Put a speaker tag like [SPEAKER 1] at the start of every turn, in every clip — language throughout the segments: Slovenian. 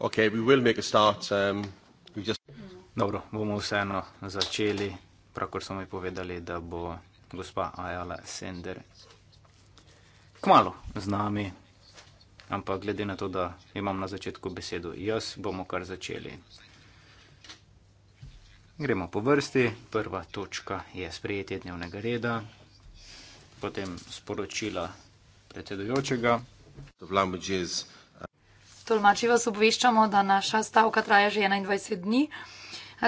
[SPEAKER 1] Okay, we will make a start. Um, we just... Dobro, bomo vseeno začeli, pravkar so mi povedali, da bo gospa Ajala Sender kmalo z nami. Ampak glede na to, da imam na začetku besedo jaz, bomo kar začeli. Gremo po vrsti. Prva točka je sprejetje dnevnega reda, potem sporočila predsedujočega
[SPEAKER 2] tolmači vas obveščamo, da naša stavka traja že 21 dni.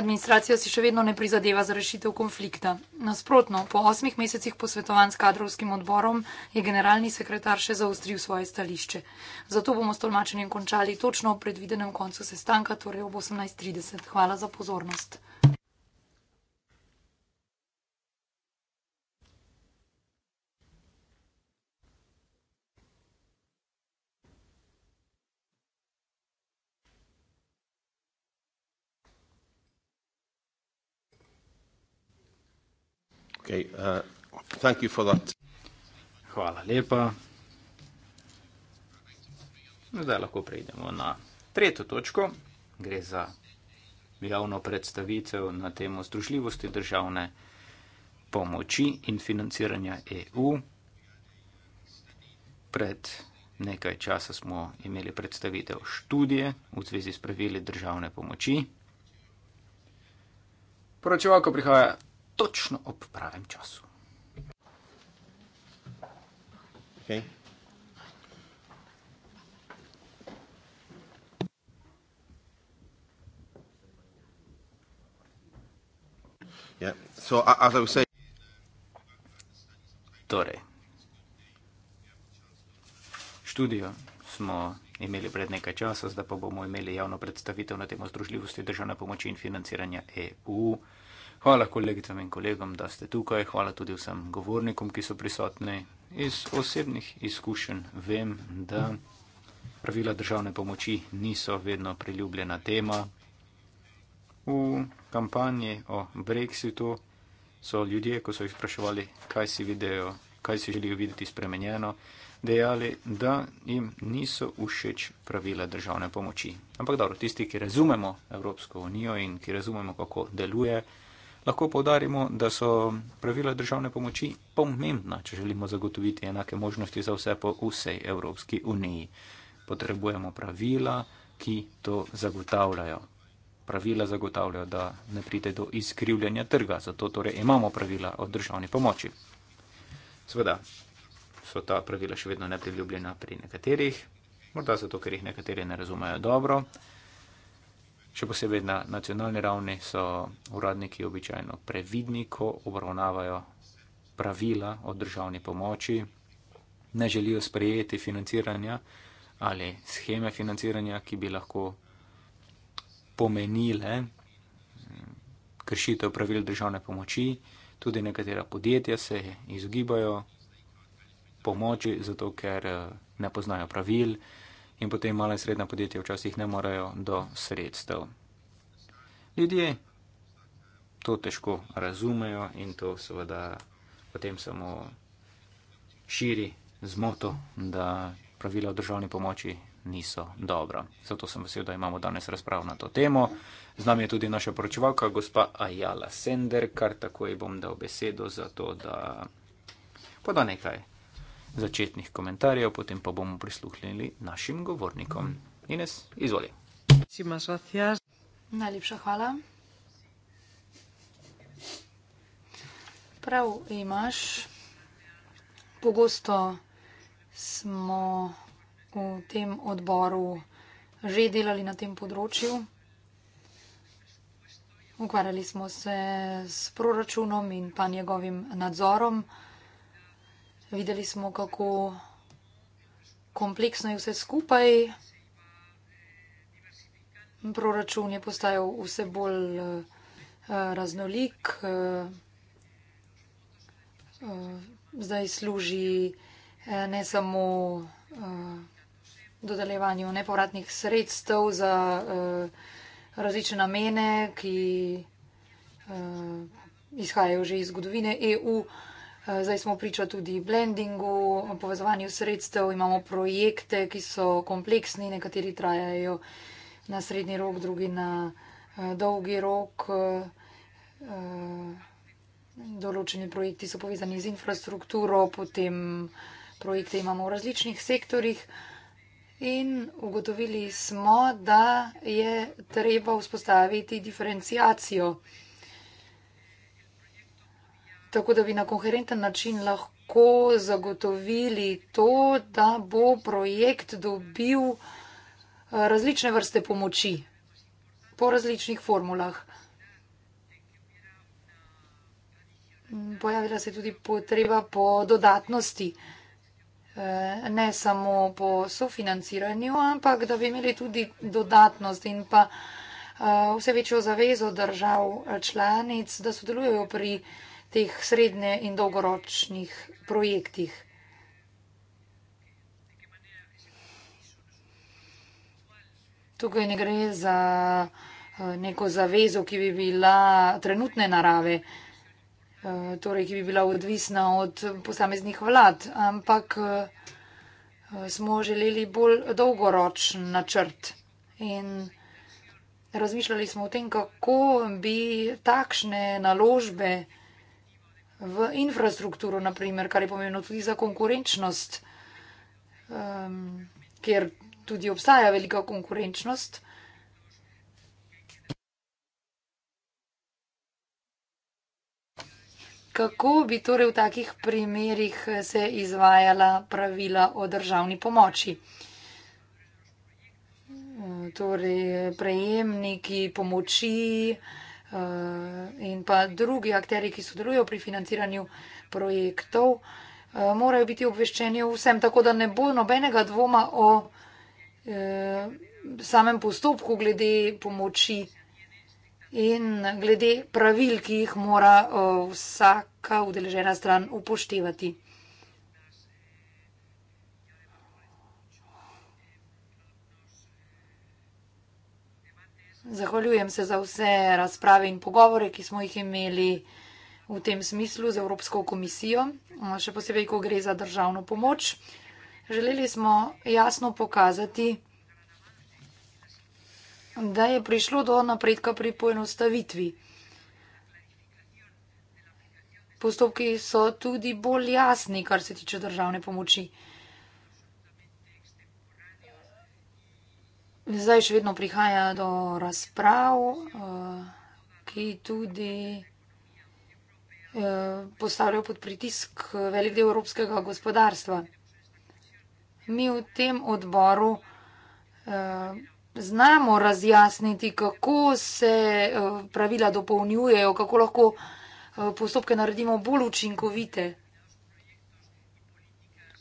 [SPEAKER 2] Administracija si še vedno ne prizadeva za rešitev konflikta. Nasprotno, po osmih mesecih posvetovanj s kadrovskim odborom je generalni sekretar še zaostril svoje stališče. Zato bomo s tolmačenjem končali točno v predvidenem koncu sestanka, torej ob 18.30. Hvala za pozornost.
[SPEAKER 1] Okay, uh, thank you for that. Hvala lepa. Zdaj lahko prejdemo na tretjo točko. Gre za javno predstavitev na temo združljivosti državne pomoči in financiranja EU. Pred nekaj časa smo imeli predstavitev študije v zvezi s pravili državne pomoči. Poročevalko prihaja točno ob pravem času. Okay. Ja, yeah. So, as I was saying... Torej, študijo smo imeli pred nekaj časa, zdaj pa bomo imeli javno predstavitev na temo združljivosti državne pomoči in financiranja EU-u. Hvala kolegicam in kolegom, da ste tukaj, hvala tudi vsem govornikom, ki so prisotni. Iz osebnih izkušenj vem, da pravila državne pomoči niso vedno priljubljena tema. V kampanji o Brexitu so ljudje, ko so jih spraševali, kaj si vidijo, kaj si želijo videti spremenjeno, dejali, da jim niso všeč pravila državne pomoči. Ampak dobro, tisti, ki razumemo Evropsko unijo in ki razumemo, kako deluje, Lahko povdarimo, da so pravila državne pomoči pomembna, če želimo zagotoviti enake možnosti za vse po vsej Evropski uniji. Potrebujemo pravila, ki to zagotavljajo. Pravila zagotavljajo, da ne pride do izkrivljanja trga, zato torej imamo pravila o državni pomoči. Sveda so ta pravila še vedno nepriljubljena pri nekaterih, morda zato, ker jih nekateri ne razumejo dobro še posebej na nacionalni ravni, so uradniki običajno previdni, ko obravnavajo pravila o državni pomoči, ne želijo sprejeti financiranja ali scheme financiranja, ki bi lahko pomenile mm, kršitev pravil državne pomoči. Tudi nekatera podjetja se izogibajo pomoči, zato ker eh, ne poznajo pravil in potem mala in srednja podjetja včasih ne morejo do sredstev. Ljudje to težko razumejo in to seveda potem samo širi zmoto, da pravila o državni pomoči niso dobra. Zato sem vesel, da imamo danes razprav na to temo. Z nami je tudi naša poročevalka, gospa Ajala Sender, kar takoj bom dal besedo za to, da poda nekaj začetnih komentarjev, potem pa bomo prisluhnili našim govornikom. Ines, izvoli.
[SPEAKER 2] Najlepša hvala. Prav imaš. Pogosto smo v tem odboru že delali na tem področju. Ukvarjali smo se s proračunom in pa njegovim nadzorom videli smo, kako kompleksno je vse skupaj. Proračun je postajal vse bolj eh, raznolik. Eh, eh, zdaj služi ne samo dodeljevanju nepovratnih sredstev za različne namene, ki izhajajo že iz zgodovine EU, Eh, zdaj smo priča tudi blendingu, povezovanju sredstev, imamo projekte, ki so kompleksni, nekateri trajajo na srednji rok, drugi na eh, dolgi rok. Eh, določeni projekti so povezani z infrastrukturo, potem projekte imamo v različnih sektorjih. In ugotovili smo, da je treba vzpostaviti diferencijacijo tako da bi na koherenten način lahko zagotovili to, da bo projekt dobil eh, različne vrste pomoči po različnih formulah. Mm, pojavila se je tudi potreba po dodatnosti, eh, ne samo po sofinanciranju, ampak da bi imeli tudi dodatnost in pa eh, vse večjo zavezo držav članic, da sodelujejo pri teh srednje in dolgoročnih projektih. Tukaj ne gre za eh, neko zavezo, ki bi bila trenutne narave, eh, torej ki bi bila odvisna od posameznih vlad, ampak eh, smo želeli bolj dolgoročen načrt in razmišljali smo o tem, kako bi takšne naložbe vsega, v infrastrukturo, naprimer, kar je pomembno tudi za konkurenčnost, um, ker tudi obstaja velika konkurenčnost. Kako bi torej v takih primerih se izvajala pravila o državni pomoči? Torej, prejemniki pomoči. Eh, in pa drugi akteri, ki sodelujo pri financiranju projektov, eh, morajo biti obveščeni vsem, tako da ne bo nobenega dvoma o eh, samem postopku glede pomoči in glede pravil, ki jih mora vsaka udeležena stran upoštevati. Zahvaljujem se za vse razprave in pogovore, ki smo jih imeli v tem smislu z Evropsko komisijo, še posebej, ko gre za državno pomoč. Želeli smo jasno pokazati, da je prišlo do napredka pri poenostavitvi. Postopki so tudi bolj jasni, kar se tiče državne pomoči. Zdaj še vedno prihaja do razprav, eh, ki tudi eh, postavljajo pod pritisk velik del evropskega gospodarstva. Mi v tem odboru eh, znamo razjasniti, kako se pravila dopolnjujejo, kako lahko postopke naredimo bolj učinkovite,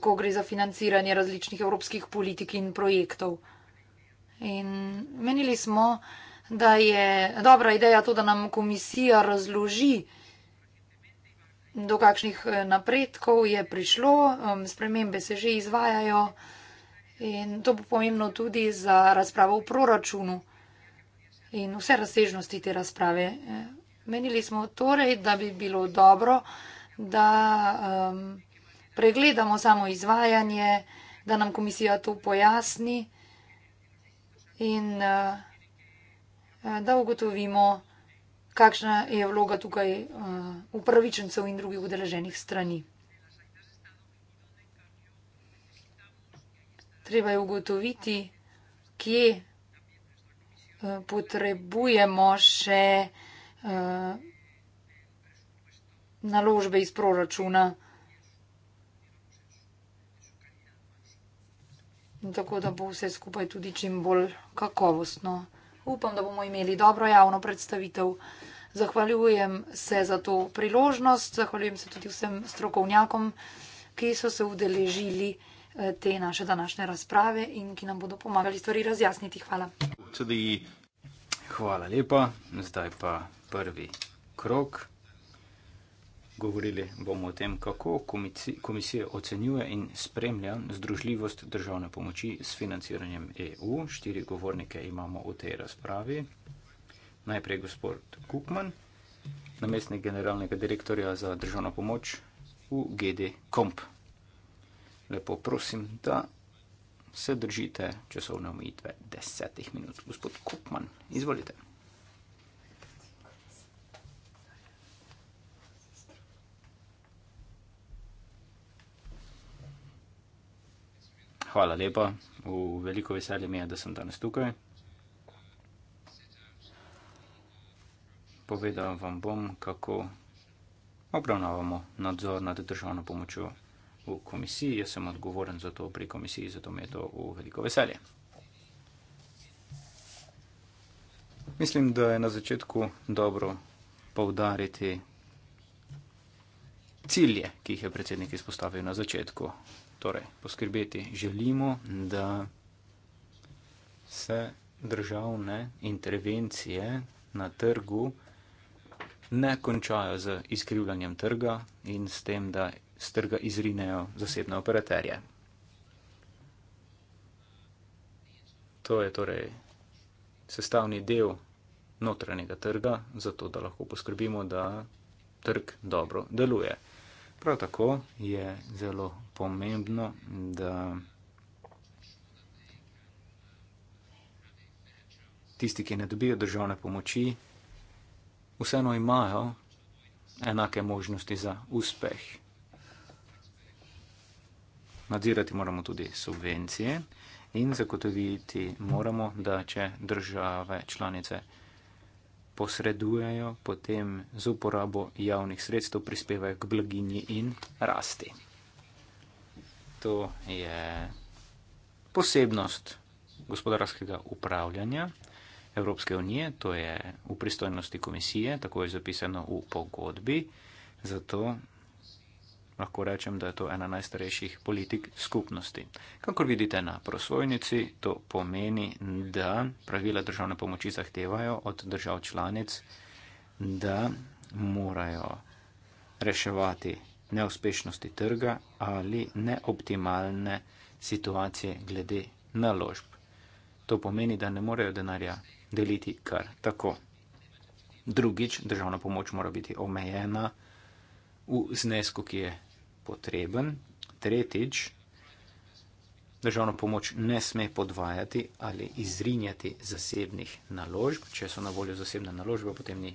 [SPEAKER 2] ko gre za financiranje različnih evropskih politik in projektov. In menili smo, da je dobra ideja to, da nam komisija razloži, do kakšnih eh, napredkov je prišlo, spremembe se že izvajajo in to bo pomembno tudi za razpravo v proračunu in vse razsežnosti te razprave. Eh, menili smo torej, da bi bilo dobro, da pregledamo samo izvajanje, da nam komisija to pojasni in da bi bilo dobro, in uh, da ugotovimo, kakšna je vloga tukaj uh, upravičencev in drugih udeleženih strani. Treba je ugotoviti, kje uh, potrebujemo še uh, naložbe iz proračuna. tako da bo vse skupaj tudi čim bolj kakovostno. Upam, da bomo imeli dobro javno predstavitev. Zahvaljujem se za to priložnost, zahvaljujem se tudi vsem strokovnjakom, ki so se udeležili eh, te naše današnje razprave in ki nam bodo pomagali stvari razjasniti. Hvala.
[SPEAKER 1] Hvala lepa. Zdaj pa prvi krok. Govorili bomo o tem, kako komisija ocenjuje in spremlja združljivost državne pomoči s financiranjem EU. Štiri govornike imamo v tej razpravi. Najprej gospod Kukman, namestnik generalnega direktorja za državno pomoč v GD Komp. Lepo prosim, da se držite časovne omejitve desetih minut. Gospod Kukman, izvolite. Hvala lepa, v veliko veselje mi je, da sem danes tukaj. Povedal vam bom, kako obravnavamo nadzor nad državno pomočjo v komisiji. Jaz sem odgovoren za to pri komisiji, zato mi je to v veliko veselje. Mislim, da je na začetku dobro poudariti cilje, ki jih je predsednik izpostavil na začetku torej, poskrbeti. Želimo, da se državne intervencije na trgu ne končajo z izkrivljanjem trga in s tem, da z trga izrinejo zasebne operaterje. To je torej sestavni del notranjega trga, zato da lahko poskrbimo, da trg dobro deluje. Prav tako je zelo pomembno, da tisti, ki ne dobijo državne pomoči, vseeno imajo enake možnosti za uspeh. Nadzirati moramo tudi subvencije in zagotoviti moramo, da če države članice posredujejo, potem z uporabo javnih sredstev prispevajo k blaginji in rasti. To je posebnost gospodarskega upravljanja Evropske unije, to je v pristojnosti komisije, tako je zapisano v pogodbi, zato lahko rečem, da je to ena najstarejših politik skupnosti. Kakor vidite na prosvojnici, to pomeni, da pravila državne pomoči zahtevajo od držav članic, da morajo reševati neuspešnosti trga ali neoptimalne situacije glede naložb. To pomeni, da ne morejo denarja deliti kar tako. Drugič, državna pomoč mora biti omejena v znesku, ki je potreben. Tretjič, državno pomoč ne sme podvajati ali izrinjati zasebnih naložb. Če so na voljo zasebne naložbe, potem ni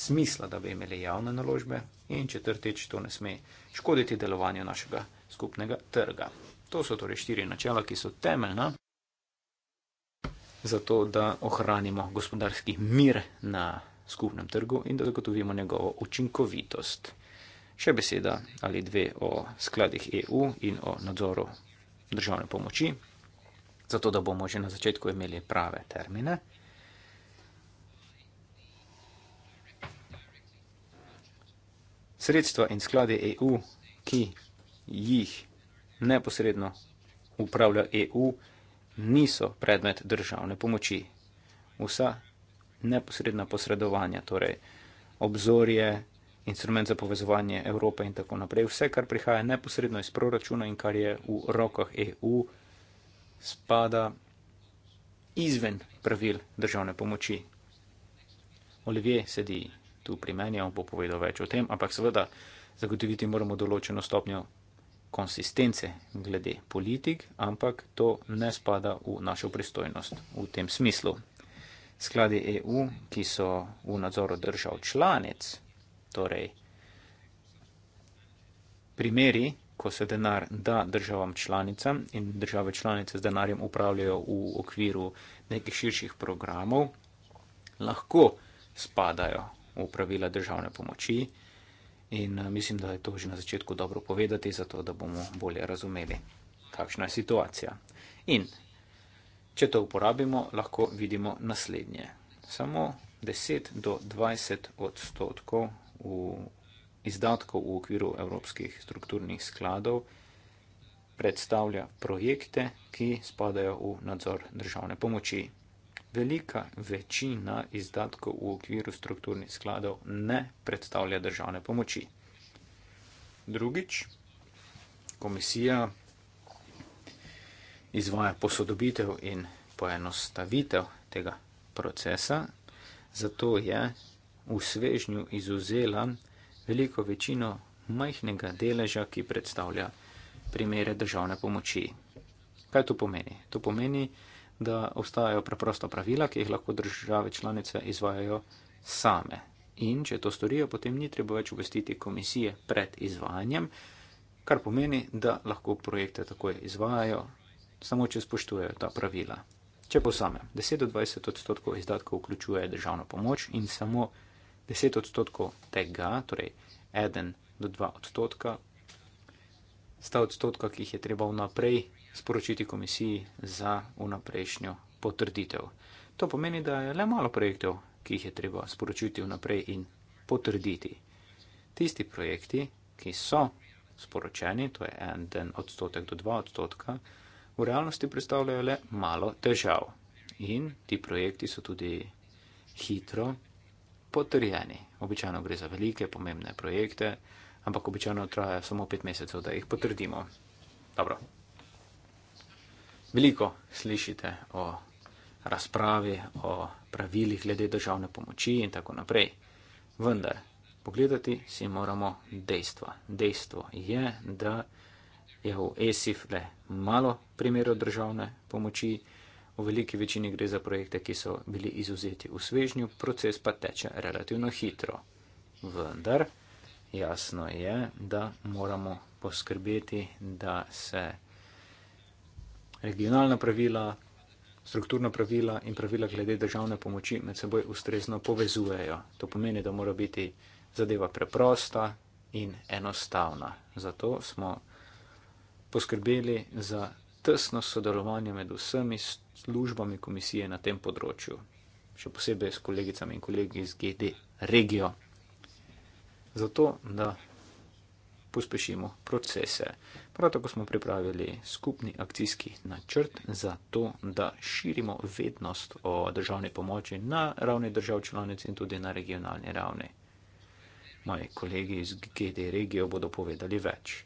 [SPEAKER 1] smisla, da bi imeli javne naložbe. In četrtič, to ne sme škoditi delovanju našega skupnega trga. To so torej štiri načela, ki so temeljna za to, da ohranimo gospodarski mir na skupnem trgu in da zagotovimo njegovo učinkovitost še beseda ali dve o skladih EU in o nadzoru državne pomoči, zato da bomo že na začetku imeli prave termine. Sredstva in sklade EU, ki jih neposredno upravlja EU, niso predmet državne pomoči. Vsa neposredna posredovanja, torej obzorje, instrument za povezovanje Evrope in tako naprej. Vse, kar prihaja neposredno iz proračuna in kar je v rokah EU, spada izven pravil državne pomoči. Olivier sedi tu pri meni, on bo povedal več o tem, ampak seveda zagotoviti moramo določeno stopnjo konsistence glede politik, ampak to ne spada v našo pristojnost v tem smislu. Skladi EU, ki so v nadzoru držav članic, Torej, primeri, ko se denar da državam članicam in države članice z denarjem upravljajo v okviru nekih širših programov, lahko spadajo v pravila državne pomoči. In eh, mislim, da je to že na začetku dobro povedati, zato da bomo bolje razumeli, kakšna je situacija. In če to uporabimo, lahko vidimo naslednje. Samo 10 do 20 odstotkov v izdatkov v okviru evropskih strukturnih skladov predstavlja projekte, ki spadajo v nadzor državne pomoči. Velika večina izdatkov v okviru strukturnih skladov ne predstavlja državne pomoči. Drugič, komisija izvaja posodobitev in poenostavitev tega procesa, zato je v svežnju izuzela veliko večino majhnega deleža, ki predstavlja primere državne pomoči. Kaj to pomeni? To pomeni, da obstajajo preprosta pravila, ki jih lahko države članice izvajajo same. In če to storijo, potem ni treba več obvestiti komisije pred izvajanjem, kar pomeni, da lahko projekte takoj izvajajo, samo če spoštujejo ta pravila. Če posamem, 10-20 odstotkov izdatkov vključuje državno pomoč in samo 10 odstotkov tega, torej 1 do 2 odstotka, sta odstotka, ki jih je treba vnaprej sporočiti komisiji za vnaprejšnjo potrditev. To pomeni, da je le malo projektov, ki jih je treba sporočiti vnaprej in potrditi. Tisti projekti, ki so sporočeni, to je 1 odstotek do 2 odstotka, v realnosti predstavljajo le malo težav. In ti projekti so tudi hitro potrjeni. Običajno gre za velike, pomembne projekte, ampak običajno traja samo pet mesecev, da jih potrdimo. Dobro. Veliko slišite o razpravi, o pravilih glede državne pomoči in tako naprej. Vendar, pogledati si moramo dejstva. Dejstvo je, da je v ESIF le malo primerov državne pomoči. V veliki večini gre za projekte, ki so bili izuzeti v svežnju, proces pa teče relativno hitro. Vendar jasno je, da moramo poskrbeti, da se regionalna pravila, strukturna pravila in pravila glede državne pomoči med seboj ustrezno povezujejo. To pomeni, da mora biti zadeva preprosta in enostavna. Zato smo poskrbeli za tesno sodelovanje med vsemi strukturami službami komisije na tem področju, še posebej s kolegicami in kolegi iz GD regijo, zato da pospešimo procese. Prav tako smo pripravili skupni akcijski načrt za to, da širimo vednost o državni pomoči na ravni držav članic in tudi na regionalni ravni. Moji kolegi iz GD regijo bodo povedali več.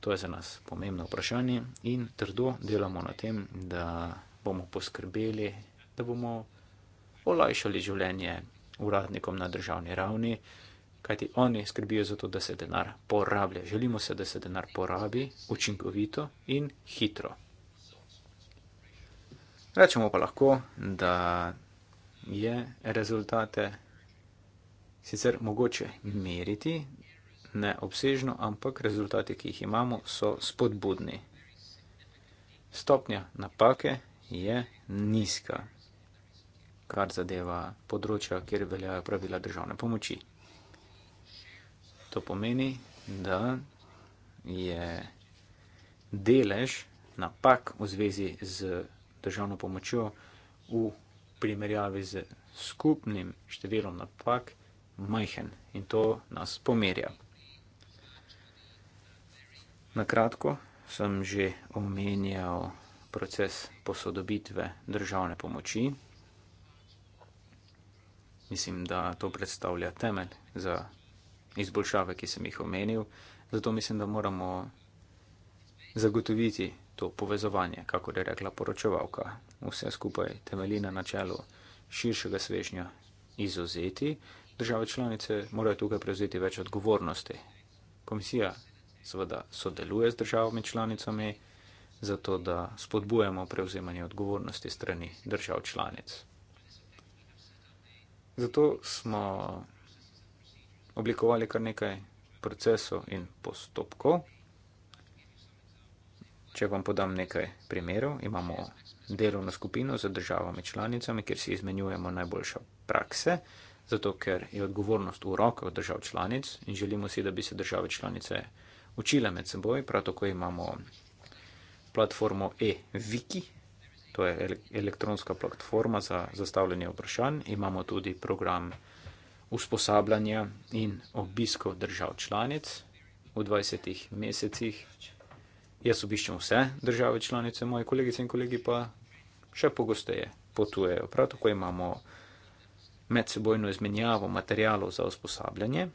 [SPEAKER 1] To je za nas pomembno vprašanje in trdo delamo na tem, da bomo poskrbeli, da bomo olajšali življenje uradnikom na državni ravni, kajti oni skrbijo za to, da se denar porablja. Želimo se, da se denar porabi učinkovito in hitro. Rečemo pa lahko, da je rezultate sicer mogoče meriti, ne obsežno, ampak rezultate, ki jih imamo, so spodbudni. Stopnja napake je nizka, kar zadeva področja, kjer veljajo pravila državne pomoči. To pomeni, da je delež napak v zvezi z državno pomočjo v primerjavi z skupnim številom napak majhen in to nas pomerja. Na kratko sem že omenjal proces posodobitve državne pomoči. Mislim, da to predstavlja temelj za izboljšave, ki sem jih omenil. Zato mislim, da moramo zagotoviti to povezovanje, kako je rekla poročevalka. Vse skupaj temelji na načelu širšega svežnja izuzeti. Države članice morajo tukaj prevzeti več odgovornosti. Komisija seveda sodeluje z državami članicami zato da spodbujamo prevzemanje odgovornosti strani držav članic. Zato smo oblikovali kar nekaj procesov in postopkov. Če vam podam nekaj primerov, imamo delovno skupino z državami članicami, kjer si izmenjujemo najboljše prakse, zato ker je odgovornost v rokah držav članic in želimo si, da bi se države članice učile med seboj, prav tako imamo platformo e-viki, to je elektronska platforma za zastavljanje vprašanj. Imamo tudi program usposabljanja in obiskov držav članic v 20 mesecih. Jaz obiščem vse države članice, moje kolegice in kolegi pa še pogosteje potujejo. Prav tako imamo medsebojno izmenjavo materijalov za usposabljanje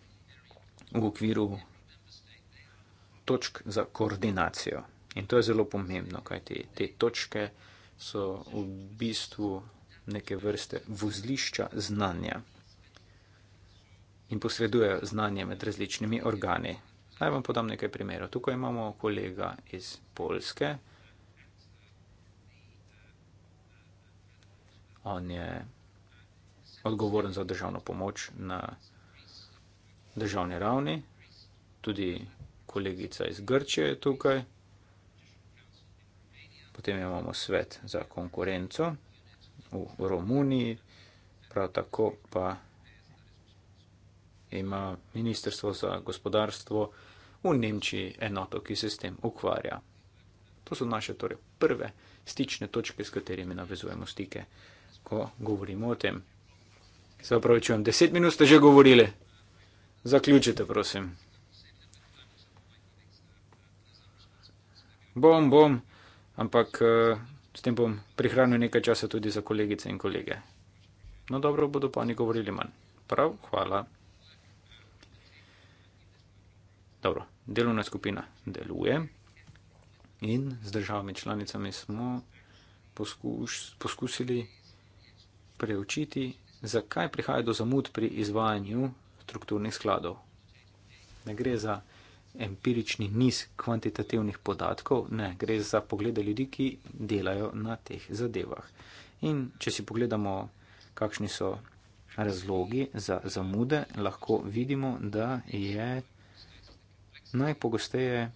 [SPEAKER 1] v okviru točk za koordinacijo. In to je zelo pomembno, kaj te, te točke so v bistvu neke vrste vozlišča znanja in posredujejo znanje med različnimi organi. Naj vam podam nekaj primerov. Tukaj imamo kolega iz Polske. On je odgovoren za državno pomoč na državni ravni. Tudi kolegica iz Grčije je tukaj. Potem imamo svet za konkurenco v Romuniji, prav tako pa ima Ministrstvo za gospodarstvo v Nemčiji enoto, ki se s tem ukvarja. To so naše torej prve stične točke, s katerimi navezujemo stike, ko govorimo o tem. Se opravičujem, deset minut ste že govorili. Zaključite, prosim. Bom, bom ampak eh, s tem bom prihranil nekaj časa tudi za kolegice in kolege. No dobro, bodo pa oni govorili manj. Prav, hvala. Dobro, delovna skupina deluje in z državami članicami smo poskuš, poskusili preučiti, zakaj prihaja do zamud pri izvajanju strukturnih skladov. Ne gre za empirični niz kvantitativnih podatkov, ne, gre za poglede ljudi, ki delajo na teh zadevah. In če si pogledamo, kakšni so razlogi za zamude, lahko vidimo, da je najpogosteje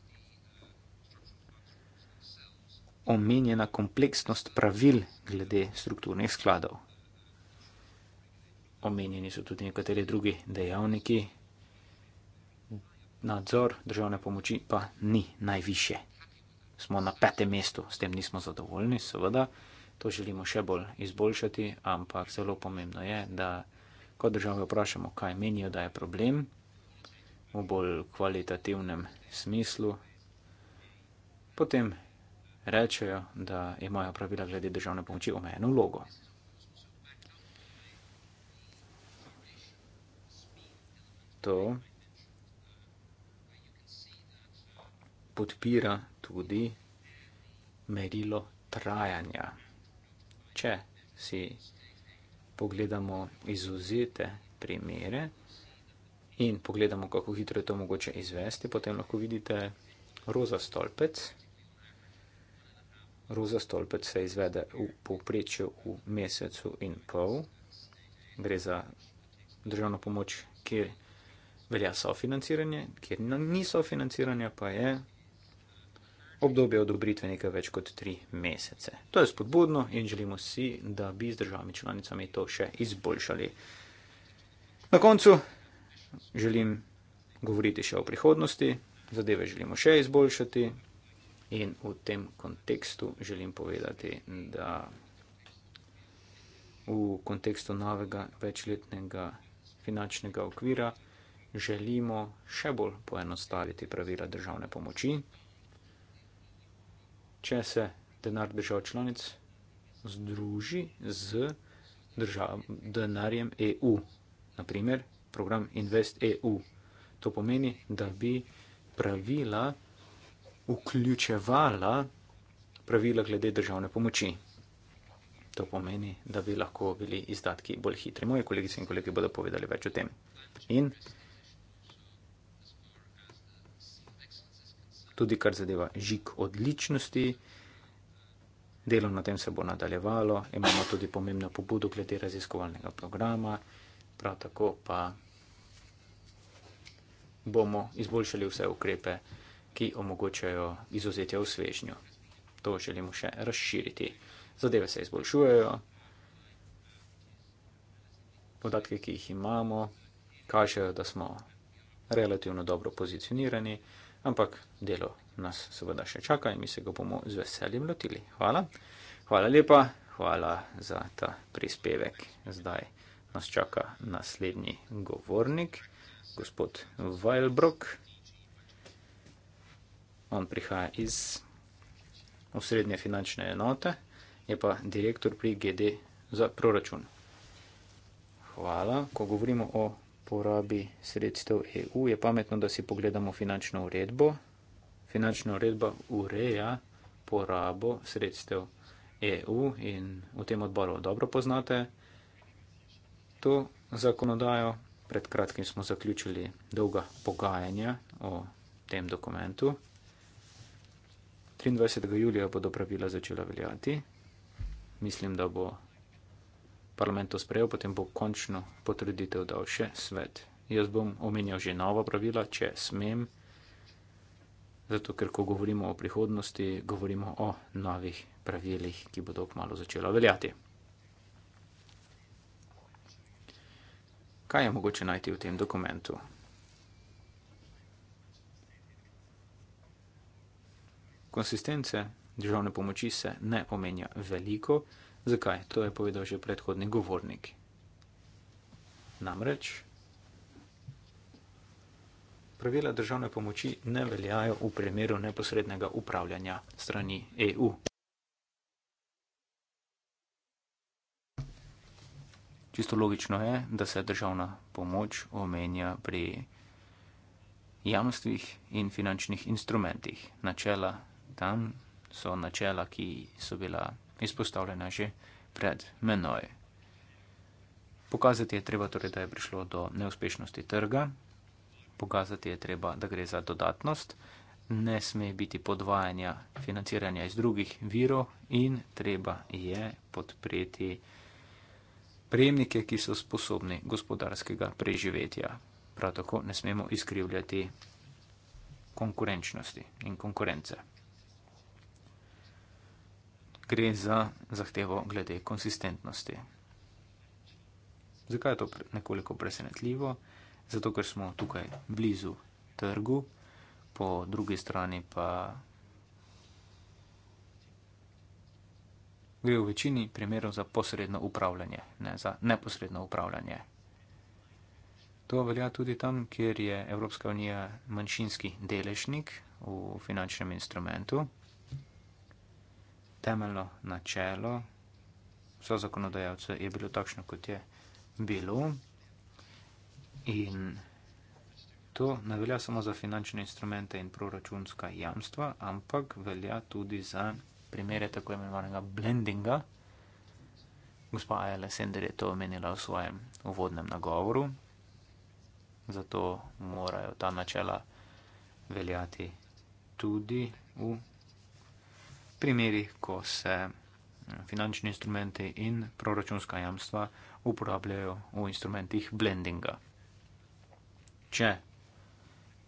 [SPEAKER 1] omenjena kompleksnost pravil glede strukturnih skladov. Omenjeni so tudi nekateri drugi dejavniki, nadzor državne pomoči pa ni najviše. Smo na petem mestu, s tem nismo zadovoljni, seveda, to želimo še bolj izboljšati, ampak zelo pomembno je, da ko države vprašamo, kaj menijo, da je problem, v bolj kvalitativnem smislu, potem rečejo, da imajo pravila glede državne pomoči omejeno vlogo. To podpira tudi merilo trajanja. Če si pogledamo izuzete primere in pogledamo, kako hitro je to mogoče izvesti, potem lahko vidite roza stolpec. Roza stolpec se izvede v povprečju v mesecu in pol. Gre za državno pomoč, kjer velja sofinanciranje, kjer niso financiranja, pa je obdobje odobritve nekaj več kot tri mesece. To je spodbudno in želimo si, da bi z državami članicami to še izboljšali. Na koncu želim govoriti še o prihodnosti, zadeve želimo še izboljšati in v tem kontekstu želim povedati, da v kontekstu novega večletnega finančnega okvira želimo še bolj poenostaviti pravila državne pomoči, če se denar držav članic združi z držav, denarjem EU, naprimer program Invest EU. To pomeni, da bi pravila vključevala pravila glede državne pomoči. To pomeni, da bi lahko bili izdatki bolj hitri. Moje kolegice in kolege bodo povedali več o tem. In tudi kar zadeva žig odličnosti. Delo na tem se bo nadaljevalo, imamo tudi pomembno pobudo glede raziskovalnega programa, prav tako pa bomo izboljšali vse ukrepe, ki omogočajo izuzetje v svežnju. To želimo še razširiti. Zadeve se izboljšujejo, podatke, ki jih imamo, kažejo, da smo relativno dobro pozicionirani ampak delo nas seveda še čaka in mi se ga bomo z veseljem lotili. Hvala. Hvala lepa, hvala za ta prispevek. Zdaj nas čaka naslednji govornik, gospod Weilbrock. On prihaja iz osrednje finančne enote, je pa direktor pri GD za proračun. Hvala, ko govorimo o porabi sredstev EU, je pametno, da si pogledamo finančno uredbo. Finančna uredba ureja porabo sredstev EU in v tem odboru dobro poznate to zakonodajo. Pred kratkim smo zaključili dolga pogajanja o tem dokumentu. 23. julija bodo pravila začela veljati. Mislim, da bo parlament to sprejel, potem bo končno potrditev dal še svet. Jaz bom omenjal že nova pravila, če smem, zato ker ko govorimo o prihodnosti, govorimo o novih pravilih, ki bodo kmalo začela veljati. Kaj je mogoče najti v tem dokumentu? Konsistence državne pomoči se ne omenja veliko. Zakaj? To je povedal že predhodni govornik. Namreč pravila državne pomoči ne veljajo v primeru neposrednega upravljanja strani EU. Čisto logično je, da se državna pomoč omenja pri jamstvih in finančnih instrumentih. Načela tam so načela, ki so bila izpostavljena že pred menoj. Pokazati je treba torej, da je prišlo do neuspešnosti trga, pokazati je treba, da gre za dodatnost, ne sme biti podvajanja financiranja iz drugih virov in treba je podpreti prejemnike, ki so sposobni gospodarskega preživetja. Prav tako ne smemo izkrivljati konkurenčnosti in konkurence gre za zahtevo glede konsistentnosti. Zakaj je to nekoliko presenetljivo? Zato, ker smo tukaj blizu trgu, po drugi strani pa gre v večini primerov za posredno upravljanje, ne za neposredno upravljanje. To velja tudi tam, kjer je Evropska unija manjšinski deležnik v finančnem instrumentu temeljno načelo vso zakonodajalce je bilo takšno, kot je bilo. In to ne velja samo za finančne instrumente in proračunska jamstva, ampak velja tudi za primere tako imenovanega blendinga. Gospa Ayala Sender je to omenila v svojem uvodnem nagovoru, zato morajo ta načela veljati tudi v primerih, ko se mm, finančni instrumenti in proračunska jamstva uporabljajo v instrumentih blendinga. Če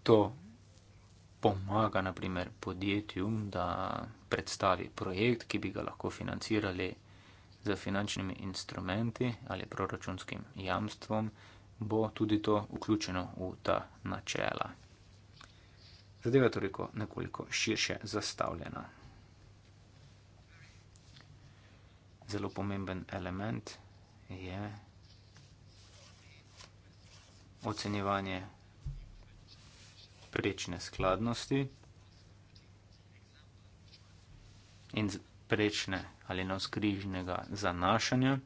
[SPEAKER 1] to pomaga, na primer, podjetju, da predstavi projekt, ki bi ga lahko financirali z finančnimi instrumenti ali proračunskim jamstvom, bo tudi to vključeno v ta načela. Zadeva je toliko nekoliko širše zastavljena. zelo pomemben element je ocenjevanje prečne skladnosti in prečne ali navskrižnega zanašanja.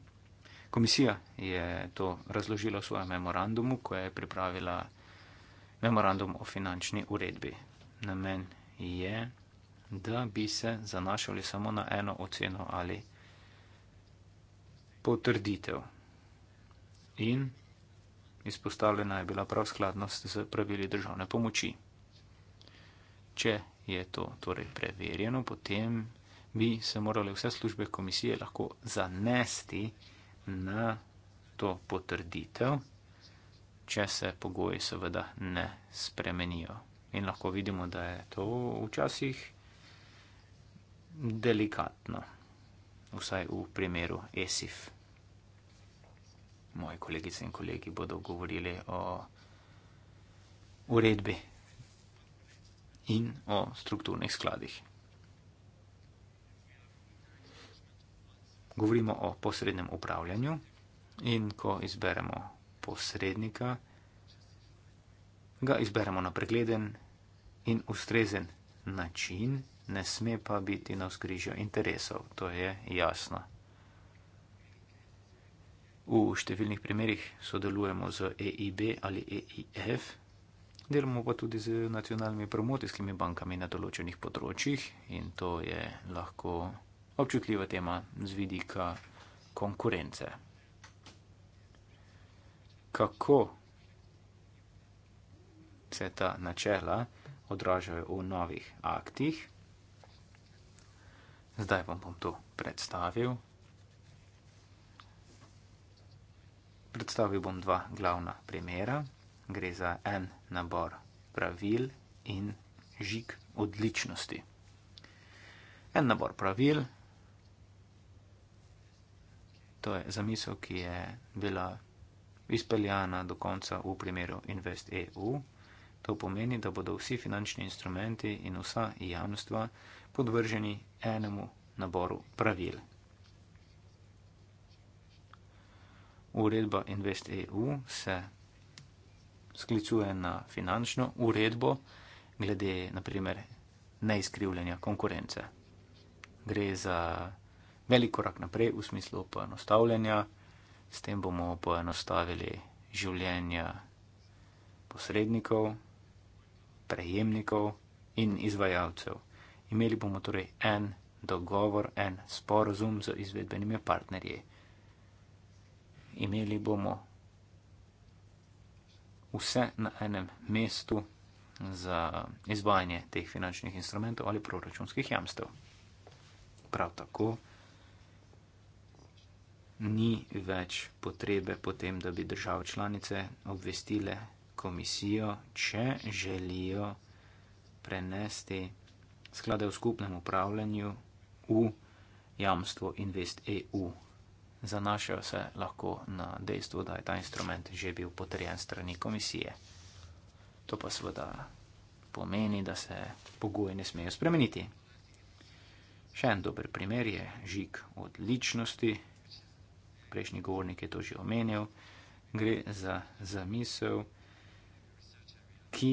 [SPEAKER 1] Komisija je to razložila v svojem memorandumu, ko je pripravila memorandum o finančni uredbi. Namen je, da bi se zanašali samo na eno oceno ali potrditev. In izpostavljena je bila prav skladnost z pravili državne pomoči. Če je to torej preverjeno, potem bi se morale vse službe komisije lahko zanesti na to potrditev, če se pogoji seveda ne spremenijo. In lahko vidimo, da je to včasih delikatno, vsaj v primeru ESIF moji kolegice in kolegi bodo govorili o uredbi in o strukturnih skladih. Govorimo o posrednem upravljanju in ko izberemo posrednika, ga izberemo na pregleden in ustrezen način, ne sme pa biti na vzkrižju interesov, to je jasno. V številnih primerjih sodelujemo z EIB ali EIF, delamo pa tudi z nacionalnimi promocijskimi bankami na določenih področjih in to je lahko občutljiva tema z vidika konkurence. Kako se ta načela odražajo v novih aktih? Zdaj vam bom to predstavil. Predstavil bom dva glavna primera. Gre za en nabor pravil in žig odličnosti. En nabor pravil, to je zamisel, ki je bila izpeljana do konca v primeru InvestEU. To pomeni, da bodo vsi finančni instrumenti in vsa javnostva podvrženi enemu naboru pravil. uredba Invest EU se sklicuje na finančno uredbo glede naprimer neizkrivljanja konkurence. Gre za velik korak naprej v smislu poenostavljanja, s tem bomo poenostavili življenja posrednikov, prejemnikov in izvajalcev. Imeli bomo torej en dogovor, en sporozum z izvedbenimi partnerji imeli bomo vse na enem mestu za izvajanje teh finančnih instrumentov ali proračunskih jamstev. Prav tako ni več potrebe potem, da bi države članice obvestile komisijo, če želijo prenesti sklade v skupnem upravljanju v jamstvo Invest EU zanašajo se lahko na dejstvo, da je ta instrument že bil potrjen strani komisije. To pa seveda pomeni, da se pogoji ne smejo spremeniti. Še en dober primer je žig odličnosti. Prejšnji govornik je to že omenil. Gre za zamisel, ki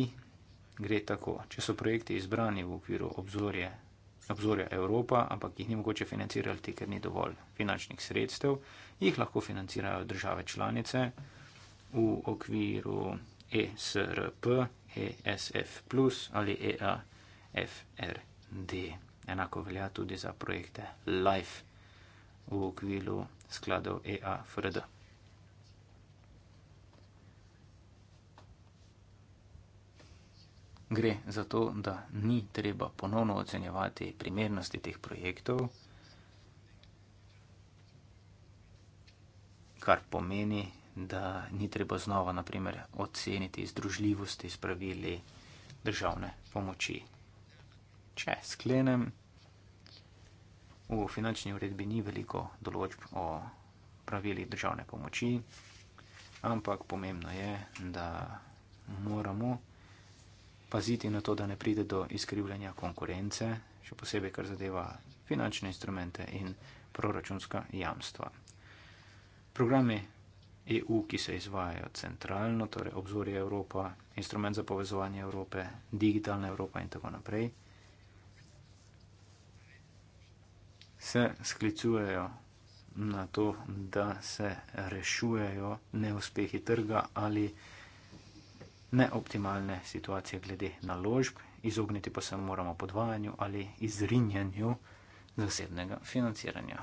[SPEAKER 1] gre tako. Če so projekti izbrani v okviru obzorja obzorja Evropa, ampak jih ni mogoče financirati, ker ni dovolj finančnih sredstev, jih lahko financirajo države članice v okviru ESRP, ESF plus ali EAFRD. Enako velja tudi za projekte LIFE v okviru skladov EAFRD. gre za to, da ni treba ponovno ocenjevati primernosti teh projektov, kar pomeni, da ni treba znova, naprimer, oceniti združljivosti s pravili državne pomoči. Če sklenem, v finančni uredbi ni veliko določb o pravili državne pomoči, ampak pomembno je, da moramo paziti na to, da ne pride do izkrivljanja konkurence, še posebej, kar zadeva finančne instrumente in proračunska jamstva. Programi EU, ki se izvajajo centralno, torej obzorje Evropa, instrument za povezovanje Evrope, digitalna Evropa in tako naprej, se sklicujejo na to, da se rešujejo neuspehi trga ali neoptimalne situacije glede naložb, izogniti pa se moramo podvajanju ali izrinjanju zasebnega financiranja.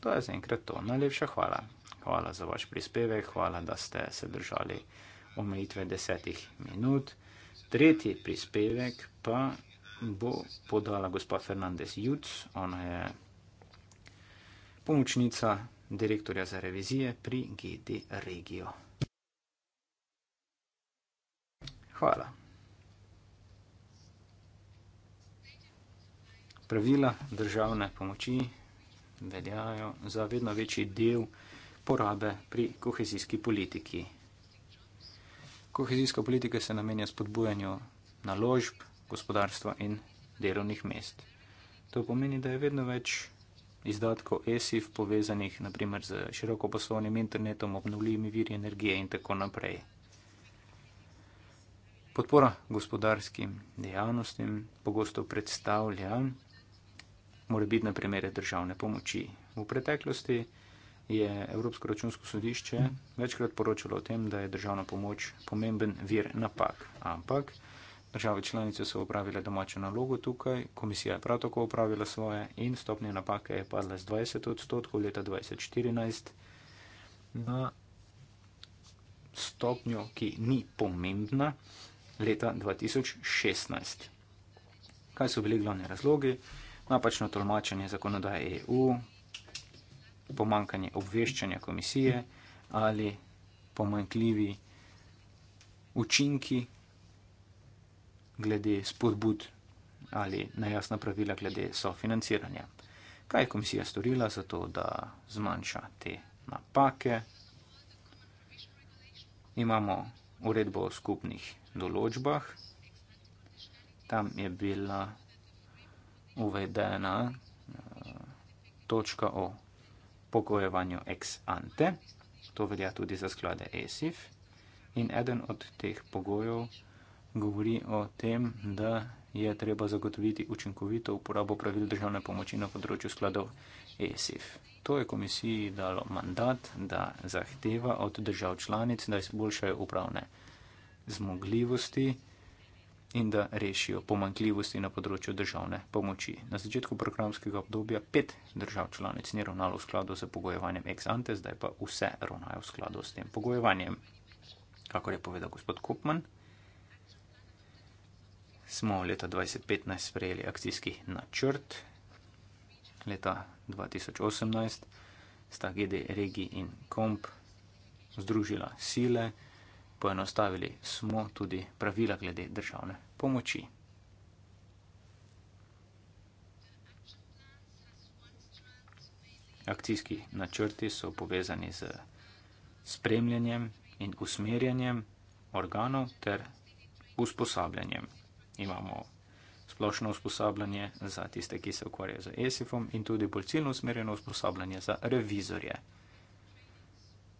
[SPEAKER 1] To je zaenkrat to. Najlepša hvala. Hvala za vaš prispevek, hvala, da ste se držali omejitve desetih minut. Tretji prispevek pa bo podala gospa Fernandez Juc. Ona je pomočnica direktorja za revizije pri GD Regio. Hvala. Pravila državne pomoči veljajo za vedno večji del porabe pri kohezijski politiki. Kohezijska politika se namenja spodbujanju naložb, gospodarstva in delovnih mest. To pomeni, da je vedno več izdatkov ESIF povezanih naprimer z široko poslovnim internetom, obnovljivimi viri energije in tako naprej. Podpora gospodarskim dejavnostim pogosto predstavlja morebitne primere državne pomoči. V preteklosti je Evropsko računsko sodišče večkrat poročalo o tem, da je državna pomoč pomemben vir napak, ampak države članice so upravile domačo nalogo tukaj, komisija je prav tako upravila svoje in stopnje napake je padla z 20 odstotkov leta 2014 na stopnjo, ki ni pomembna leta 2016. Kaj so bili glavni razlogi? Napačno tolmačenje zakonodaje EU, pomankanje obveščanja komisije ali pomankljivi učinki glede spodbud ali nejasna pravila glede sofinanciranja. Kaj je komisija storila za to, da zmanjša te napake? Imamo uredbo o skupnih določbah. Tam je bila uvedena eh, točka o pogojevanju ex ante. To velja tudi za sklade ESIF. In eden od teh pogojev govori o tem, da je treba zagotoviti učinkovito uporabo pravil državne pomoči na področju skladov ESIF. To je komisiji dalo mandat, da zahteva od držav članic, da izboljšajo upravne pravice zmogljivosti in da rešijo pomankljivosti na področju državne pomoči. Na začetku programskega obdobja pet držav članic ni ravnalo v skladu z pogojevanjem ex ante, zdaj pa vse ravnajo v skladu s tem pogojevanjem. Kakor je povedal gospod Kopman, smo leta 2015 sprejeli akcijski načrt, leta 2018 sta GD regiji in komp združila sile, poenostavili, smo tudi pravila glede državne pomoči. Akcijski načrti so povezani z spremljanjem in usmerjanjem organov ter usposabljanjem. Imamo splošno usposabljanje za tiste, ki se ukvarjajo z ESIF-om in tudi bolj ciljno usmerjeno usposabljanje za revizorje.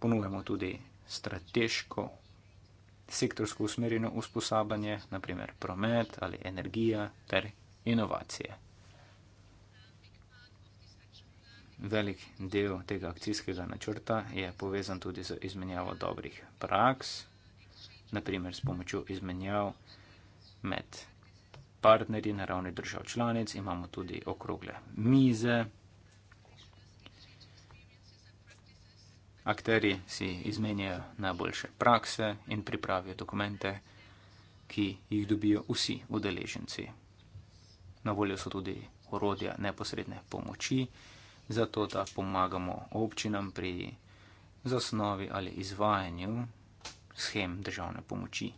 [SPEAKER 1] Ponujemo tudi strateško sektorsko usmerjeno usposabljanje, naprimer promet ali energija ter inovacije. Velik del tega akcijskega načrta je povezan tudi z izmenjavo dobrih praks, naprimer s pomočjo izmenjav med partnerji na ravni držav članic, imamo tudi okrogle mize. akteri si izmenjajo najboljše prakse in pripravijo dokumente, ki jih dobijo vsi udeleženci. Na voljo so tudi orodja neposredne pomoči, zato da pomagamo občinam pri zasnovi ali izvajanju schem državne pomoči.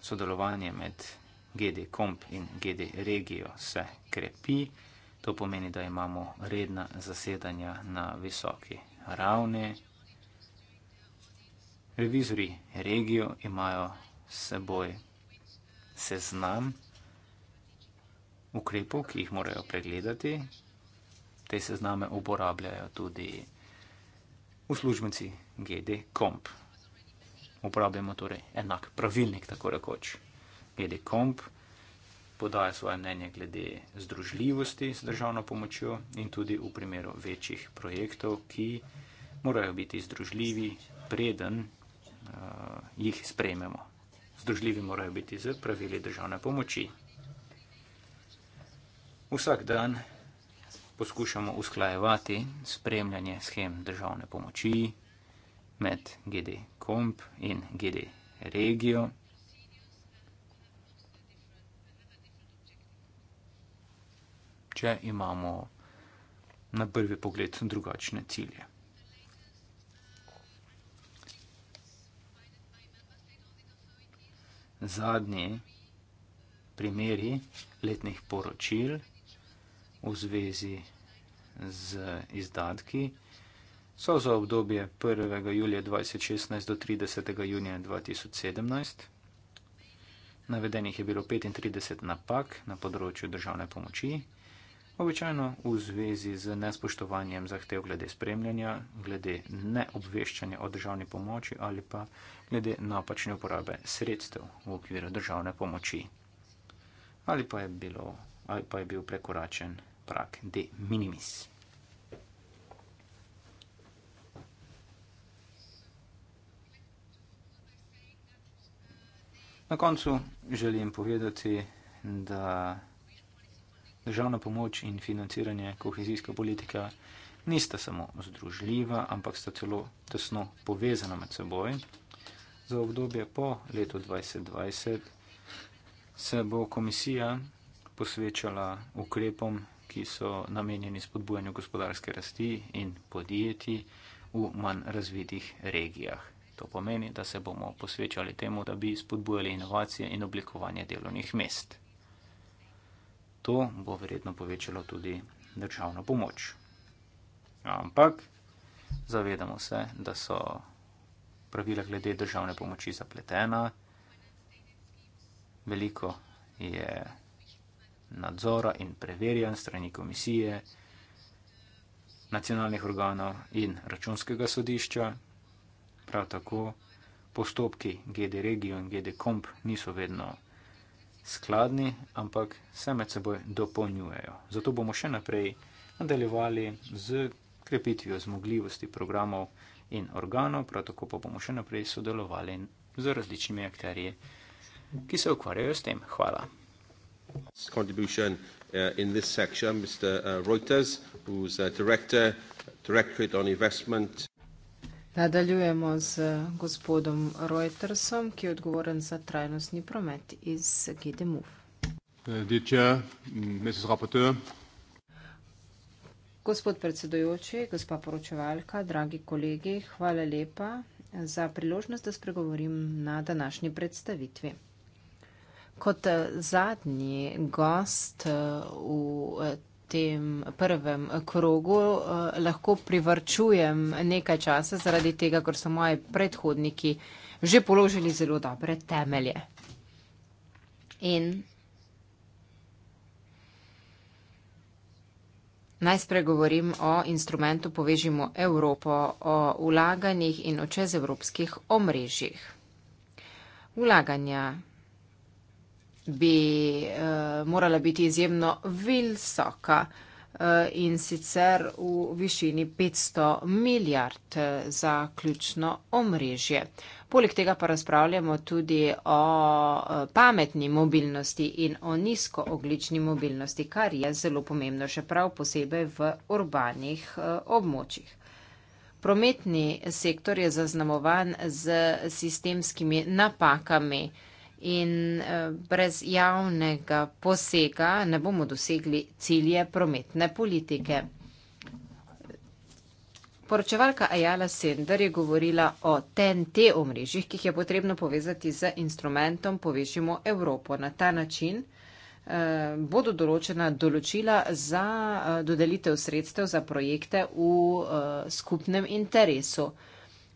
[SPEAKER 1] Sodelovanje med GD Komp in GD Regijo se krepi. To pomeni, da imamo redna zasedanja na visoki ravni. Revizori regijo imajo s seboj seznam ukrepov, ki jih morajo pregledati. Te sezname uporabljajo tudi uslužbenci GD-Comp. Uporabljamo torej enak pravilnik, tako rekoč. GD-Comp podaja svoje mnenje glede združljivosti z državno pomočjo in tudi v primeru večjih projektov, ki morajo biti združljivi, preden uh, jih sprejmemo. Združljivi morajo biti z pravili državne pomoči. Vsak dan poskušamo usklajevati spremljanje schem državne pomoči med GD-komp in GD-regijo. če imamo na prvi pogled drugačne cilje. Zadnji primeri letnih poročil v zvezi z izdatki so za obdobje 1. julija 2016 do 30. junija 2017. Navedenih je bilo 35 napak na področju državne pomoči. Običajno v zvezi z nespoštovanjem zahtev glede spremljanja, glede neobveščanja o državni pomoči ali pa glede napačne uporabe sredstev v okviru državne pomoči. Ali pa je, bilo, ali pa je bil prekoračen prak de minimis. Na koncu želim povedati, da. Državna pomoč in financiranje kohezijske politike nista samo združljiva, ampak sta celo tesno povezana med seboj. Za obdobje po letu 2020 se bo komisija posvečala ukrepom, ki so namenjeni spodbujanju gospodarske rasti in podjetij v manj razvitih regijah. To pomeni, da se bomo posvečali temu, da bi spodbujali inovacije in oblikovanje delovnih mest to bo verjetno povečalo tudi državno pomoč. Ampak zavedamo se, da so pravila glede državne pomoči zapletena. Veliko je nadzora in preverjanj strani komisije, nacionalnih organov in računskega sodišča. Prav tako postopki GD Regio in GD Komp niso vedno vsega skladni, ampak se med seboj dopolnjujejo. Zato bomo še naprej nadaljevali z krepitvijo zmogljivosti programov in organov, prav tako pa bomo še naprej sodelovali z različnimi akterji, ki se ukvarjajo s tem. Hvala. Uh, in this section, Mr. Uh, Reuters, who's uh, director, directorate on investment.
[SPEAKER 3] Nadaljujemo z gospodom Reutersom, ki je odgovoren za trajnostni promet iz GDMUF.
[SPEAKER 4] Eh, mm,
[SPEAKER 3] Gospod predsedujoči, gospa poročevalka, dragi kolegi, hvala lepa za priložnost, da spregovorim na današnji predstavitvi. Kot eh, zadnji gost eh, v tem prvem krogu, eh, lahko privrčujem nekaj časa zaradi tega, ker so moji predhodniki že položili zelo dobre temelje. In naj spregovorim o instrumentu Povežimo Evropo, o vlaganjih in o čezevropskih omrežjih. Vlaganja bi uh, morala biti izjemno visoka uh, in sicer v višini 500 milijard eh, za ključno omrežje. Poleg tega pa razpravljamo tudi o pametni mobilnosti in o nizkooglični mobilnosti, kar je zelo pomembno, še prav posebej v urbanih območjih. Prometni sektor je zaznamovan z sistemskimi napakami, uh, in eh, brez javnega posega ne bomo dosegli cilje prometne politike. Poročevalka Ajala Sender je govorila o TNT omrežjih, ki jih je potrebno povezati z instrumentom Povežimo Evropo. Na ta način eh, bodo določena določila za eh, dodelitev sredstev za projekte v eh, skupnem interesu.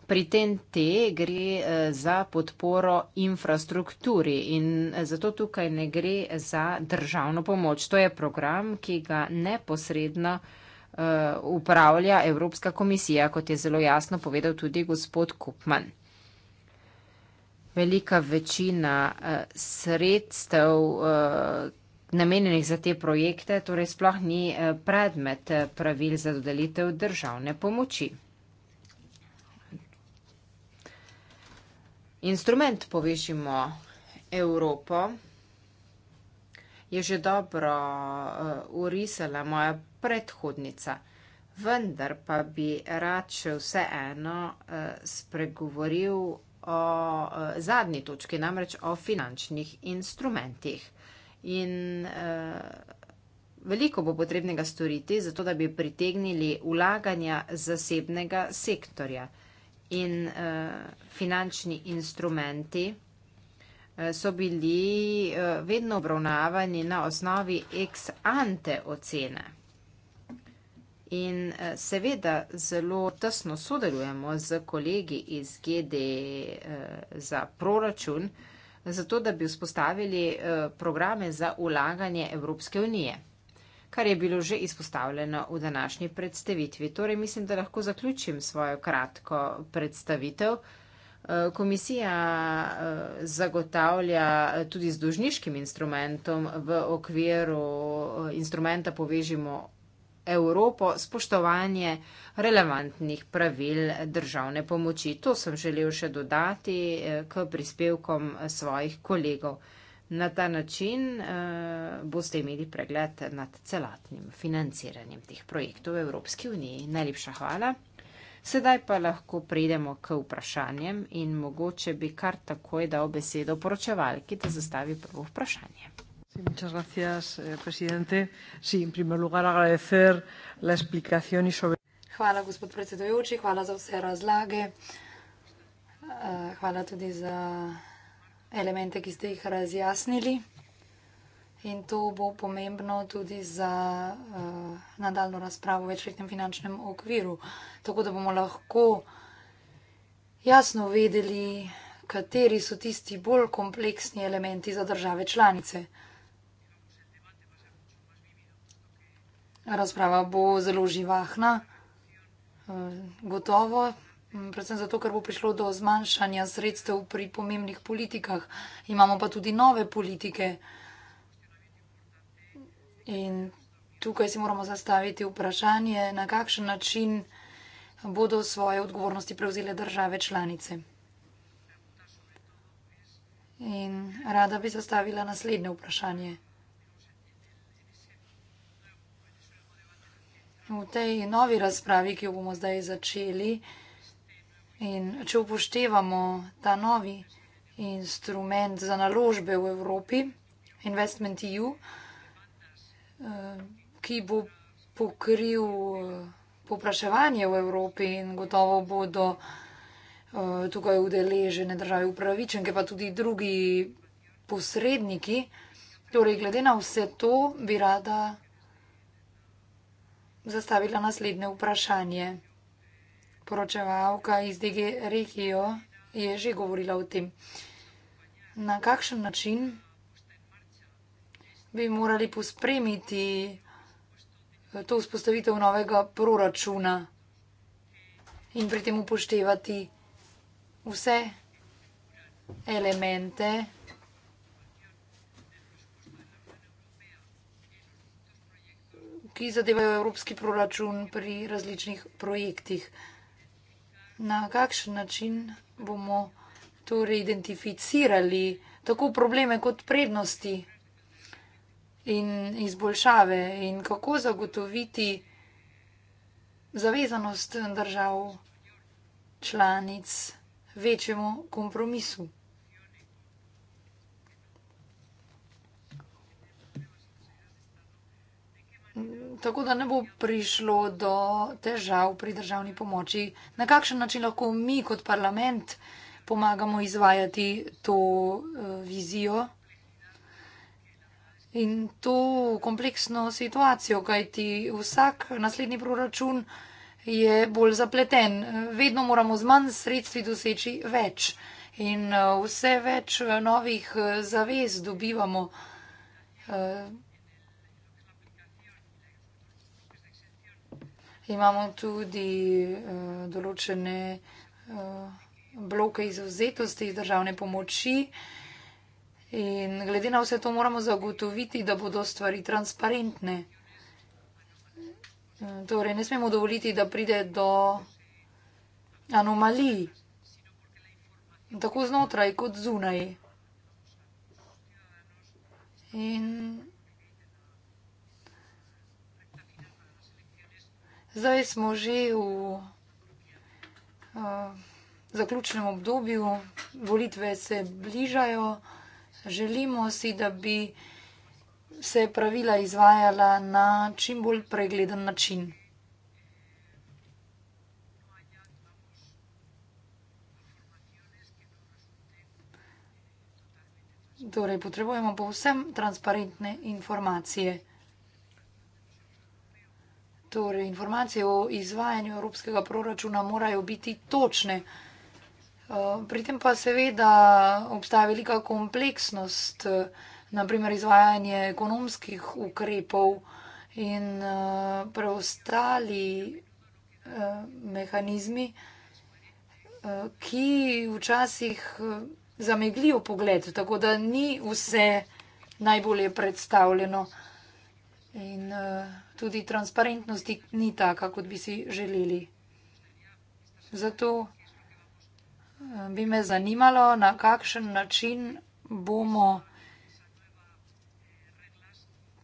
[SPEAKER 3] Pri tem te gre eh, za podporo infrastrukturi in eh, zato tukaj ne gre za državno pomoč. To je program, ki ga neposredno eh, upravlja Evropska komisija, kot je zelo jasno povedal tudi gospod Kupman. Velika večina sredstev namenjenih za te projekte torej sploh ni predmet pravil za dodelitev državne pomoči. Instrument povežimo Evropo, je že dobro uh, eh, urisala moja predhodnica, vendar pa bi rad še vseeno uh, spregovoril o uh, zadnji točki, namreč o finančnih instrumentih. In uh, veliko bo potrebnega storiti, zato da bi pritegnili vlaganja zasebnega sektorja. Uh, in uh, finančni instrumenti uh, so bili uh, vedno obravnavani na osnovi ex ante ocene. In uh, seveda zelo tesno sodelujemo z kolegi iz GD uh, za proračun, zato da bi vzpostavili uh, programe za ulaganje Evropske unije kar je bilo že izpostavljeno v današnji predstavitvi. Torej, mislim, da lahko zaključim svojo kratko predstavitev. Eh, komisija eh, zagotavlja tudi z dužniškim instrumentom v okviru eh, instrumenta Povežimo Evropo spoštovanje relevantnih pravil državne pomoči. To sem želel še dodati k prispevkom svojih kolegov. Na ta način uh, boste imeli pregled nad celotnim financiranjem teh projektov v Evropski uniji. Najlepša hvala. Sedaj pa lahko pridemo k vprašanjem in mogoče bi kar takoj dal besedo poročevalki, da zastavi prvo vprašanje.
[SPEAKER 4] Muchas gracias, eh, presidente. Sí, en primer lugar, agradecer la explicación y sobre.
[SPEAKER 2] Hvala, gospod predsedujoči, hvala za vse razlage. Uh, hvala tudi za elemente, ki ste jih razjasnili. In to bo pomembno tudi za uh, eh, nadaljno razpravo o večletnem finančnem okviru, tako da bomo lahko jasno vedeli, kateri so tisti bolj kompleksni elementi za države članice. Razprava bo zelo živahna, uh, gotovo Mm, predvsem zato, ker bo prišlo do zmanjšanja sredstev pri pomembnih politikah. Imamo pa tudi nove politike. In tukaj si moramo zastaviti vprašanje, na kakšen način bodo svoje odgovornosti prevzele države članice. In rada bi zastavila naslednje vprašanje. V tej novi razpravi, ki jo bomo zdaj začeli, In če upoštevamo ta novi instrument za naložbe v Evropi, Investment EU, eh, ki bo pokril eh, popraševanje v Evropi in gotovo bodo eh, tukaj udeležene države upravičenke, pa tudi drugi posredniki. Torej, glede na vse to, bi rada zastavila naslednje vprašanje poročevalka iz Digi Regio je že govorila o tem. Na kakšen način bi morali pospremiti eh, to vzpostavitev novega proračuna in pri tem upoštevati vse elemente ki zadevajo evropski proračun pri različnih projektih na kakšen način bomo torej identificirali tako probleme kot prednosti in izboljšave in kako zagotoviti zavezanost držav članic večjemu kompromisu. tako da ne bo prišlo do težav pri državni pomoči. Na kakšen način lahko mi kot parlament pomagamo izvajati to eh, vizijo in to kompleksno situacijo, kajti vsak naslednji proračun je bolj zapleten. Vedno moramo z manj sredstvi doseči več in eh, vse več eh, novih zavez dobivamo. Imamo tudi uh, določene uh, bloke izuzetosti iz državne pomoči in glede na vse to moramo zagotoviti, da bodo stvari transparentne. Eh, torej, ne smemo dovoliti, da pride do anomalij, tako znotraj kot zunaj. In Zdaj smo že v uh, zaključnem obdobju, volitve se bližajo. Želimo si, da bi se pravila izvajala na čim bolj pregleden način. Torej, potrebujemo povsem transparentne informacije. Torej, informacije o izvajanju evropskega proračuna morajo biti točne. Eh, pri tem pa seveda obstaja velika kompleksnost, eh, naprimer izvajanje ekonomskih ukrepov in eh, preostali mehanizmi, ki včasih zameglijo pogled, tako da ni vse najbolje predstavljeno. In, uh tudi transparentnosti ni taka, kot bi si želeli. Zato eh, bi me zanimalo, na kakšen način bomo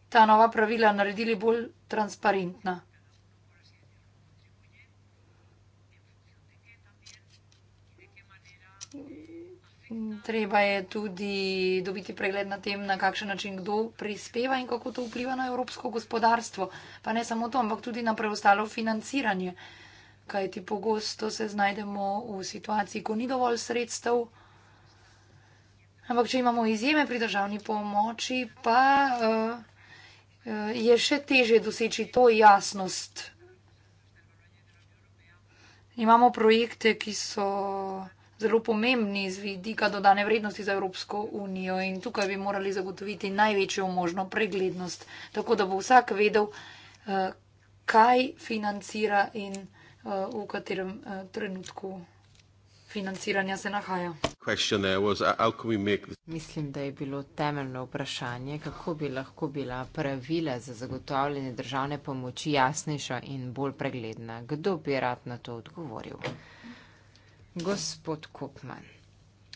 [SPEAKER 2] ta nova pravila naredili bolj transparentna. Treba je tudi dobiti pregled na tem, na kakšen način kdo prispeva in kako to vpliva na evropsko gospodarstvo. Pa ne samo to, ampak tudi na preostalo financiranje. Kaj ti pogosto se znajdemo v situaciji, ko ni dovolj sredstev. Ampak, če imamo izjeme pri državni pomoči, pa uh, je še teže doseči to jasnost. Imamo projekte, ki so zelo pomembni z vidika dodane vrednosti za Evropsko unijo in tukaj bi morali zagotoviti največjo možno preglednost, tako da bo vsak vedel, eh, kaj financira in eh, v katerem eh, trenutku financiranja se nahaja.
[SPEAKER 1] Uh,
[SPEAKER 3] Mislim, da je bilo temeljno vprašanje, kako bi lahko bila pravila za zagotavljanje državne pomoči jasnejša in bolj pregledna. Kdo bi rad na to odgovoril? Gospod Kopman,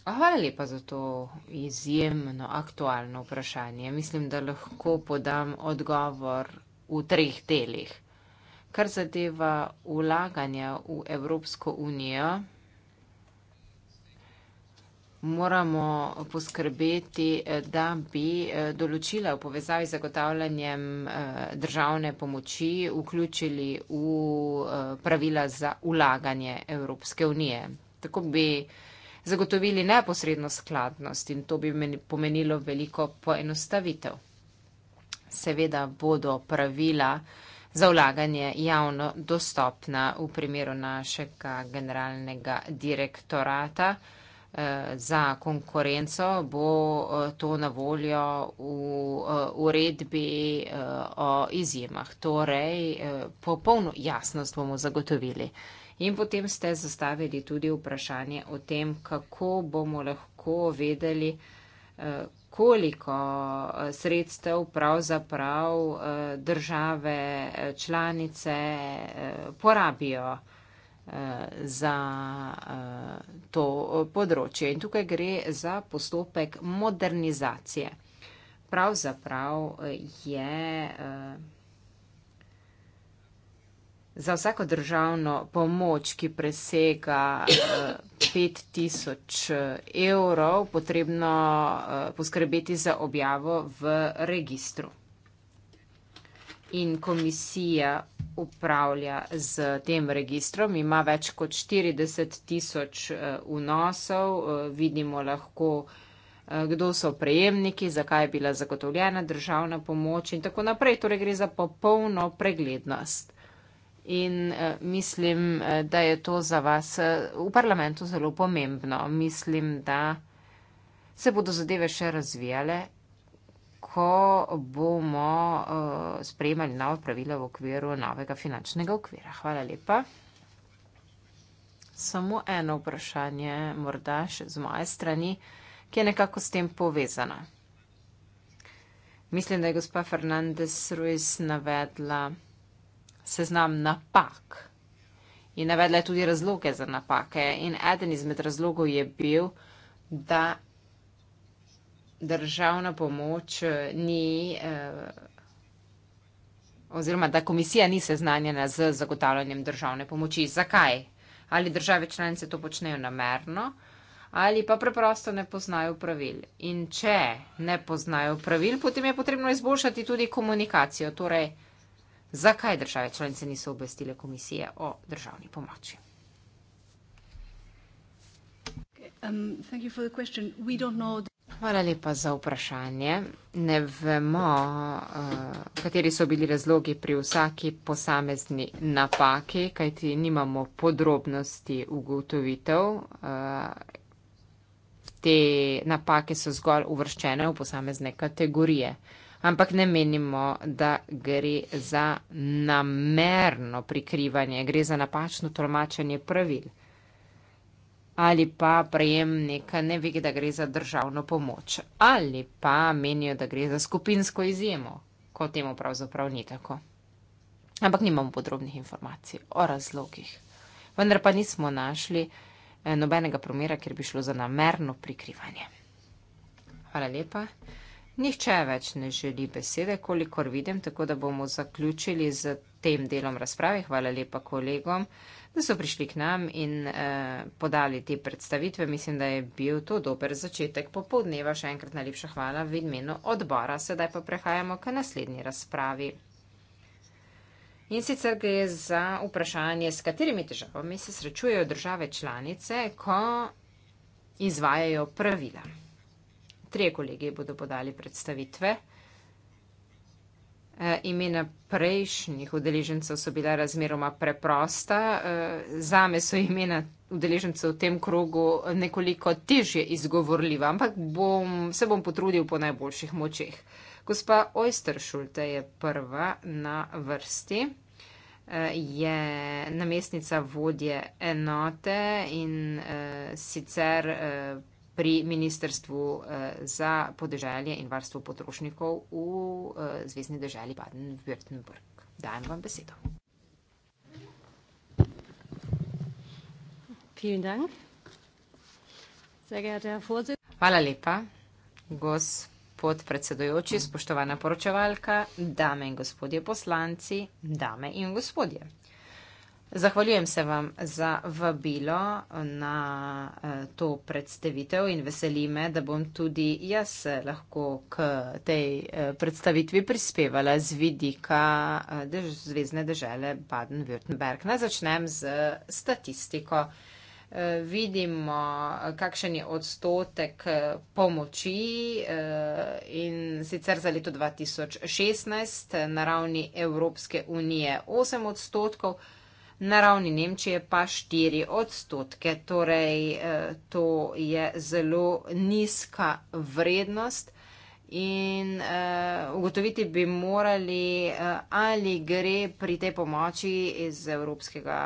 [SPEAKER 3] hvala lepa za to izjemno aktualno vprašanje. Mislim, da lahko podam odgovor v treh delih. Kar zadeva ulaganja v Evropsko unijo, moramo poskrbeti, da bi eh, določila v povezavi z zagotavljanjem eh, državne pomoči vključili v eh, pravila za ulaganje Evropske unije. Tako bi zagotovili neposredno skladnost in to bi pomenilo veliko poenostavitev. Seveda bodo pravila za vlaganje javno dostopna v primeru našega generalnega direktorata eh, za konkurenco. Bo eh, to na voljo v eh, uredbi o izjemah. Torej, popolno jasnost bomo zagotovili. In potem ste zastavili tudi vprašanje o tem, kako bomo lahko vedeli, eh, koliko eh, sredstev pravzaprav eh, države članice porabijo za to področje. In tukaj gre za postopek modernizacije. Pravzaprav je Za vsako državno pomoč, ki presega 5000 eh, eh, evrov, potrebno eh, poskrbeti za objavo v registru. In komisija upravlja z tem registrom, ima več kot 40 tisoč vnosov, vidimo lahko, kdo so prejemniki, zakaj je bila zagotovljena državna pomoč in tako naprej. Torej gre za popolno preglednost in eh, mislim, eh, da je to za vas eh, v parlamentu zelo pomembno. Mislim, da se bodo zadeve še razvijale, ko bomo sprejemali nove pravila v okviru novega finančnega okvira. Hvala lepa. Samo eno vprašanje, morda še z moje strani, ki je nekako s tem povezana. Mislim, da je gospa Fernandez Ruiz navedla seznam napak in navedla je tudi razloge za napake. In eden izmed razlogov je bil, da državna pomoč eh, ni eh, oziroma da komisija ni seznanjena z zagotavljanjem državne pomoči. Zakaj? Ali države članice to počnejo namerno ali pa preprosto ne poznajo pravil. In če ne poznajo pravil, potem je potrebno izboljšati tudi komunikacijo. Torej, zakaj države članice niso obvestile komisije o državni pomoči.
[SPEAKER 4] Um,
[SPEAKER 3] Hvala lepa za vprašanje. Ne vemo, uh, kateri so bili razlogi pri vsaki posamezni napaki, kajti nimamo podrobnosti ugotovitev. Uh, te napake so zgolj uvrščene v posamezne kategorije ampak ne menimo, da gre za namerno prikrivanje, gre za napačno tolmačenje pravil ali pa prejemnik ne ve, da gre za državno pomoč ali pa menijo, da gre za skupinsko izjemo, ko temu pravzaprav ni tako. Ampak nimamo podrobnih informacij o razlogih. Vendar pa nismo našli eh, nobenega primera, kjer bi šlo za namerno prikrivanje. Hvala lepa. Nihče več ne želi besede, kolikor vidim, tako da bomo zaključili z tem delom razprave. Hvala lepa kolegom, da so prišli k nam in eh, podali te predstavitve. Mislim, da je bil to dober začetek popovdneva. Še enkrat najlepša hvala v imenu odbora. Sedaj pa prehajamo k naslednji razpravi. In sicer gre za vprašanje, s katerimi težavami se srečujejo države članice, ko izvajajo pravila. Trije kolegi bodo podali predstavitve. E, imena prejšnjih udeležencev so bila razmeroma preprosta. E, zame so imena udeležencev v tem krogu nekoliko težje izgovorljiva, ampak bom, se bom potrudil po najboljših močeh. Gospa Oysteršulte je prva na vrsti. E, je namestnica vodje enote in uh, sicer uh, pri Ministrstvu eh, za podeželje in varstvo potrošnikov v eh, Zvezdni državi Baden-Württemberg. Dajem vam besedo. Hvala lepa, gospod predsedojoči, spoštovana poročevalka, dame in gospodje poslanci, dame in gospodje. Zahvaljujem se vam za vabilo na eh, to predstavitev in veseli me, da bom tudi jaz lahko k tej eh, predstavitvi prispevala z vidika eh, Zvezdne države Baden-Württemberg. Naj začnem z statistiko. Vidimo, kakšen je odstotek pomoči in sicer za leto 2016 na ravni Evropske unije 8 odstotkov na ravni Nemčije pa 4 odstotke. Torej, eh, to je zelo nizka vrednost. In uh, ugotoviti bi morali, uh, ali gre pri tej pomoči iz Evropskega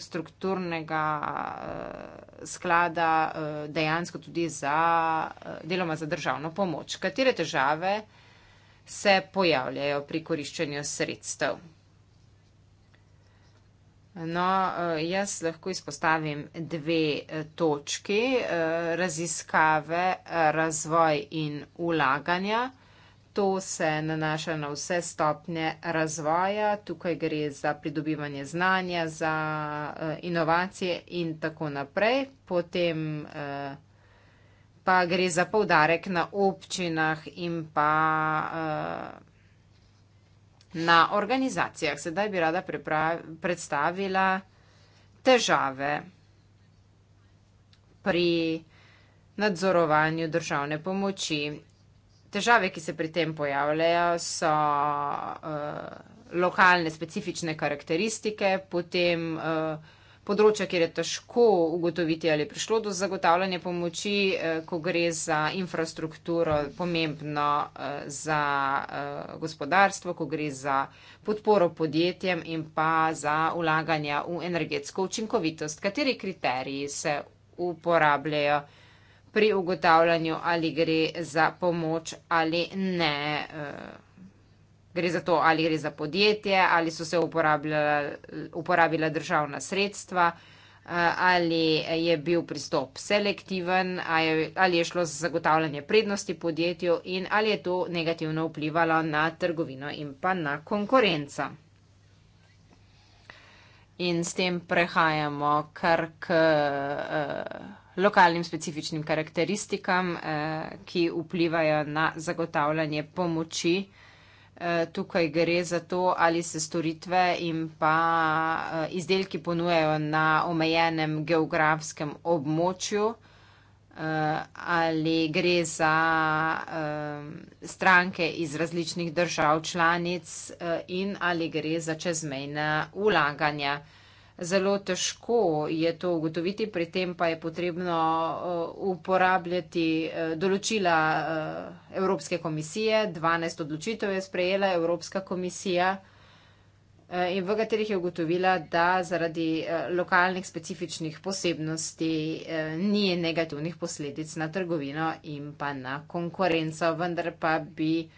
[SPEAKER 3] strukturnega uh, sklada uh, dejansko tudi za, uh, deloma za državno pomoč. Katere težave se pojavljajo pri koriščenju sredstev? No, eh, jaz lahko izpostavim dve eh, točki, eh, raziskave, razvoj in ulaganja. To se nanaša na vse stopnje razvoja, tukaj gre za pridobivanje znanja, za inovacije in tako naprej. Potem pa gre za povdarek na občinah in pa na organizacijah. Sedaj bi rada predstavila težave pri nadzorovanju državne pomoči. Težave, ki se pri tem pojavljajo, so uh, lokalne specifične karakteristike, potem uh, področja, kjer je težko ugotoviti, ali je prišlo do zagotavljanja pomoči, eh, ko gre za infrastrukturo, pomembno eh, za eh, gospodarstvo, ko gre za podporo podjetjem in pa za ulaganja v energetsko učinkovitost. Kateri kriteriji se uporabljajo? pri ugotavljanju, ali gre za pomoč ali ne. Uh gre za to, ali gre za podjetje, ali so se uporabljala, uporabila državna sredstva, eh, ali je bil pristop selektiven, ali je, ali je šlo za zagotavljanje prednosti podjetju in ali je to negativno vplivalo na trgovino in pa na konkurenca. In s tem prehajamo kar k eh, lokalnim specifičnim karakteristikam, eh, ki vplivajo na zagotavljanje pomoči eh, Eh, tukaj gre za to, ali se storitve in pa eh, izdelki ponujajo na omejenem geografskem območju, eh, ali gre za stranke iz različnih držav članic in ali gre za čezmejna ulaganja zelo težko je to ugotoviti, pri tem pa je potrebno uh, uporabljati uh, določila uh, Evropske komisije. 12 odločitev je sprejela Evropska komisija in v katerih je ugotovila, da zaradi lokalnih specifičnih posebnosti ni negativnih posledic na trgovino in pa na konkurenco, vendar pa bi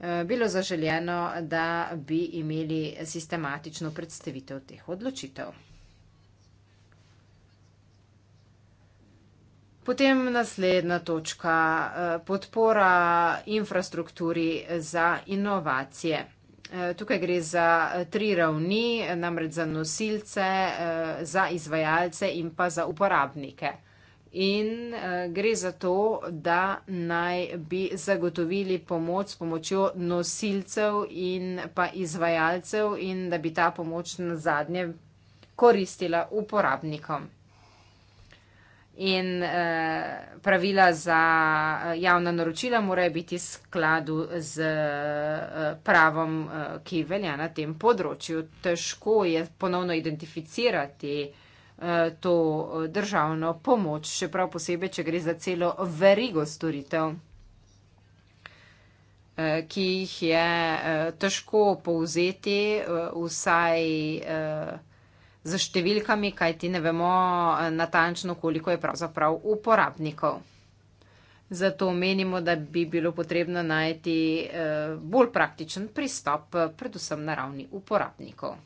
[SPEAKER 3] Eh, bilo zaželjeno, da bi imeli sistematično predstavitev teh odločitev. Potem naslednja točka eh, podpora infrastrukturi za inovacije. Eh, tukaj gre za tri ravni, namreč za nosilce, za izvajalce in pa za uporabnike in uh, gre za to, da naj bi zagotovili pomoč s pomočjo nosilcev in pa izvajalcev in da bi ta pomoč na zadnje koristila uporabnikom. In eh, pravila za eh, javna naročila morajo biti skladu z eh, pravom, eh, ki velja na tem področju. Težko je ponovno identificirati eh, Eh, to eh, državno pomoč, še prav posebej, če gre za celo verigo storitev, eh, ki jih je težko povzeti vsaj za številkami, kaj ti ne vemo natančno, koliko je pravzaprav uporabnikov. Zato menimo, da bi bilo potrebno najti bolj praktičen pristop, predvsem na ravni uporabnikov.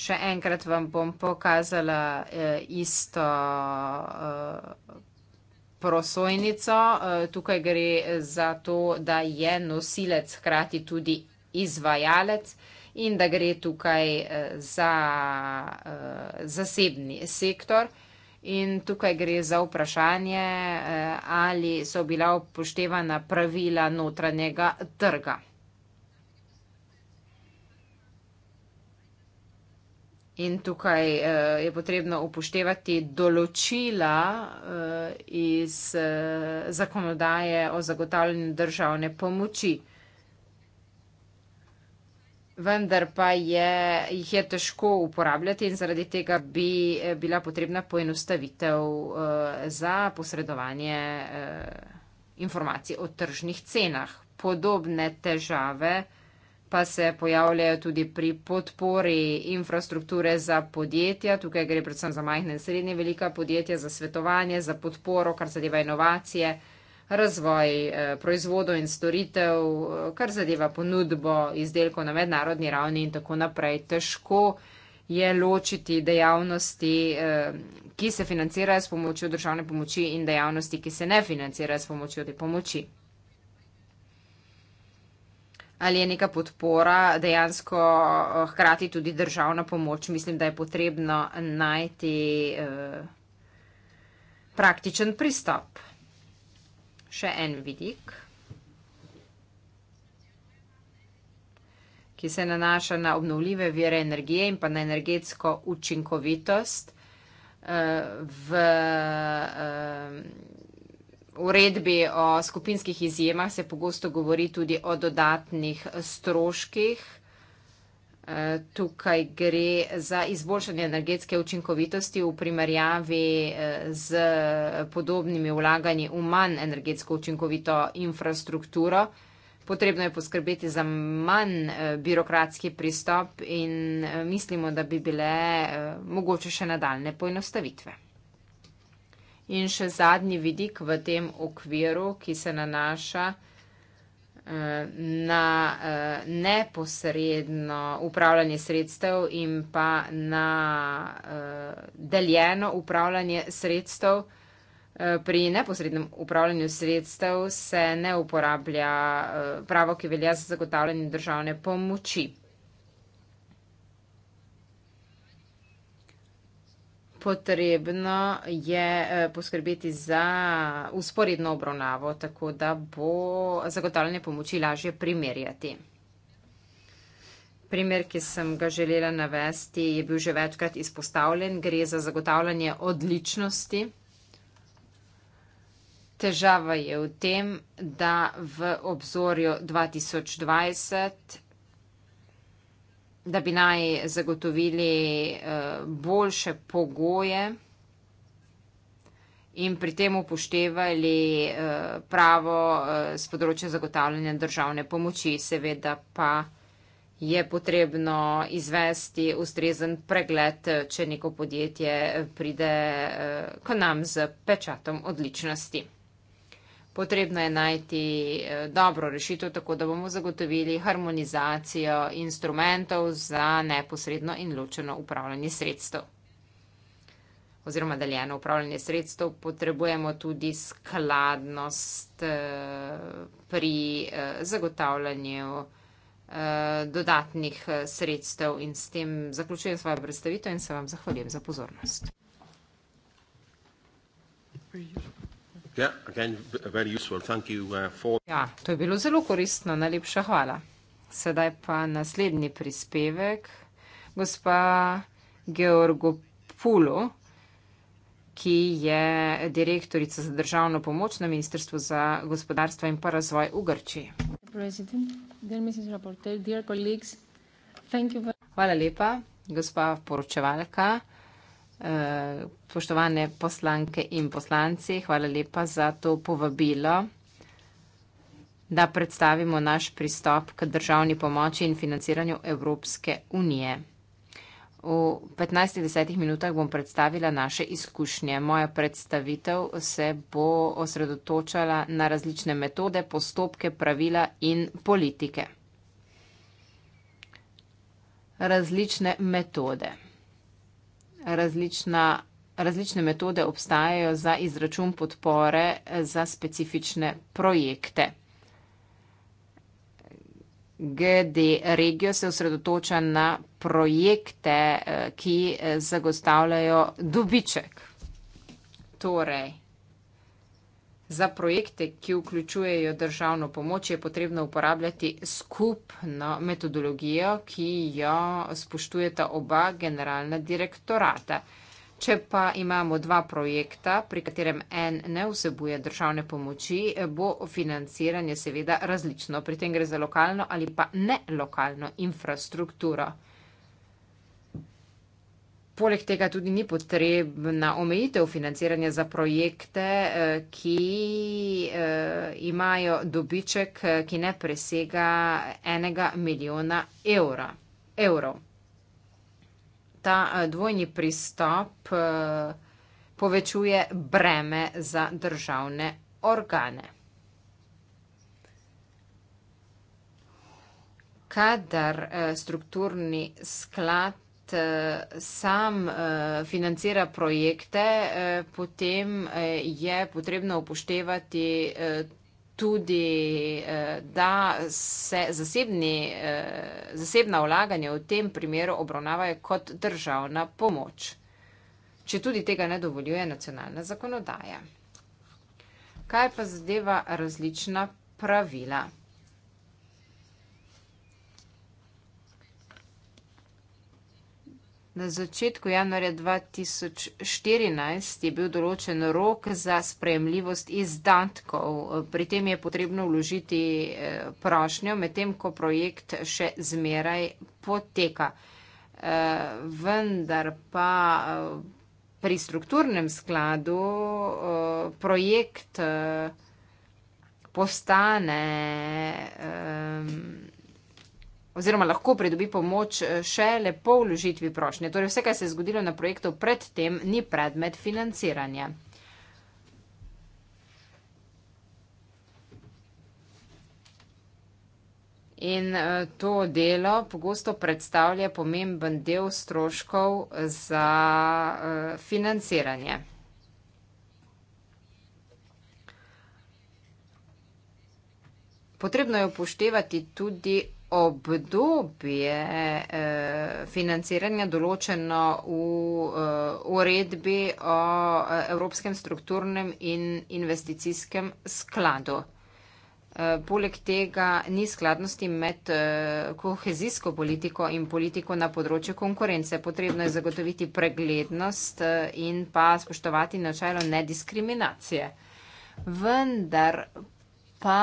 [SPEAKER 3] Še enkrat vam bom pokazala eh, isto eh, prosojnico. Eh, tukaj gre za to, da je nosilec hkrati tudi izvajalec in da gre tukaj eh, za eh, zasebni sektor. In tukaj gre za vprašanje, eh, ali so bila upoštevana pravila notranjega trga. In tukaj uh, je potrebno upoštevati določila uh, iz uh, zakonodaje o zagotavljanju državne pomoči. Vendar pa je, jih je težko uporabljati in zaradi tega bi bila potrebna poenostavitev uh, za posredovanje uh, informacij o tržnih cenah. Podobne težave uh, pa se pojavljajo tudi pri podpori infrastrukture za podjetja. Tukaj gre predvsem za majhne in srednje velika podjetja, za svetovanje, za podporo, kar zadeva inovacije, razvoj eh, proizvodov in storitev, eh, kar zadeva ponudbo izdelkov na mednarodni ravni in tako naprej. Težko je ločiti dejavnosti, eh, ki se financirajo s pomočjo državne pomoči in dejavnosti, ki se ne financirajo s pomočjo te pomoči ali je neka podpora dejansko eh, hkrati tudi državna pomoč. Mislim, da je potrebno najti eh, praktičen pristop. Še en vidik, ki se nanaša na obnovljive vire energije in pa na energetsko učinkovitost eh, v energetsko učinkovitost uredbi o skupinskih izjemah se pogosto govori tudi o dodatnih stroških. E, tukaj gre za izboljšanje energetske učinkovitosti v primerjavi e, z podobnimi vlaganji v manj energetsko učinkovito infrastrukturo. Potrebno je poskrbeti za manj e, birokratski pristop in mislimo, da bi bile mogoče še nadaljne poenostavitve. In še zadnji vidik v tem okviru, ki se nanaša eh, na eh, neposredno upravljanje sredstev in pa na eh, deljeno upravljanje sredstev. Pri neposrednem upravljanju sredstev se ne uporablja pravo, ki velja za zagotavljanje državne pomoči. potrebno je eh, poskrbeti za usporedno obravnavo, tako da bo zagotavljanje pomoči lažje primerjati. Primer, ki sem ga želela navesti, je bil že večkrat izpostavljen. Gre za zagotavljanje odličnosti. Težava je v tem, da v obzorju 2020 da bi naj zagotovili eh, boljše pogoje in pri tem upoštevali eh, pravo z eh, področja zagotavljanja državne pomoči. Seveda pa je potrebno izvesti ustrezen pregled, če neko podjetje pride k nam z pečatom odličnosti. Potrebno je najti eh, dobro rešitev, tako da bomo zagotovili harmonizacijo instrumentov za neposredno in ločeno upravljanje sredstev. Oziroma deljeno upravljanje sredstev potrebujemo tudi skladnost eh, pri eh, zagotavljanju dodatnih sredstev in s tem zaključujem svojo predstavitev in se vam zahvaljujem za pozornost. Thank you.
[SPEAKER 1] Uh, ja,
[SPEAKER 3] to je bilo zelo koristno, najlepša hvala. Sedaj pa naslednji prispevek, gospa Georgo Pulo, ki je direktorica za državno pomoč na Ministrstvu za gospodarstvo in pa razvoj v Grčiji. Hvala lepa, gospa poročevalka spoštovane poslanke in poslanci, hvala lepa za to povabilo, da predstavimo naš pristop k državni pomoči in financiranju Evropske unije. V 15-10 minutah bom predstavila naše izkušnje. Moja predstavitev se bo osredotočala na različne metode, postopke, pravila in politike. Različne metode različna, različne metode obstajajo za izračun podpore za specifične projekte. GD Regio se osredotoča na projekte, eh, ki eh, zagotavljajo dobiček. Torej, Za projekte, ki vključujejo državno pomoč, je potrebno uporabljati skupno metodologijo, ki jo spoštujeta oba generalna direktorata. Če pa imamo dva projekta, pri katerem en ne vsebuje državne pomoči, bo financiranje seveda različno. Pri tem gre za lokalno ali pa ne lokalno infrastrukturo. Poleg tega tudi ni potrebna omejitev financiranja za projekte, eh, ki eh, imajo dobiček, eh, ki ne presega enega milijona evra, evrov. Ta dvojni pristop povečuje breme za državne organe. Kadar strukturni sklad Eh, sam eh, financira projekte, eh, potem je potrebno upoštevati tudi, da se zasebni, zasebna vlaganja v tem primeru obravnavajo kot državna pomoč, če tudi tega ne dovoljuje nacionalna zakonodaja. Kaj pa zadeva različna pravila? Na začetku januarja 2014 je bil določen rok za spremljivost izdatkov. Pri tem je potrebno vložiti eh, prošnjo, medtem ko projekt še zmeraj poteka. Eh, vendar pa eh, pri strukturnem skladu projekt postane oziroma lahko pridobi pomoč eh, šele po vložitvi prošnje. Torej vse, kar se je zgodilo na projektu predtem, ni predmet financiranja. In eh, to delo pogosto predstavlja pomemben del stroškov za eh, financiranje. Potrebno je upoštevati tudi obdobje eh, financiranja določeno v eh, uredbi o eh, Evropskem strukturnem in investicijskem skladu. Poleg tega ni skladnosti med kohezijsko politiko in politiko na področju konkurence. Potrebno je zagotoviti preglednost in pa spoštovati načelo nediskriminacije. Vendar pa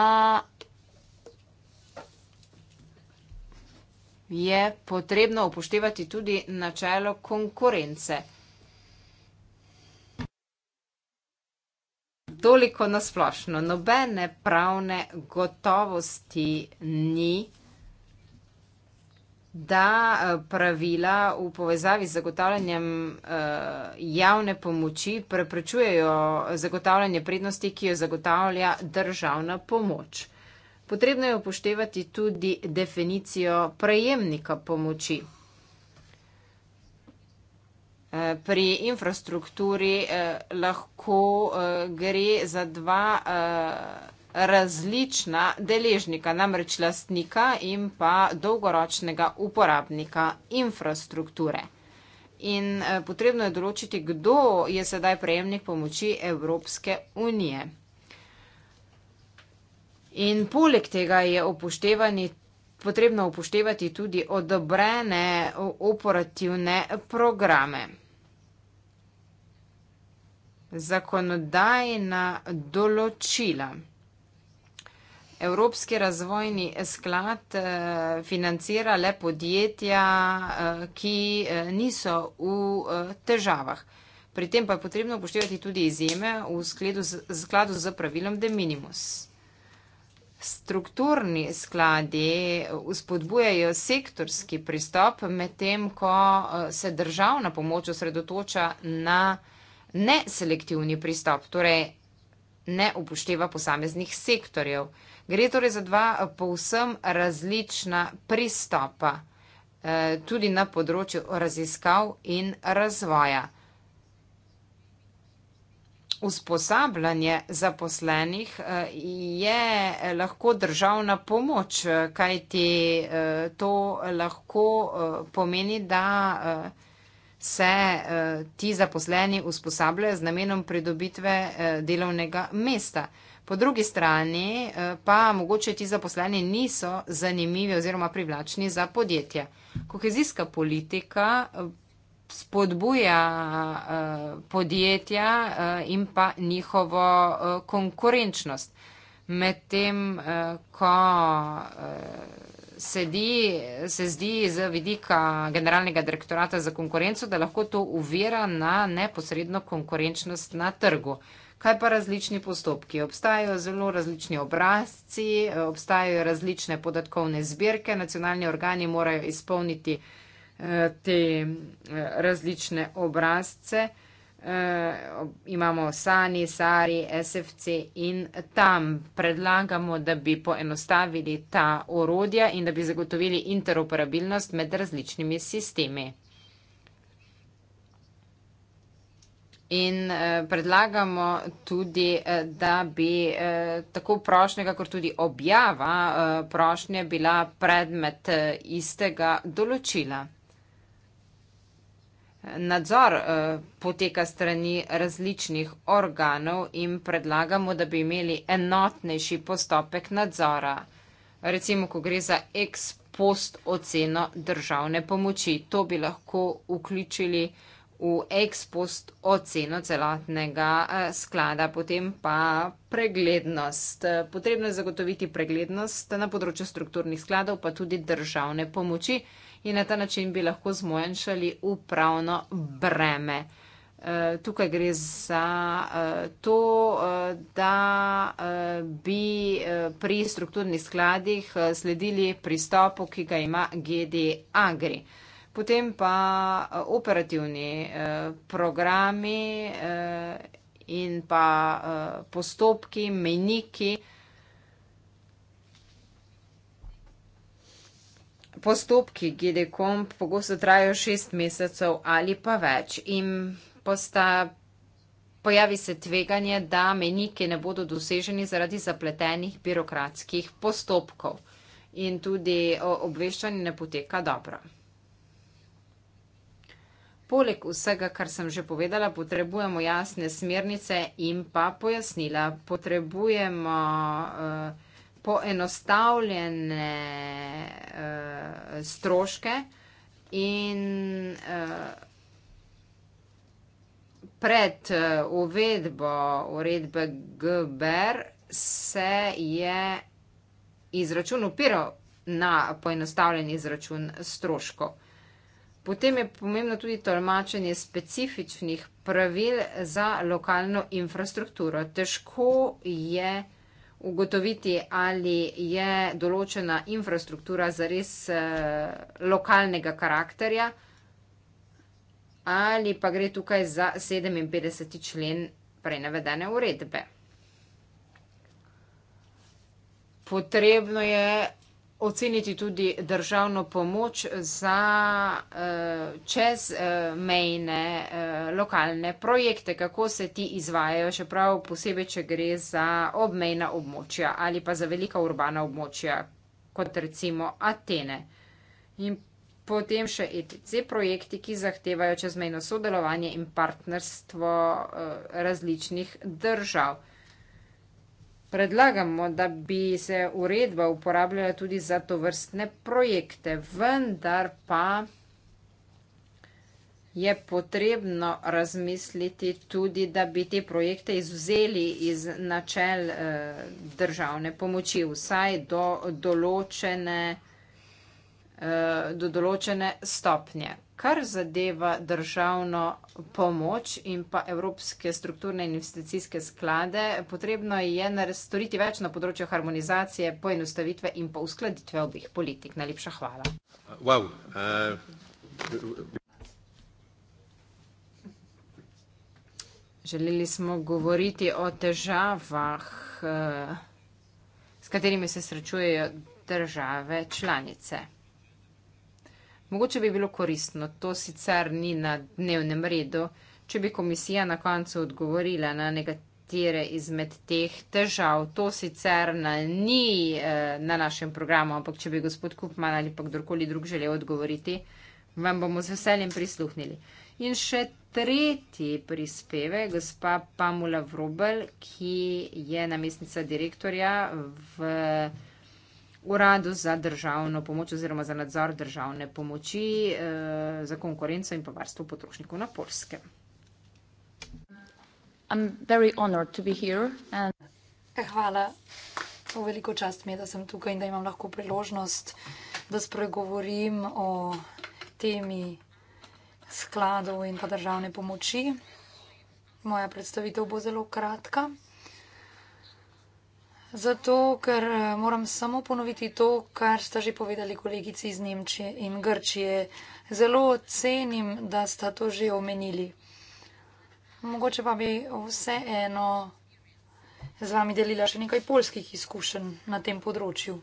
[SPEAKER 3] je potrebno upoštevati tudi načelo konkurence. Toliko nasplošno. Nobene pravne gotovosti ni, da eh, pravila v povezavi z zagotavljanjem eh, javne pomoči preprečujejo zagotavljanje prednosti, ki jo zagotavlja državna pomoč. Potrebno je upoštevati tudi definicijo prejemnika pomoči. Eh, pri infrastrukturi eh, lahko eh, gre za dva različna deležnika, namreč lastnika in pa dolgoročnega uporabnika infrastrukture. In potrebno je določiti, kdo je sedaj prejemnik pomoči Evropske unije. In poleg tega je upoštevani, potrebno upoštevati tudi odobrene operativne programe. Zakonodajna določila. Evropski razvojni sklad eh, financira le podjetja, eh, ki eh, niso v težavah. Pri tem pa je potrebno upoštevati tudi izjeme v skladu z, z pravilom de minimus strukturni skladi vzpodbujajo sektorski pristop, medtem ko eh, se državna pomoč osredotoča na neselektivni pristop, torej ne upošteva posameznih sektorjev. Gre torej za dva eh, povsem različna pristopa, eh, tudi na področju raziskav in razvoja usposabljanje zaposlenih eh, je lahko državna pomoč, eh, kajti eh, to lahko pomeni, da se ti zaposleni usposabljajo z namenom pridobitve delovnega mesta. Po drugi strani pa mogoče ti zaposleni niso zanimivi oziroma privlačni za podjetja. Kohezijska politika spodbuja eh, podjetja eh, in pa njihovo eh, konkurenčnost. Medtem, ko sedi, se zdi z vidika generalnega direktorata za konkurenco, da lahko to uvira na neposredno konkurenčnost na trgu. Kaj pa različni postopki? Obstajajo zelo različni obrazci, obstajajo različne podatkovne zbirke, nacionalni organi morajo izpolniti te eh, različne obrazce. Eh, imamo Sani, Sari, SFC in tam predlagamo, da bi poenostavili ta orodja in da bi zagotovili interoperabilnost med različnimi sistemi. In eh, predlagamo tudi, da bi tako prošnja, kakor tudi objava prošnje bila predmet istega določila. Nadzor eh, poteka strani različnih organov in predlagamo, da bi imeli enotnejši postopek nadzora. Recimo, ko gre za ex post oceno državne pomoči, to bi lahko vključili v ex post oceno celotnega eh, sklada, potem pa preglednost. Potrebno je zagotoviti preglednost na področju strukturnih skladov, pa tudi državne pomoči in na ta način bi lahko zmanjšali upravno breme. Eh, tukaj gre za eh, to, eh, da bi pri strukturnih skladih sledili pristopu, ki ga ima GD Agri. Potem pa operativni programi in pa postopki, meniki. postopki GDKOM pogosto trajajo šest mesecev ali pa več in posta, pojavi se tveganje, da meniki ne bodo doseženi zaradi zapletenih birokratskih postopkov in tudi obveščanje ne poteka dobro. Poleg vsega, kar sem že povedala, potrebujemo jasne smernice in pa pojasnila. Potrebujemo uh, poenostavljene uh, stroške in uh, Pred eh, uvedbo uredbe GBR se je izračun upiral na poenostavljen izračun stroškov. Potem je pomembno tudi tolmačenje specifičnih pravil za lokalno infrastrukturo. Težko je ugotoviti, ali je določena infrastruktura zares eh, lokalnega karakterja ali pa gre tukaj za 57. člen prej navedene uredbe. Potrebno je oceniti tudi državno pomoč za eh, čezmejne eh, eh, lokalne projekte, kako se ti izvajajo, še prav posebej, če gre za obmejna območja ali pa za velika urbana območja, kot recimo Atene. In potem še ETC projekti, ki zahtevajo čezmejno sodelovanje in partnerstvo različnih držav. Predlagamo, da bi se uredba uporabljala tudi za to vrstne projekte, vendar pa je potrebno razmisliti tudi, da bi te projekte izvzeli iz načel eh, državne pomoči, vsaj do določene, eh, do določene stopnje kar zadeva državno pomoč in pa evropske strukturne investicijske sklade, potrebno je storiti več na področju harmonizacije, poenostavitve in pa uskladitve obih politik. Najlepša hvala.
[SPEAKER 1] Wow. Eh.
[SPEAKER 3] Želeli smo govoriti o težavah, eh, s katerimi se srečujejo države članice. Mogoče bi bilo koristno, to sicer ni na dnevnem redu, če bi komisija na koncu odgovorila na nekatere izmed teh težav. To sicer na, ni eh, na našem programu, ampak če bi gospod Kupman ali pa kdorkoli drug želel odgovoriti, vam bomo z veseljem prisluhnili. In še tretji prispeve, gospa Pamula Vrobel, ki je namestnica direktorja v uradu za državno pomoč oziroma za nadzor državne pomoči eh, za konkurenco in pa varstvo potrošnikov na Polskem. And...
[SPEAKER 2] Eh, hvala. To veliko čast mi je, da sem tukaj in da imam lahko priložnost, da spregovorim o temi skladov in pa državne pomoči. Moja predstavitev bo zelo kratka. Zato, ker eh, moram samo ponoviti to, kar sta že povedali kolegici iz Nemčije in Grčije. Zelo cenim, da sta to že omenili. Mogoče pa bi vse eno z vami delila še nekaj polskih izkušenj na tem področju.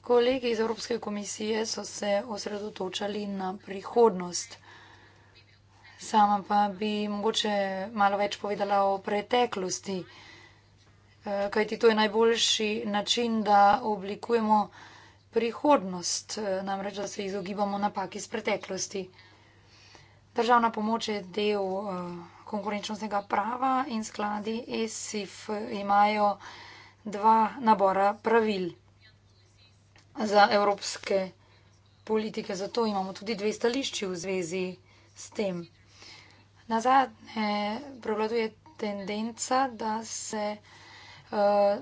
[SPEAKER 2] Kolegi iz Evropske komisije so se osredotočali na prihodnost. Sama pa bi mogoče malo več povedala o preteklosti. Eh, kajti to je najboljši način, da oblikujemo prihodnost, eh, namreč da se izogibamo napak iz preteklosti. Državna pomoč je del eh, konkurenčnostnega prava in skladi ESIF imajo dva nabora pravil za evropske politike, zato imamo tudi dve stališči v zvezi s tem. Nazadnje prevladuje tendenca, da se vsi. Eh,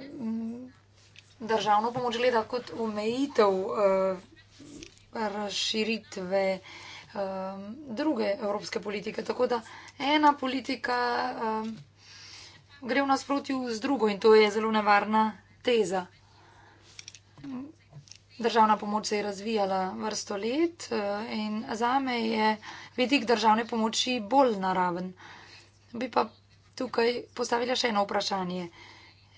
[SPEAKER 2] državno pomoč gleda kot omejitev eh, razširitve eh, druge evropske politike. Tako da ena politika gre v nasprotju z drugo in to je zelo nevarna teza. Državna pomoč se je razvijala vrsto let in za me je vidik državne pomoči bolj naraven. Bi pa tukaj postavila še eno vprašanje. Uh,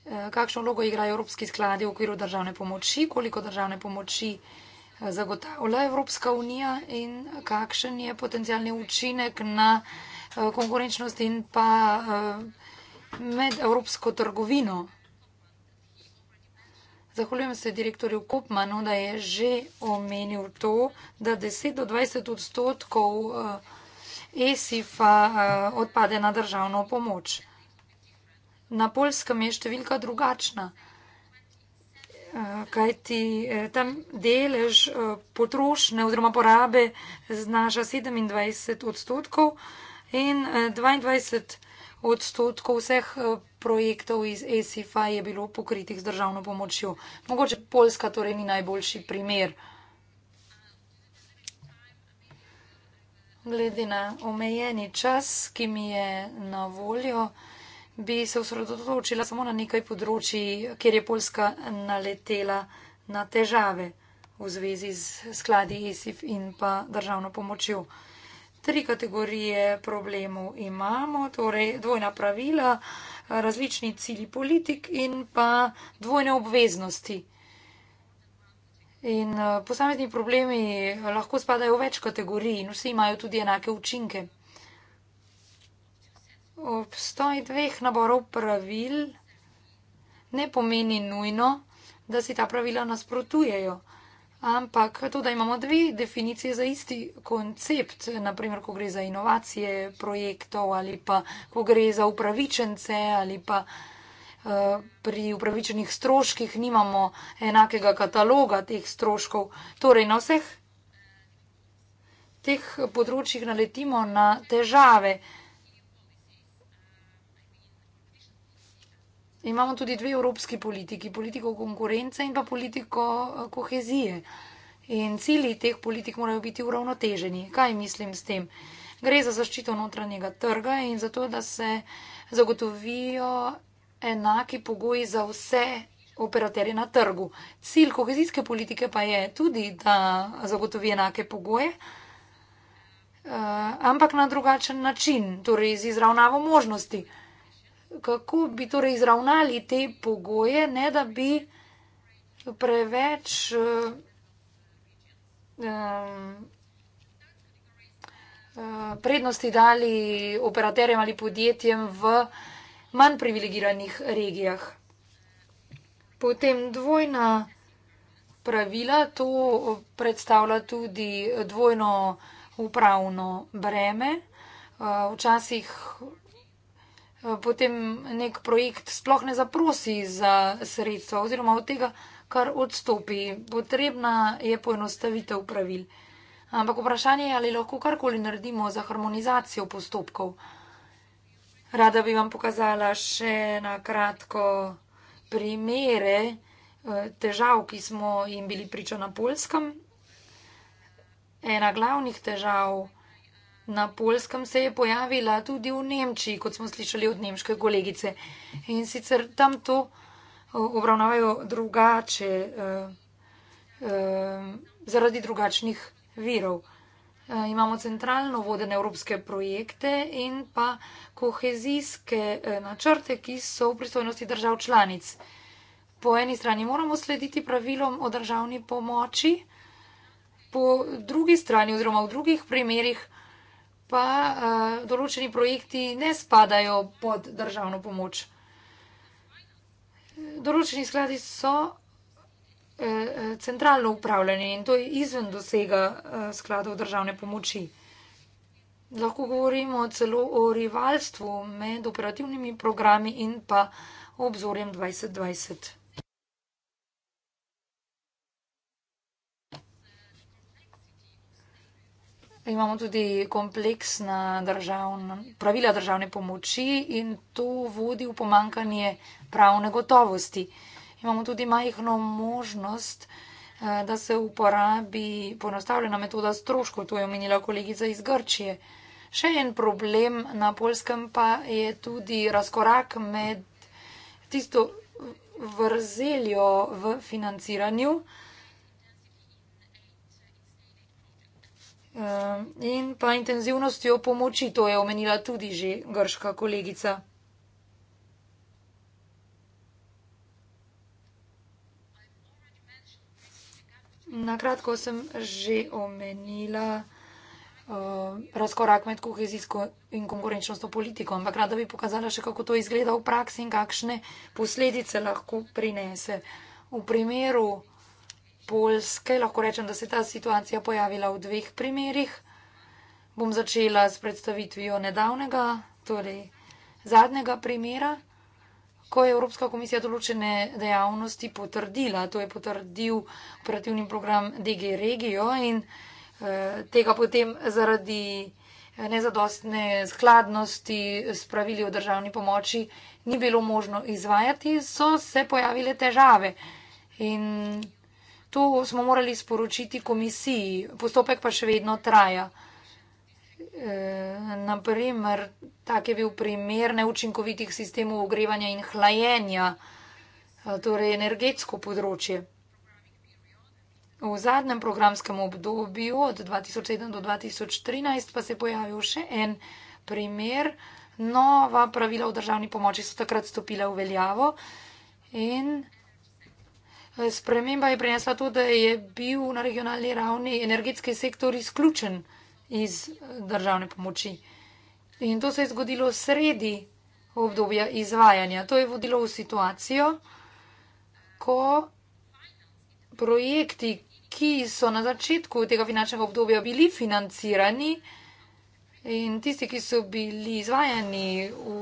[SPEAKER 2] Eh, kakšno vlogo igrajo evropski skladi v okviru državne pomoči, koliko državne pomoči eh, zagotavlja Evropska unija in kakšen je potencijalni učinek na eh, konkurenčnost in pa med evropsko trgovino. Zahvaljujem se direktorju Kopmanu, da je že omenil to, da 10 do 20 odstotkov ESIF-a e odpade na državno pomoč. Na polskem je številka drugačna, eh, kaj ti eh, tam delež eh, potrošnje oziroma porabe znaša 27 odstotkov in 22 odstotkov vseh projektov iz ESIF-a je bilo pokritih z državno pomočjo. Mogoče Poljska torej ni najboljši primer. Glede na omejeni čas, ki mi je na voljo, bi se osredotočila samo na nekaj področji, kjer je Poljska naletela na težave v zvezi z skladi ESIF in pa državno pomočjo. Tri kategorije problemov imamo, torej dvojna pravila, različni cili politik in pa dvojne obveznosti. In eh, posamezni problemi lahko spadajo v več kategorij in vsi imajo tudi enake učinke. Obstoj dveh naborov pravil ne pomeni nujno, da si ta pravila nasprotujejo, ampak to, da imamo dve definicije za isti koncept, naprimer, ko gre za inovacije projektov ali pa ko gre za upravičence ali pa uh, pri upravičenih stroških nimamo enakega kataloga teh stroškov. Torej, na vseh teh področjih naletimo na težave. imamo tudi dve evropski politiki, politiko konkurence in pa politiko eh, kohezije. In cilji teh politik morajo biti uravnoteženi. Kaj mislim s tem? Gre za zaščito notranjega trga in zato, da se zagotovijo enaki pogoji za vse operaterje na trgu. Cilj kohezijske politike pa je tudi, da zagotovi enake pogoje, eh, ampak na drugačen način, torej z izravnavo možnosti kako bi torej izravnali te pogoje, ne da bi preveč eh, eh, eh, prednosti dali operaterjem ali podjetjem v manj privilegiranih regijah. Potem dvojna pravila, to predstavlja tudi dvojno upravno breme. Včasih potem nek projekt sploh ne zaprosi za sredstva oziroma od tega, kar odstopi. Potrebna je poenostavitev pravil. Ampak vprašanje je, ali lahko karkoli naredimo za harmonizacijo postopkov. Rada bi vam pokazala še na kratko primere eh, težav, ki smo jim bili priča na polskem. Ena glavnih težav je, na polskem se je pojavila tudi v Nemčiji, kot smo slišali od nemške kolegice. In sicer tam to eh, obravnavajo drugače, eh, eh, zaradi drugačnih virov. Imamo centralno vodene evropske projekte in pa kohezijske načrte, ki so v pristojnosti držav članic. Po eni strani moramo slediti pravilom o državni pomoči, po drugi strani oziroma v drugih primerjih pa uh, določeni projekti ne spadajo pod državno pomoč. Določeni skladi so uh, centralno upravljanje in to je izven dosega uh, skladov državne pomoči. Lahko govorimo celo o rivalstvu med operativnimi programi in pa obzorjem 2020. Imamo tudi kompleksna državna, pravila državne pomoči in to vodi v pomankanje pravne gotovosti. Imamo tudi majhno možnost, eh, da se uporabi ponostavljena metoda stroškov, to je omenila kolegica iz Grčije. Še en problem na polskem pa je tudi razkorak med tisto vrzeljo v financiranju. Eh, in pa intenzivnostjo pomoči, to je omenila tudi že grška kolegica. Nakratko sem že omenila eh, razkorak med kohezijsko in konkurenčnostno politiko, ampak rada bi pokazala še, kako to izgleda v praksi in kakšne posledice lahko prinese. V primeru Poljske. Lahko rečem, da se je ta situacija pojavila v dveh primerih. Bom začela s predstavitvijo nedavnega, torej zadnjega primera, ko je Evropska komisija določene dejavnosti potrdila. To je potrdil operativni program DG Regio in eh, tega potem zaradi eh, nezadostne skladnosti s pravili o državni pomoči ni bilo možno izvajati, so se pojavile težave. In To smo morali sporočiti komisiji, postopek pa še vedno traja. E, naprimer, tak je bil primer neučinkovitih sistemov ogrevanja in hlajenja, e, torej energetsko področje. V zadnjem programskem obdobju od 2007 do 2013 pa se je pojavil še en primer. Nova pravila v državni pomoči so takrat stopila v veljavo in Sprememba je prinesla to, da je bil na regionalni ravni energetski sektor izključen iz eh, državne pomoči. In to se je zgodilo sredi obdobja izvajanja. To je vodilo v situacijo, ko projekti, ki so na začetku tega finančnega obdobja bili financirani in tisti, ki so bili izvajani v,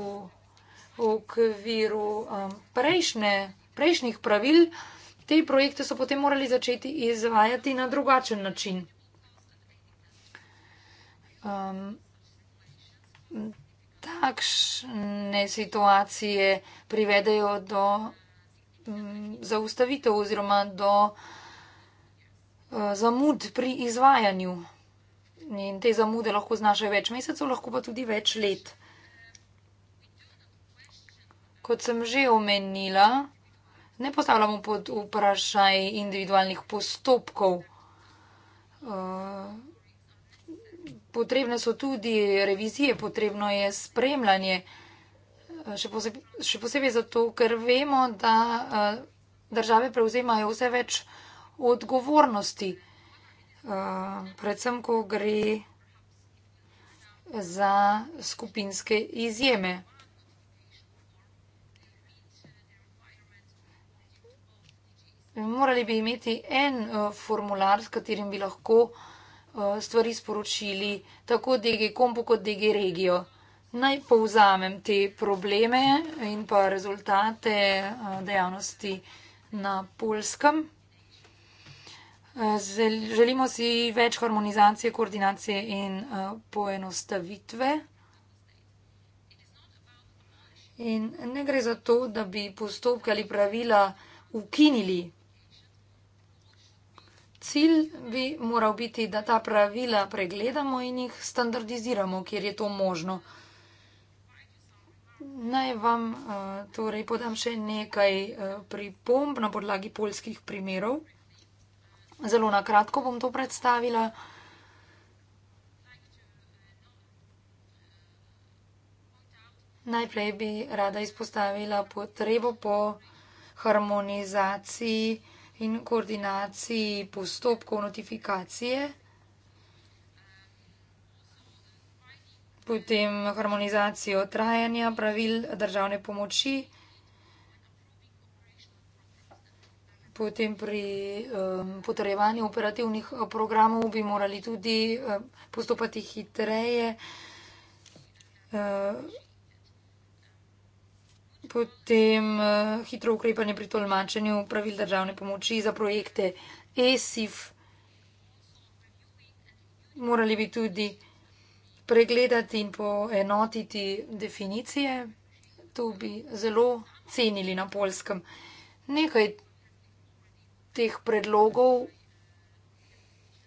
[SPEAKER 2] v okviru um, prejšnje, prejšnjih pravil, te projekte so potem morali začeti izvajati na drugačen način. Um, takšne situacije privedejo do um, zaustavitev oziroma do uh, zamud pri izvajanju. In te zamude lahko znašajo več mesecev, lahko pa tudi več let. Kot sem že omenila, ne postavljamo pod vprašaj individualnih postopkov. Eh, potrebne so tudi revizije, potrebno je spremljanje, eh, še posebej, še posebej zato, ker vemo, da eh, države prevzemajo vse več odgovornosti, predvsem, ko gre za skupinske izjeme. morali bi imeti en uh, formular, s katerim bi lahko uh, stvari sporočili tako DG kompu kot DG regijo. Naj povzamem te probleme in pa rezultate uh, dejavnosti na polskem. Želimo si več harmonizacije, koordinacije in poenostavitve. In ne gre za to, da bi postopke ali pravila ukinili, cilj bi moral biti, da ta pravila pregledamo in jih standardiziramo, kjer je to možno. Naj vam eh, torej podam še nekaj eh, pripomb na podlagi polskih primerov. Zelo nakratko bom to predstavila. Najprej bi rada izpostavila potrebo po harmonizaciji vsega in koordinaciji postopkov notifikacije, potem harmonizacijo trajanja pravil državne pomoči, potem pri um, potrejevanju operativnih uh, programov bi morali tudi uh, postopati hitreje, uh, Potem uh, hitro ukrepanje pri tolmačenju pravil državne pomoči za projekte ESIF. Morali bi tudi pregledati in poenotiti definicije. To bi zelo cenili na polskem. Nekaj teh predlogov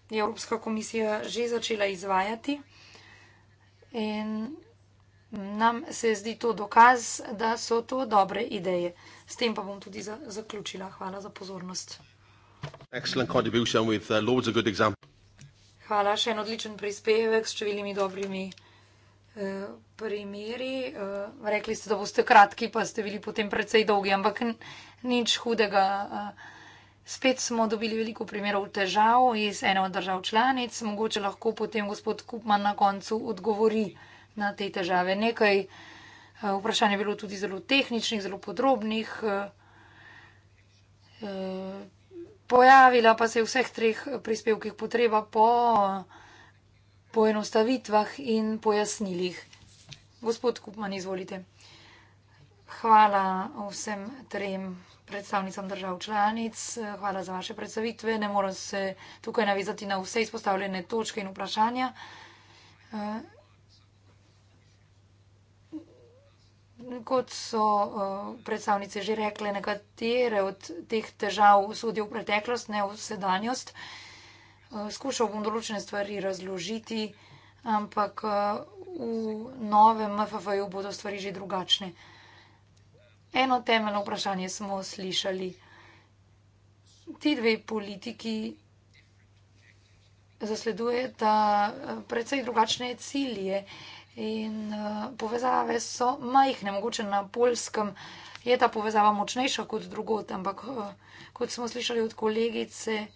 [SPEAKER 2] je Evropska komisija že začela izvajati. In nam se zdi to dokaz, da so to dobre ideje. S tem pa bom tudi za zaključila. Hvala za pozornost.
[SPEAKER 3] With, uh,
[SPEAKER 2] Hvala še en odličen prispevek s številnimi dobrimi uh, primeri. Uh, rekli ste, da boste kratki, pa ste bili potem precej dolgi, ampak nič hudega. Uh, Spet smo dobili veliko primerov težav iz ene od držav članic, mogoče lahko potem gospod Kupman na koncu odgovori. Uh, na te težave. Nekaj eh, vprašanj je bilo tudi zelo tehničnih, zelo podrobnih. Eh, eh, pojavila pa se je v vseh treh prispevkih potreba po poenostavitvah in pojasnilih. Gospod Kupman, izvolite. Hvala vsem trem predstavnicam držav članic, hvala za vaše predstavitve. Ne moram se tukaj navizati na vse izpostavljene točke in vprašanja. kot so eh, predstavnice že rekle, nekatere od teh težav sodijo v preteklost, ne v sedanjost. Eh, skušal bom določene stvari razložiti, ampak eh, v novem MFV-ju bodo stvari že drugačne. Eno temeljno vprašanje smo slišali. Ti dve politiki zasledujeta precej drugačne cilje in eh, povezave so majhne, mogoče na polskem je ta povezava močnejša kot drugot, ampak eh, kot smo slišali od kolegice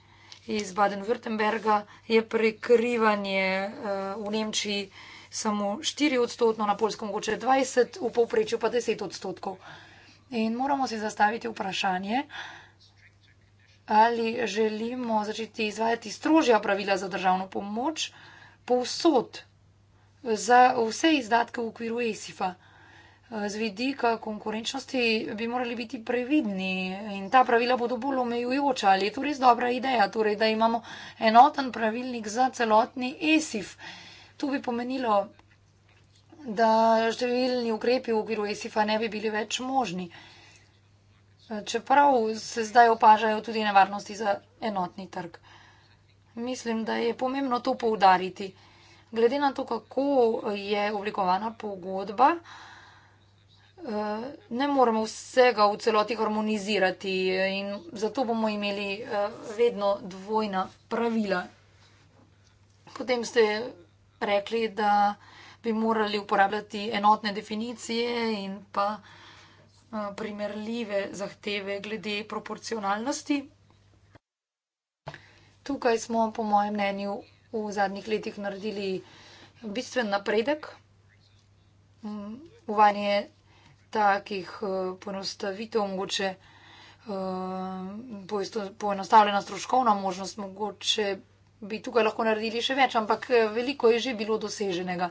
[SPEAKER 2] iz Baden-Württemberga, je prekrivanje eh, v Nemčiji samo 4 odstotno, na polskem mogoče 20, v povprečju pa 10 odstotkov. In moramo si zastaviti vprašanje, ali želimo začeti izvajati strožja pravila za državno pomoč po vsot vsega, za vse izdatke v okviru ESIF-a. Z vidika konkurenčnosti bi morali biti previdni in ta pravila bodo bolj omejujoča. Ali je to res dobra ideja, torej, da imamo enoten pravilnik za celotni ESIF? To bi pomenilo, da številni ukrepi v okviru ESIF-a ne bi bili več možni. Čeprav se zdaj opažajo tudi nevarnosti za enotni trg. Mislim, da je pomembno to poudariti. Glede na to, kako je oblikovana pogodba, eh, ne moremo vsega v celoti harmonizirati in zato bomo imeli eh, vedno dvojna pravila. Potem ste rekli, da bi morali uporabljati enotne definicije in pa eh, primerljive zahteve glede proporcionalnosti. Tukaj smo, po mojem mnenju, v zadnjih letih naredili bistven napredek. Uvanje takih eh, ponostavitev, mogoče eh, poenostavljena stroškovna možnost, mogoče bi tukaj lahko naredili še več, ampak eh, veliko je že bilo doseženega.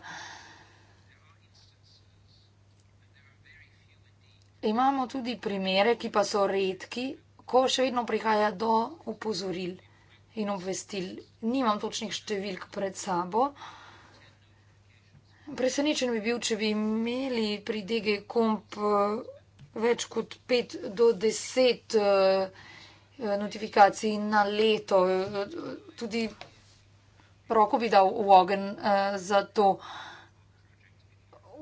[SPEAKER 2] Imamo tudi primere, ki pa so redki, ko še vedno prihaja do upozoril in obvestil, nimam točnih številk pred sabo. Presenečen bi bil, če bi imeli pri DG komp eh, več kot 5 do 10 eh, notifikacij na leto. Eh, tudi roko bi dal v ogen za to.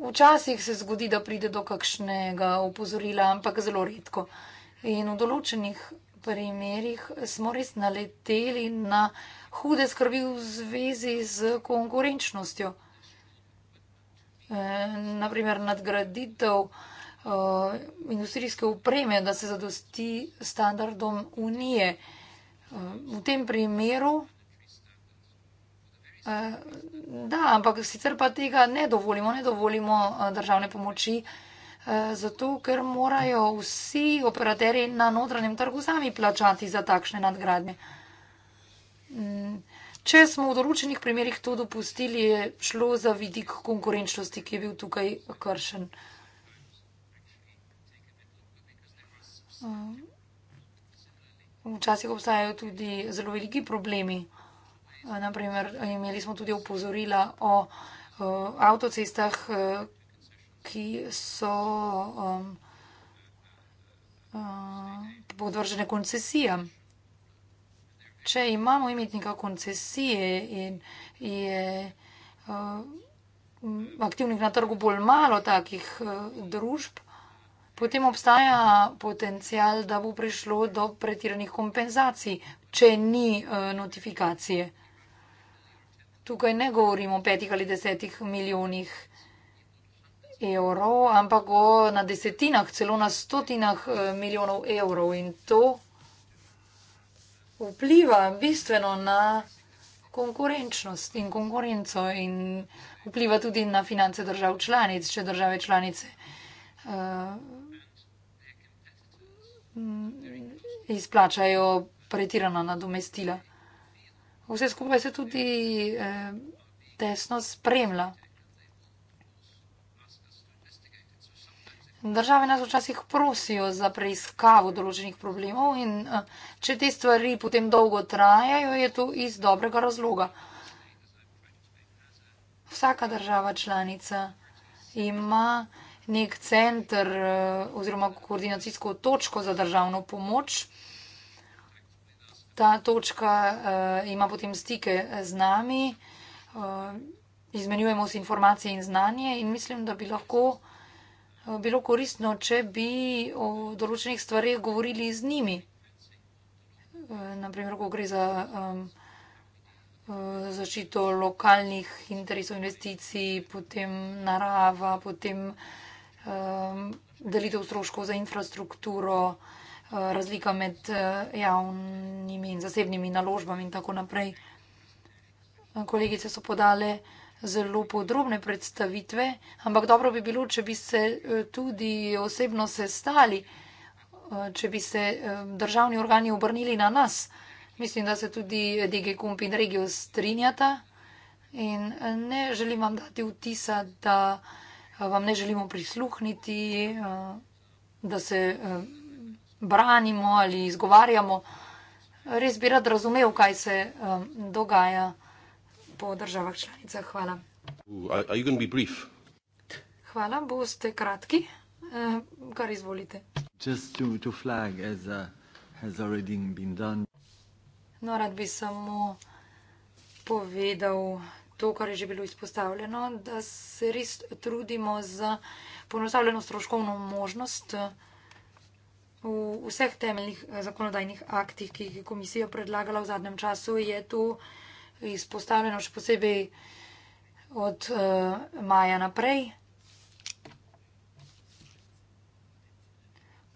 [SPEAKER 2] Včasih se zgodi, da pride do kakšnega opozorila, ampak zelo redko. In v določenih primerih smo res naleteli na hude skrbi v zvezi z konkurenčnostjo. E, eh, naprimer, nadgraditev e, industrijske upreme, da se zadosti standardom unije. E, v tem primeru. Da, ampak sicer pa tega ne dovolimo, ne dovolimo državne pomoči, Eh, zato ker morajo vsi operateri na notranjem trgu sami plačati za takšne nadgradnje. Mm, če smo v določenih primerjih to dopustili, je šlo za vidik konkurenčnosti, ki je bil tukaj kršen. Eh, včasih obstajajo tudi zelo veliki problemi. Eh, Naprimer, imeli smo tudi opozorila o avtocestah, ki so um, um, uh, podvržene koncesijam. Če imamo imetnika koncesije in je um, aktivnih na trgu bolj malo takih uh, družb, potem obstaja potencial, da bo prišlo do pretiranih kompenzacij, če ni uh, notifikacije. Tukaj ne govorimo o petih ali desetih milijonih evrov, ampak o na desetinah, celo na stotinah eh, milijonov evrov in to vpliva bistveno na konkurenčnost in konkurenco in vpliva tudi na finance držav članic, če države članice uh, izplačajo pretirana nadomestila. Vse skupaj se tudi uh, tesno spremlja. Države nas včasih prosijo za preiskavo določenih problemov in eh, če te stvari potem dolgo trajajo, je to iz dobrega razloga. Vsaka država članica ima nek center eh, oziroma koordinacijsko točko za državno pomoč. Ta točka eh, ima potem stike z nami, izmenjujemo se informacije in znanje in mislim, da bi lahko. Eh, bilo koristno, če bi o določenih stvarih govorili z njimi. Eh, Naprimer, ko gre za um, zaščito lokalnih interesov, investicij, potem narava, potem um, delitev stroškov za infrastrukturo, razlika med javnimi in zasebnimi naložbami in tako naprej. Kolegice so podale zelo podrobne predstavitve, ampak dobro bi bilo, če bi se eh, tudi osebno sestali, eh, če bi se eh, državni organi obrnili na nas. Mislim, da se tudi DG Kump in Regio strinjata in ne želim vam dati vtisa, da vam ne želimo prisluhniti, da se branimo ali izgovarjamo. Res bi rad razumel, kaj se dogaja po državah članicah. Hvala. Hvala, boste kratki. Eh, kar izvolite.
[SPEAKER 4] Uh,
[SPEAKER 2] no, rad bi samo povedal to, kar je že bilo izpostavljeno, da se res trudimo za ponostavljeno stroškovno možnost eh, v vseh temeljnih eh, zakonodajnih aktih, ki jih je komisija predlagala v zadnjem času, je tu. To izpostavljeno, še posebej od uh, maja naprej.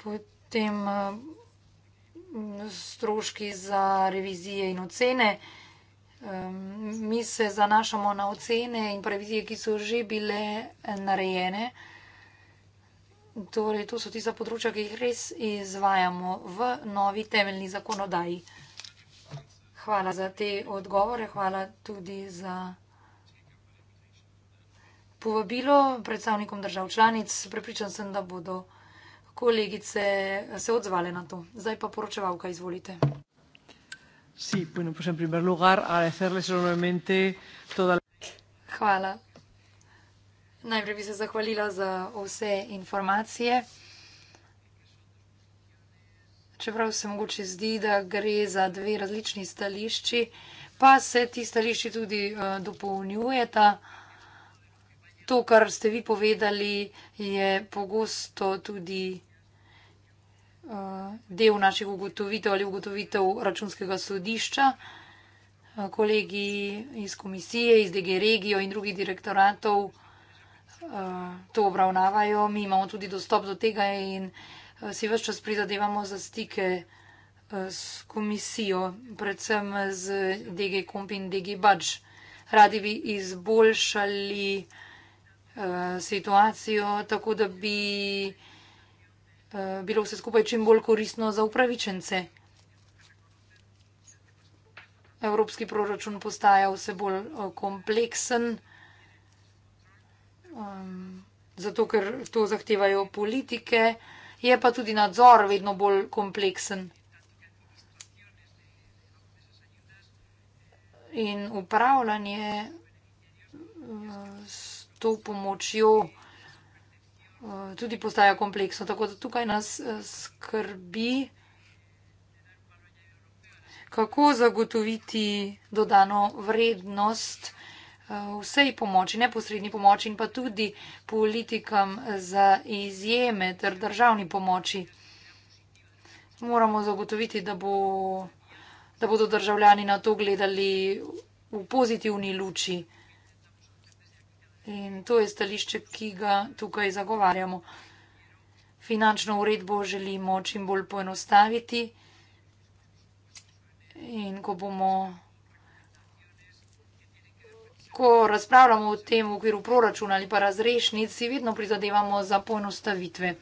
[SPEAKER 2] Potem uh, stroški za revizije in ocene. Um, mi se zanašamo na ocene in revizije, ki so že bile eh, narejene. Torej, to so tista področja, ki jih res izvajamo v novi temeljni zakonodaji. Hvala za te odgovore, hvala tudi za povabilo predstavnikom držav članic. Prepričan sem, da bodo kolegice se odzvale na to. Zdaj pa poročevalka, izvolite.
[SPEAKER 4] Sí, bueno, pues en primer lugar agradecerles enormemente toda la...
[SPEAKER 2] Hvala. Najprej bi se zahvalila za vse informacije čeprav se mogoče zdi, da gre za dve različni stališči, pa se ti stališči tudi uh, dopolnjujeta. To, kar ste vi povedali, je pogosto tudi uh, del naših ugotovitev ali ugotovitev računskega sodišča. Uh, kolegi iz komisije, iz DG regijo in drugih direktoratov uh, to obravnavajo. Mi imamo tudi dostop do tega in uh, si vse čas prizadevamo za stike eh, s komisijo, predvsem z DG Komp in DG Budž. Radi bi izboljšali eh, situacijo, tako da bi eh, bilo vse skupaj čim bolj koristno za upravičence. Evropski proračun postaja vse bolj kompleksen, ehm, zato ker to zahtevajo politike, je pa tudi nadzor vedno bolj kompleksen. In upravljanje eh, s to pomočjo eh, tudi postaja kompleksno. Tako da tukaj nas eh, skrbi, kako zagotoviti dodano vrednost vrednosti, Eh, vsej pomoči, neposredni pomoči in pa tudi politikam za izjeme ter državni pomoči. Moramo zagotoviti, da, bo, da bodo državljani na to gledali v pozitivni luči. In to je stališče, ki ga tukaj zagovarjamo. Finančno uredbo želimo čim bolj poenostaviti. In ko bomo ko razpravljamo o tem v okviru proračuna ali pa razrešnic, si vedno prizadevamo za poenostavitve.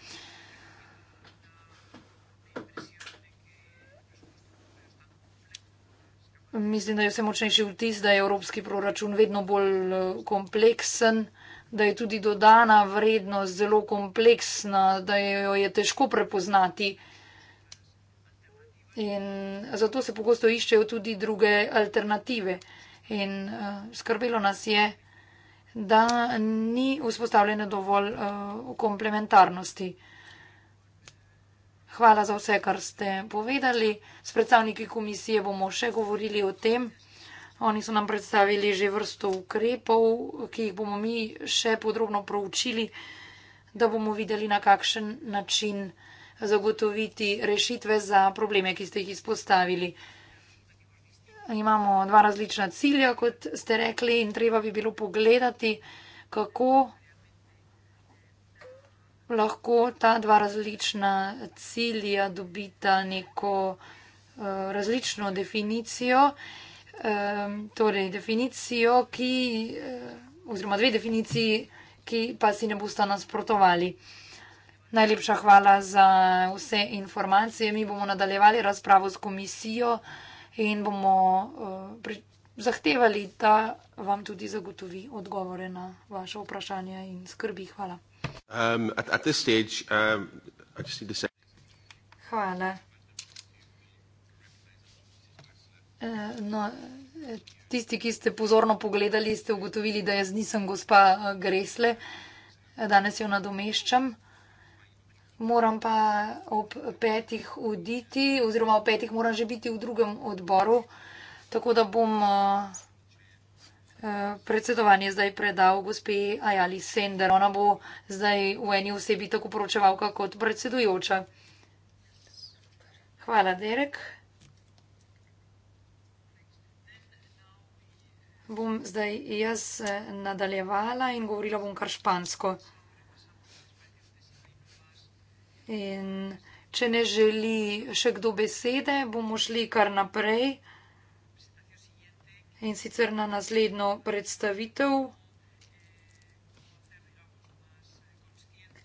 [SPEAKER 2] Mislim, da je vse močnejši vtis, da je evropski proračun vedno bolj eh, kompleksen, da je tudi dodana vrednost zelo kompleksna, da jo je težko prepoznati. In zato se pogosto iščejo tudi druge alternative in uh, skrbelo nas je, da ni vzpostavljene dovolj uh, komplementarnosti. Hvala za vse, kar ste povedali. S predstavniki komisije bomo še govorili o tem. Oni so nam predstavili že vrsto ukrepov, ki jih bomo mi še podrobno proučili, da bomo videli, na kakšen način zagotoviti rešitve za probleme, ki ste jih izpostavili imamo dva različna cilja, kot ste rekli, in treba bi bilo pogledati, kako lahko ta dva različna cilja dobita neko uh, različno definicijo, um, torej definicijo, ki, uh, oziroma dve definiciji, ki pa si ne bosta nasprotovali. Najlepša hvala za vse informacije. Mi bomo nadaljevali razpravo s komisijo in bomo eh, zahtevali, da vam tudi zagotovi odgovore na vaše vprašanja in skrbi. Hvala.
[SPEAKER 1] Um, at, at stage, um, say...
[SPEAKER 2] Hvala. Eh, no, eh, tisti, ki ste pozorno pogledali, ste ugotovili, da jaz nisem gospa Gresle. Danes jo nadomeščam moram pa ob petih oditi, oziroma ob petih moram že biti v drugem odboru, tako da bom eh, predsedovanje zdaj predal gospe Ajali Sender. Ona bo zdaj v eni osebi tako poročevalka kot predsedujoča. Hvala, Derek. Bom zdaj jaz eh, nadaljevala in govorila bom kar špansko. Hvala. In če ne želi še kdo besede, bomo šli kar naprej. In sicer na naslednjo predstavitev,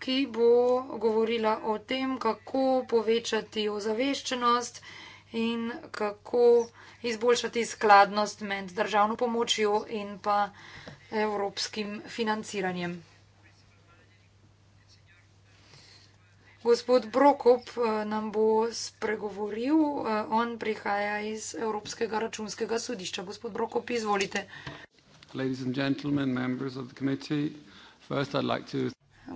[SPEAKER 2] ki bo govorila o tem, kako povečati ozaveščenost in kako izboljšati skladnost med državno pomočjo in pa evropskim financiranjem. gospod Brokop eh, nam bo spregovoril. Eh, on prihaja iz Evropskega računskega sodišča. Gospod Brokop, izvolite.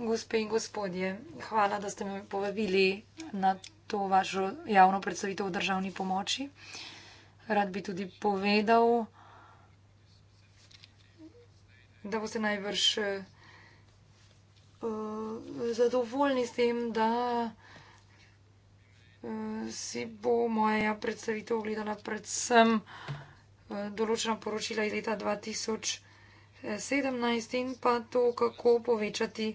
[SPEAKER 2] Gospe in gospodje, hvala, da ste me povabili na to vašo javno predstavitev v državni pomoči. Rad bi tudi povedal, da boste najbrž. Eh, Eh, zadovoljni s tem, da uh, si bo moja predstavitev ogledala predvsem uh, določena poročila iz leta 2017 in pa to, kako povečati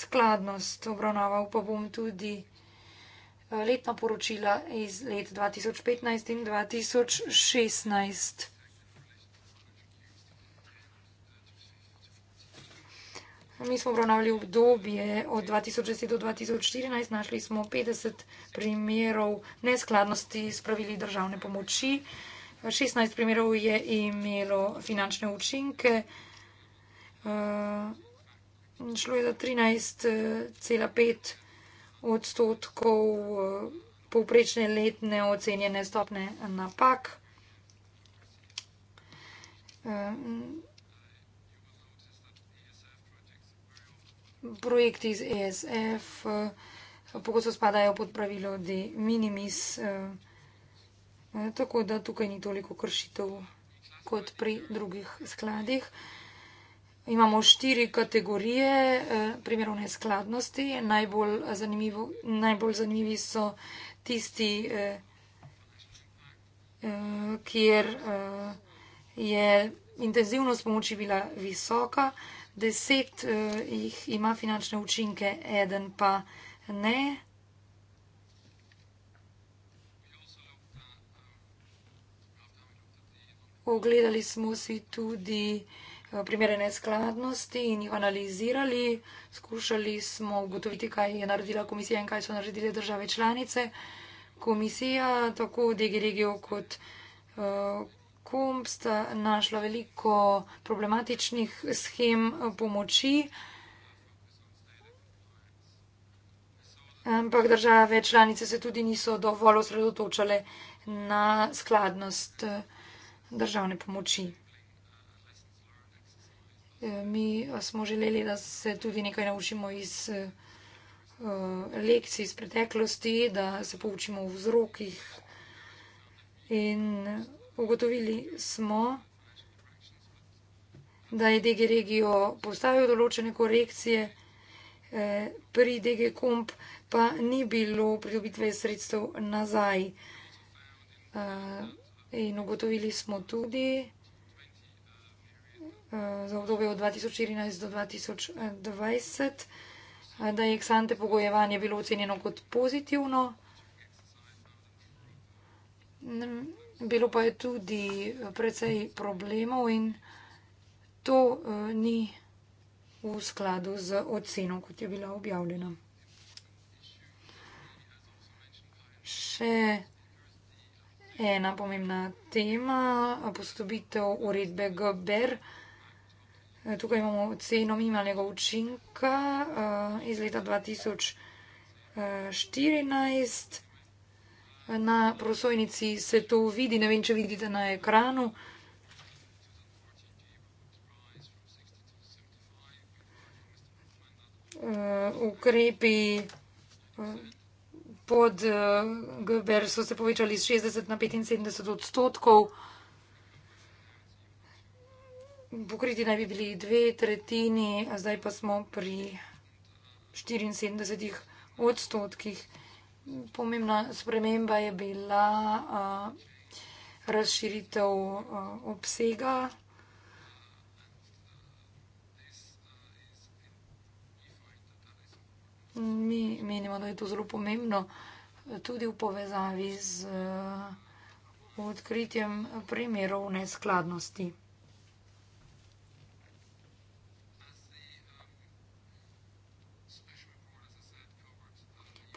[SPEAKER 2] skladnost. Obravnaval pa bom tudi letna poročila iz let 2015 in 2016. Mi smo obravnavali obdobje od 2010 do 2014, našli smo 50 primerov neskladnosti s pravili državne pomoči. 16 primerov je imelo finančne učinke. Eh, šlo je za 13,5 eh, odstotkov eh, povprečne letne ocenjene stopne napak. projekti iz ESF eh, pogosto spadajo pod pravilo de minimis, eh, eh, tako da tukaj ni toliko kršitev kot pri drugih skladih. Imamo štiri kategorije primerov neskladnosti. Najbolj, najbolj zanimivi so tisti, kjer je intenzivnost pomoči bila visoka, deset uh, jih ima finančne učinke, eden pa ne. Ogledali smo si tudi eh, primere neskladnosti in jih analizirali. Skušali smo ugotoviti, kaj je naredila komisija in kaj so naredile države članice. Komisija, tako DG regijo kot uh, Kumpst našla veliko problematičnih schem eh, pomoči, ampak države članice se tudi niso dovolj osredotočale na skladnost eh, državne pomoči. Eh, mi smo želeli, da se tudi nekaj naučimo iz lekcij iz preteklosti, da se poučimo v vzrokih in vzrokih. Ugotovili smo, da je DG Regio postavil določene korekcije, eh, pri DG Komp pa ni bilo pridobitve sredstev nazaj. Eh, in ugotovili smo tudi eh, za obdobje od 2014 do 2020, da je eksante pogojevanje bilo ocenjeno kot pozitivno. Ne vem bilo pa je tudi eh, precej problemov in to eh, ni v skladu z oceno, kot je bila objavljena. Še ena pomembna tema, postobitev uredbe GBR. Eh, tukaj imamo oceno minimalnega učinka iz leta 2014. Na prosojnici se to vidi, ne vem, če vidite na ekranu. Uh, ukrepi uh, pod uh, GBR so se povečali z 60 na 75 odstotkov. Pokriti naj bi bili dve tretjini, a zdaj pa smo pri 74 odstotkih odstotkih pomembna sprememba je bila uh, razširitev uh, obsega. Mi menimo, da je to zelo pomembno tudi v povezavi z uh, odkritjem primerov neskladnosti.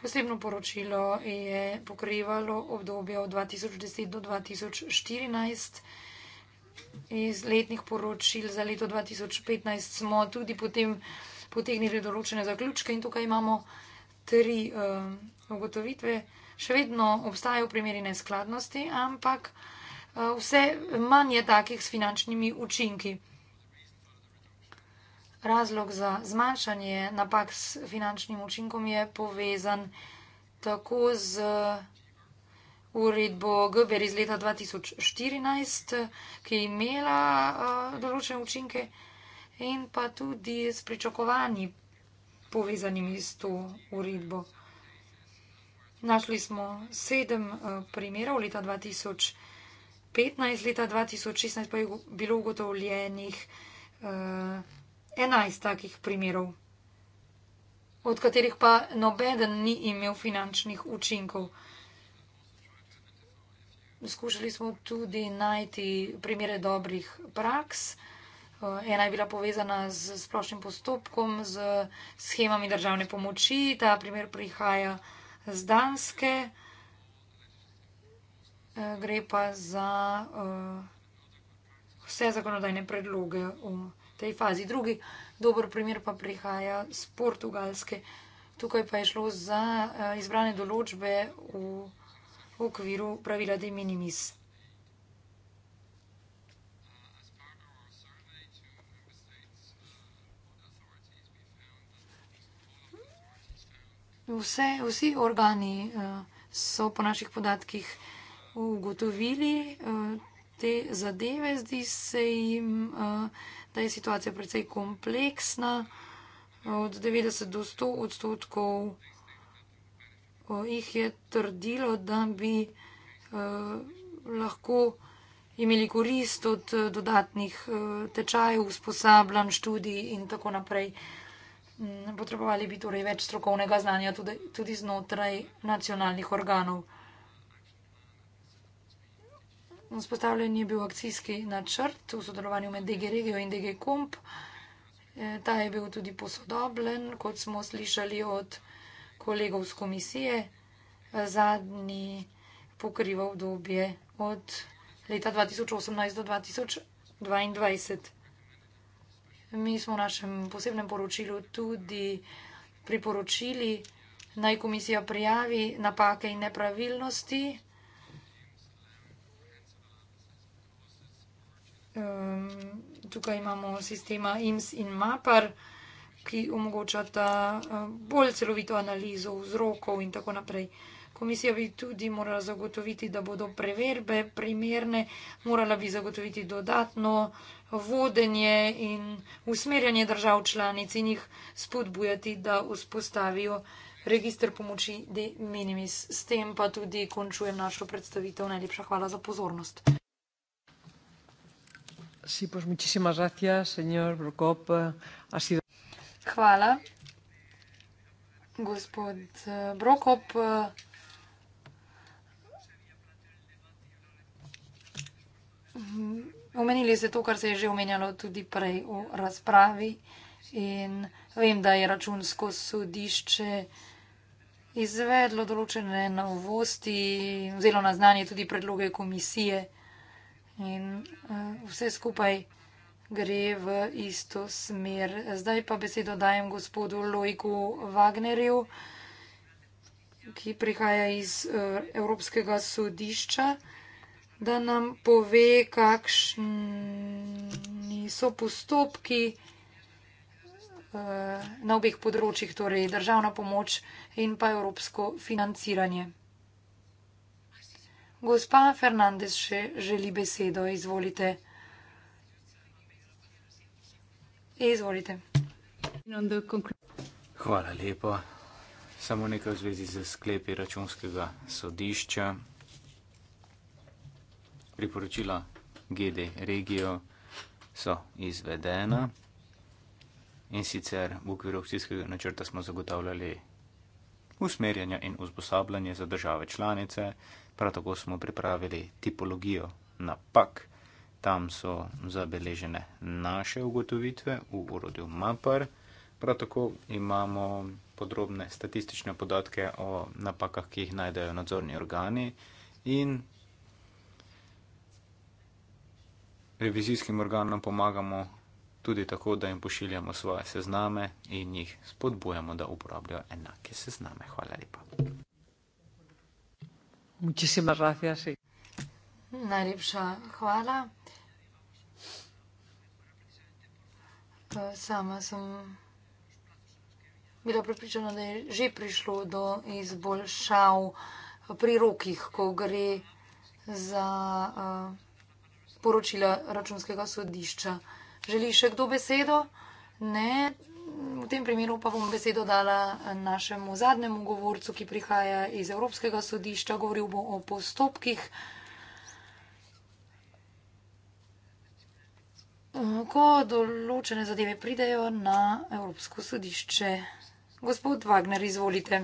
[SPEAKER 2] Posebno poročilo je pokrivalo obdobje od 2010 do 2014. Iz letnih poročil za leto 2015 smo tudi potem potegnili določene zaključke in tukaj imamo tri uh, ugotovitve. Še vedno obstajajo primeri neskladnosti, ampak uh, vse manj je takih s finančnimi učinki. Razlog za zmanjšanje napak s finančnim učinkom je povezan tako z uredbo GBR iz leta 2014, ki je imela eh, določene učinke in pa tudi s pričakovanji povezanimi s to uredbo. Našli smo sedem eh, primerov leta 2015, leta 2016 pa je bilo ugotovljenih eh, 11 takih primerov, od katerih pa nobeden ni imel finančnih učinkov. Skušali smo tudi najti primere dobrih praks. Eh, ena je bila povezana z splošnim postopkom, z schemami državne pomoči. Ta primer prihaja z Danske. Eh, gre pa za uh, vse zakonodajne predloge. Um tej fazi. Drugi dober primer pa prihaja z Portugalske. Tukaj pa je šlo za eh, izbrane določbe v okviru pravila de minimis. Vse, vsi organi eh, so po naših podatkih ugotovili eh, te zadeve, zdi se jim da je situacija precej kompleksna, od 90 do 100 odstotkov jih je trdilo, da bi e, lahko imeli korist od e, dodatnih e, tečajev, usposabljanj, študij in tako naprej. Mm, potrebovali bi torej več strokovnega znanja tudi, tudi znotraj nacionalnih organov. Vzpostavljen je bil akcijski načrt v sodelovanju med DG Regijo in DG Komp. E, ta je bil tudi posodobljen, kot smo slišali od kolegov z komisije, e, zadnji pokriva obdobje od leta 2018 do 2022. Mi smo v našem posebnem poročilu tudi priporočili, naj komisija prijavi napake in nepravilnosti. um, tukaj imamo sistema IMS in MAPR, ki omogočata um, bolj celovito analizo vzrokov in tako naprej. Komisija bi tudi morala zagotoviti, da bodo preverbe primerne, morala bi zagotoviti dodatno vodenje in usmerjanje držav članic in jih spodbujati, da vzpostavijo registr pomoči de minimis. S tem pa tudi končujem našo predstavitev. Najlepša hvala za pozornost.
[SPEAKER 4] Sí, pues muchísimas gracias, señor Brokop. Ha sido.
[SPEAKER 2] Hvala. Gospod Brokop. Eh, eh, omenili ste to, kar se je že omenjalo tudi prej v razpravi in vem, da je računsko sodišče izvedlo določene novosti, vzelo na znanje tudi predloge komisije in uh, vse skupaj gre v isto smer. Zdaj pa besedo dajem gospodu Lojku Wagnerju, ki prihaja iz uh, Evropskega sodišča, da nam pove, kakšni so postopki uh, na obeh področjih, torej državna pomoč in pa evropsko financiranje. Gospa Fernandez še želi besedo. Izvolite. Izvolite.
[SPEAKER 1] Hvala lepo. Samo nekaj v zvezi z sklepi računskega sodišča. Priporočila GD regijo so izvedena in sicer v okviru opcijskega načrta smo zagotavljali usmerjanja in usposabljanje za države članice, Prav tako smo pripravili tipologijo napak, tam so zabeležene naše ugotovitve v urodju MAPR. Prav tako imamo podrobne statistične podatke o napakah, ki jih najdejo nadzorni organi in revizijskim organom pomagamo tudi tako, da jim pošiljamo svoje sezname in jih spodbujamo, da uporabljajo enake sezname. Hvala lepa.
[SPEAKER 4] Muchísimas gracias.
[SPEAKER 1] Sí.
[SPEAKER 2] Najlepša hvala. Sama sem bila pripričana, da je že prišlo do izboljšav pri rokih, ko gre za poročila računskega sodišča. Želi še kdo besedo? Ne, v tem primeru pa bom besedo dala našemu zadnjemu govorcu, ki prihaja iz Evropskega sodišča. Govoril bo o postopkih. Ko določene zadeve pridejo na Evropsko sodišče. Gospod Wagner, izvolite.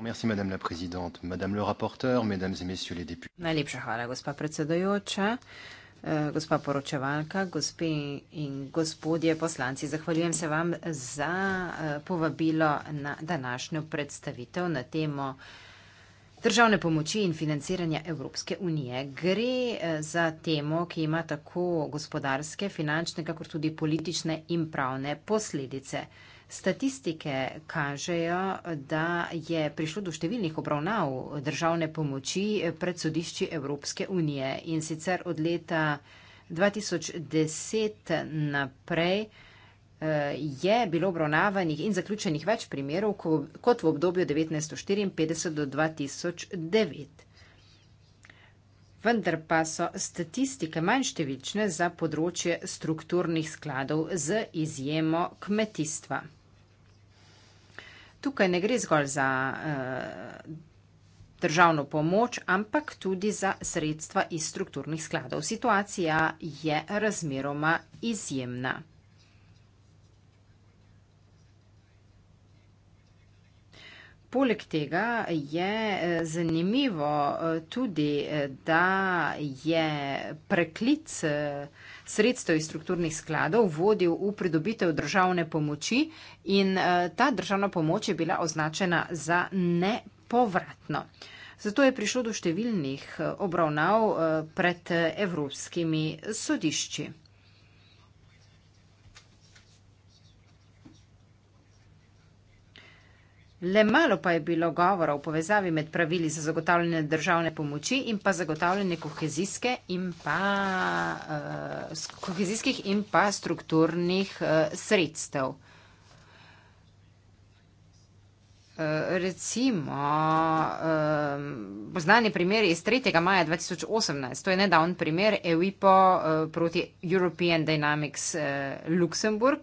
[SPEAKER 4] Merci, madame la madame le rapporteur, mesdames et messieurs les députés.
[SPEAKER 3] Najlepša hvala, gospa predsedajoča. Eh, gospa poročevalka, gospe in gospodje poslanci, zahvaljujem se vam za eh, povabilo na današnjo predstavitev na temo državne pomoči in financiranja Evropske unije. Gre eh, za temo, ki ima tako gospodarske, finančne, kakor tudi politične in pravne posledice. Statistike kažejo, da je prišlo do številnih obravnav državne pomoči pred sodišči Evropske unije in sicer od leta 2010 naprej eh, je bilo obravnavanih in zaključenih več primerov kot v obdobju 1954 do 2009. Vendar pa so statistike manj številčne za področje strukturnih skladov z izjemo kmetijstva tukaj ne gre zgolj za uh, državno pomoč, ampak tudi za sredstva iz strukturnih skladov. Situacija je razmeroma izjemna. Poleg tega je eh, zanimivo eh, tudi, da je preklic uh, sredstev iz strukturnih skladov vodil v pridobitev državne pomoči in eh, ta državna pomoč je bila označena za nepovratno. Zato je prišlo do številnih eh, obravnav eh, pred evropskimi sodišči. Le malo pa je bilo govora o povezavi med pravili za zagotavljanje državne pomoči in pa zagotavljanje kohezijske in pa, uh, kohezijskih in pa strukturnih uh, sredstev. Eh, recimo, poznani primer iz 3. maja 2018, to je nedavn primer EUIPO proti European Dynamics Luxemburg,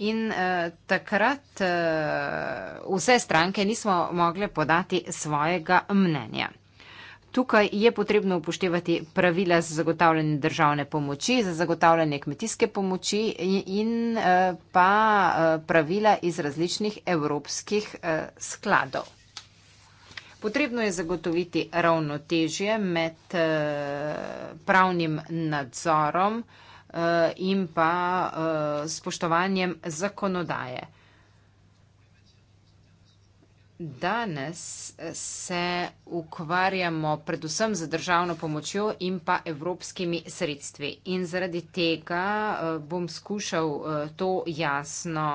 [SPEAKER 3] In uh, takrat uh, vse stranke nismo mogli podati svojega mnenja. Tukaj je potrebno upoštevati pravila za zagotavljanje državne pomoči, za zagotavljanje kmetijske pomoči in eh, pa pravila iz različnih evropskih skladov. Potrebno je zagotoviti ravnotežje med pravnim nadzorom, Eh, in pa eh, spoštovanjem zakonodaje. Danes eh, se ukvarjamo predvsem z državno pomočjo in pa evropskimi sredstvi. In zaradi tega bom skušal to jasno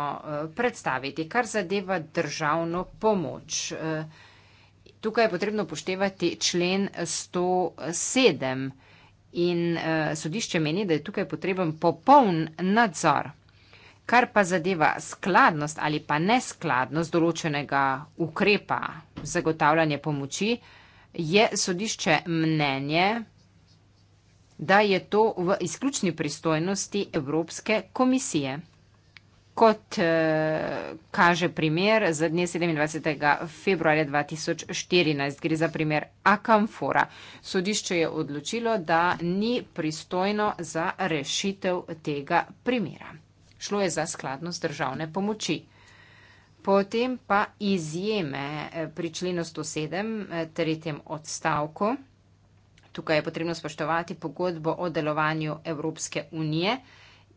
[SPEAKER 3] predstaviti, kar zadeva državno pomoč. Tukaj je potrebno upoštevati člen 107 evropskih sredstv. In uh, sodišče meni, da je tukaj potreben popoln nadzor, kar pa zadeva skladnost ali pa neskladnost določenega ukrepa zagotavljanja pomoči, je sodišče mnenje, da je to v izključni pristojnosti Evropske komisije. Kot eh, kaže primer z dne 27. februarja 2014, gre za primer Akamfora. Sodišče je odločilo, da ni pristojno za rešitev tega primera. Šlo je za skladnost državne pomoči. Potem pa izjeme eh, pri členu 107, eh, tretjem odstavku. Tukaj je potrebno spoštovati pogodbo o delovanju Evropske unije.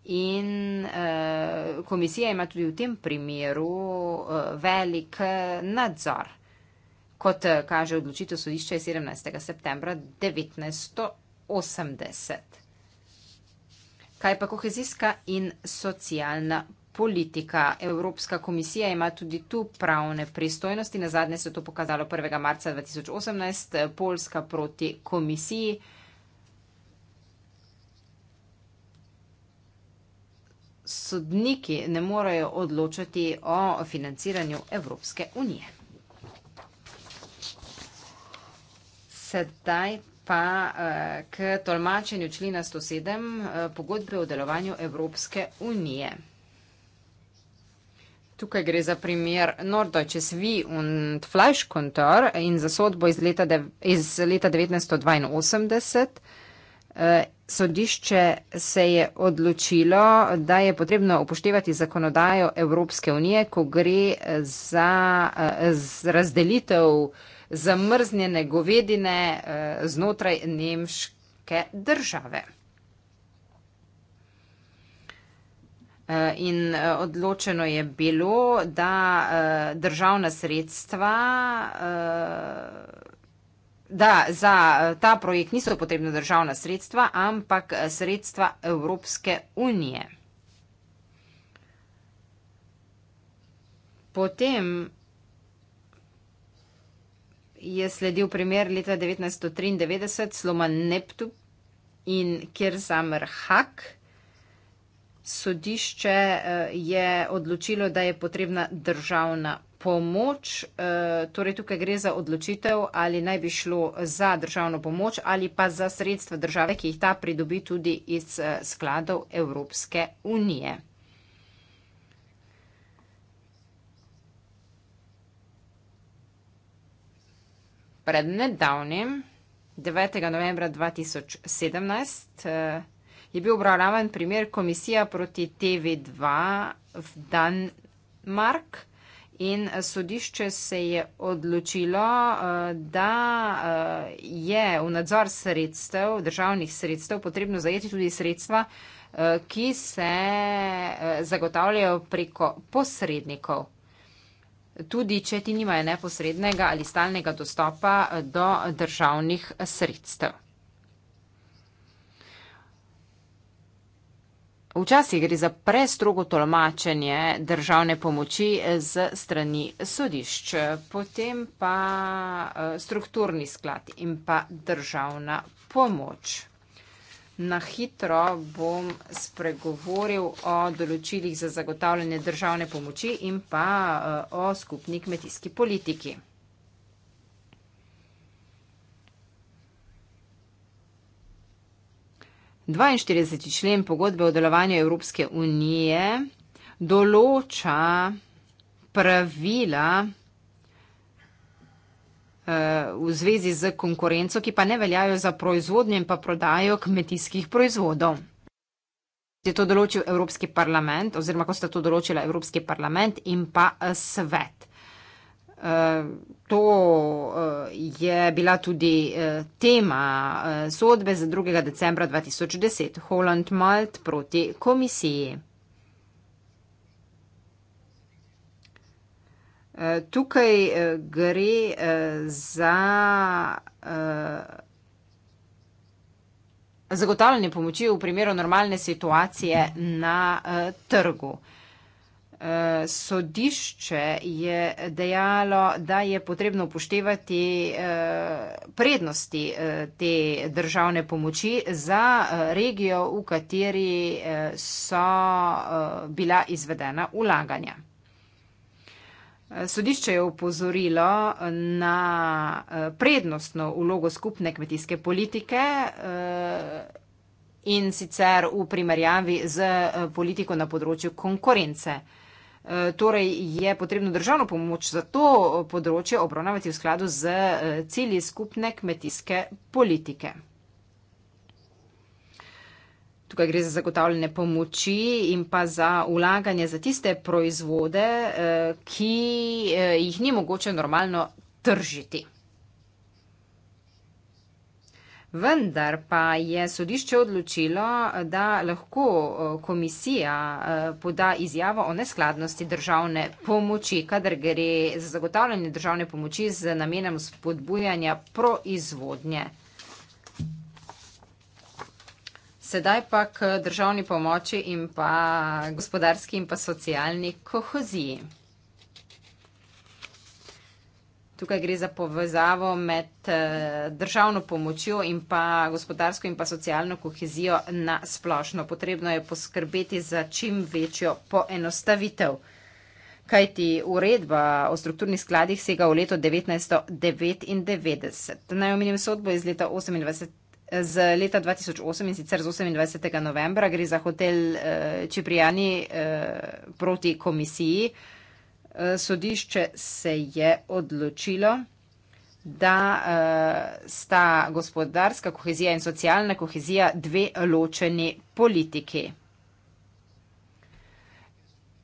[SPEAKER 3] In uh, komisija ima tudi v tem primeru uh, velik eh, nadzor. Kot kaže odločitev sodišča je 17. septembra 1980. Kaj pa kohezijska in socialna politika? Evropska komisija ima tudi tu pravne pristojnosti. Na zadnje se je to pokazalo 1. marca 2018, Poljska proti komisiji. Uh, sodniki ne morejo odločati o financiranju Evropske unije. Sedaj pa eh, k tolmačenju člina 107 eh, pogodbe o delovanju Evropske unije. Tukaj gre za primer Norddeutsche Svi und Fleischkontor in za sodbo iz leta 1982. Eh, sodišče se je odločilo, da je potrebno upoštevati zakonodajo Evropske unije, ko gre eh, za eh, razdelitev zamrznjene govedine znotraj nemške države. In odločeno je bilo, da državna sredstva da za eh, ta projekt niso potrebna državna sredstva, ampak eh, sredstva Evropske unije. Potem je sledil primer leta 1993 sloma Neptu in Kirzamer Hak. Sodišče eh, je odločilo, da je potrebna državna pomoč, eh, torej tukaj gre za odločitev, ali naj bi šlo za državno pomoč ali pa za sredstva države, ki jih ta pridobi tudi iz eh, skladov Evropske unije. Pred nedavnim, 9. novembra 2017, eh, je bil obravnavan primer komisija proti TV2 v Danmark, In eh, sodišče se je odločilo, eh, da eh, je v nadzor sredstev, državnih sredstev potrebno zajeti tudi sredstva, ki se zagotavljajo preko posrednikov. Tudi, če ti nimajo neposrednega ali stalnega dostopa do državnih sredstev. Včasih gre za prestrogo tolmačenje državne pomoči z strani sodišč, potem pa e, strukturni sklad in pa državna pomoč. Na hitro bom spregovoril o določilih za zagotavljanje državne pomoči in pa e, o skupni kmetijski politiki. 42. člen pogodbe o delovanju Evropske unije določa pravila eh, v zvezi z konkurenco, ki pa ne veljajo za proizvodnjo in pa prodajo kmetijskih proizvodov. Je to določil Evropski parlament oziroma ko sta to določila Evropski parlament in pa eh, svet. To eh, je bila tudi eh, tema eh, sodbe z 2. decembra 2010 Holland Malt proti komisiji. Tukaj gre za zagotavljanje pomoči v primeru normalne situacije na trgu sodišče je dejalo, da je potrebno upoštevati eh, prednosti eh, te državne pomoči za eh, regijo, v kateri so bila izvedena ulaganja. Sodišče je upozorilo na prednostno ulogo skupne kmetijske politike in sicer v primerjavi z politiko na področju konkurence. Eh, torej je potrebno državno pomoč za to področje obravnavati v skladu z eh, cilji skupne kmetijske politike. Tukaj gre za zagotavljanje pomoči in pa za ulaganje za tiste proizvode, eh, ki jih ni mogoče normalno tržiti. Vendar pa je sodišče odločilo, da lahko eh, komisija eh, poda izjavo o neskladnosti državne pomoči, kadar gre za zagotavljanje državne pomoči z namenem spodbujanja proizvodnje. Sedaj pa k državni pomoči in pa gospodarski in pa socialni kohoziji. Tukaj gre za povezavo med eh, državno pomočjo in pa gospodarsko in pa socialno kohezijo na splošno. Potrebno je poskrbeti za čim večjo poenostavitev. Kajti uredba o strukturnih skladih sega v leto 1999. Naj omenim sodbo iz leta 28 z leta 2008 in sicer z 28. novembra gre za hotel eh, Čiprijani eh, proti komisiji. Eh, sodišče se je odločilo, da eh, sta gospodarska kohezija in socialna kohezija dve ločeni politiki.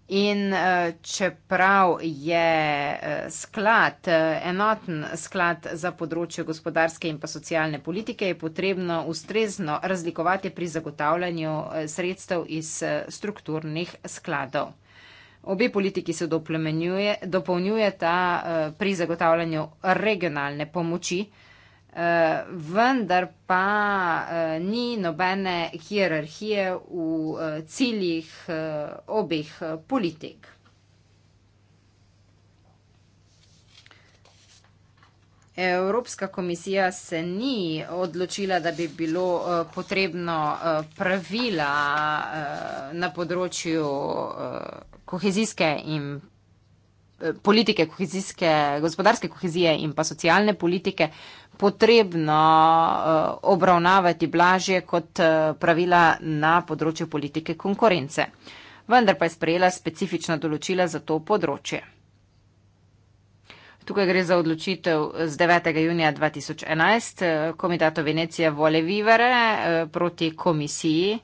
[SPEAKER 3] In eh, čeprav je sklad, enoten sklad za področje gospodarske in pa socialne politike, je potrebno ustrezno razlikovati pri zagotavljanju sredstev iz strukturnih skladov. Obe politiki se dopolnjujeta eh, pri zagotavljanju regionalne pomoči, eh, vendar pa eh, ni nobene hierarhije v ciljih obeh politik. Evropska komisija se ni odločila, da bi bilo potrebno pravila na področju kohezijske in eh, politike, kohezijske, gospodarske kohezije in pa socialne politike potrebno eh, obravnavati blažje kot eh, pravila na področju politike konkurence. Vendar pa je sprejela specifična določila za to področje. Tukaj gre za odločitev z 9. junija 2011 komitato Venecije vole vivere proti komisiji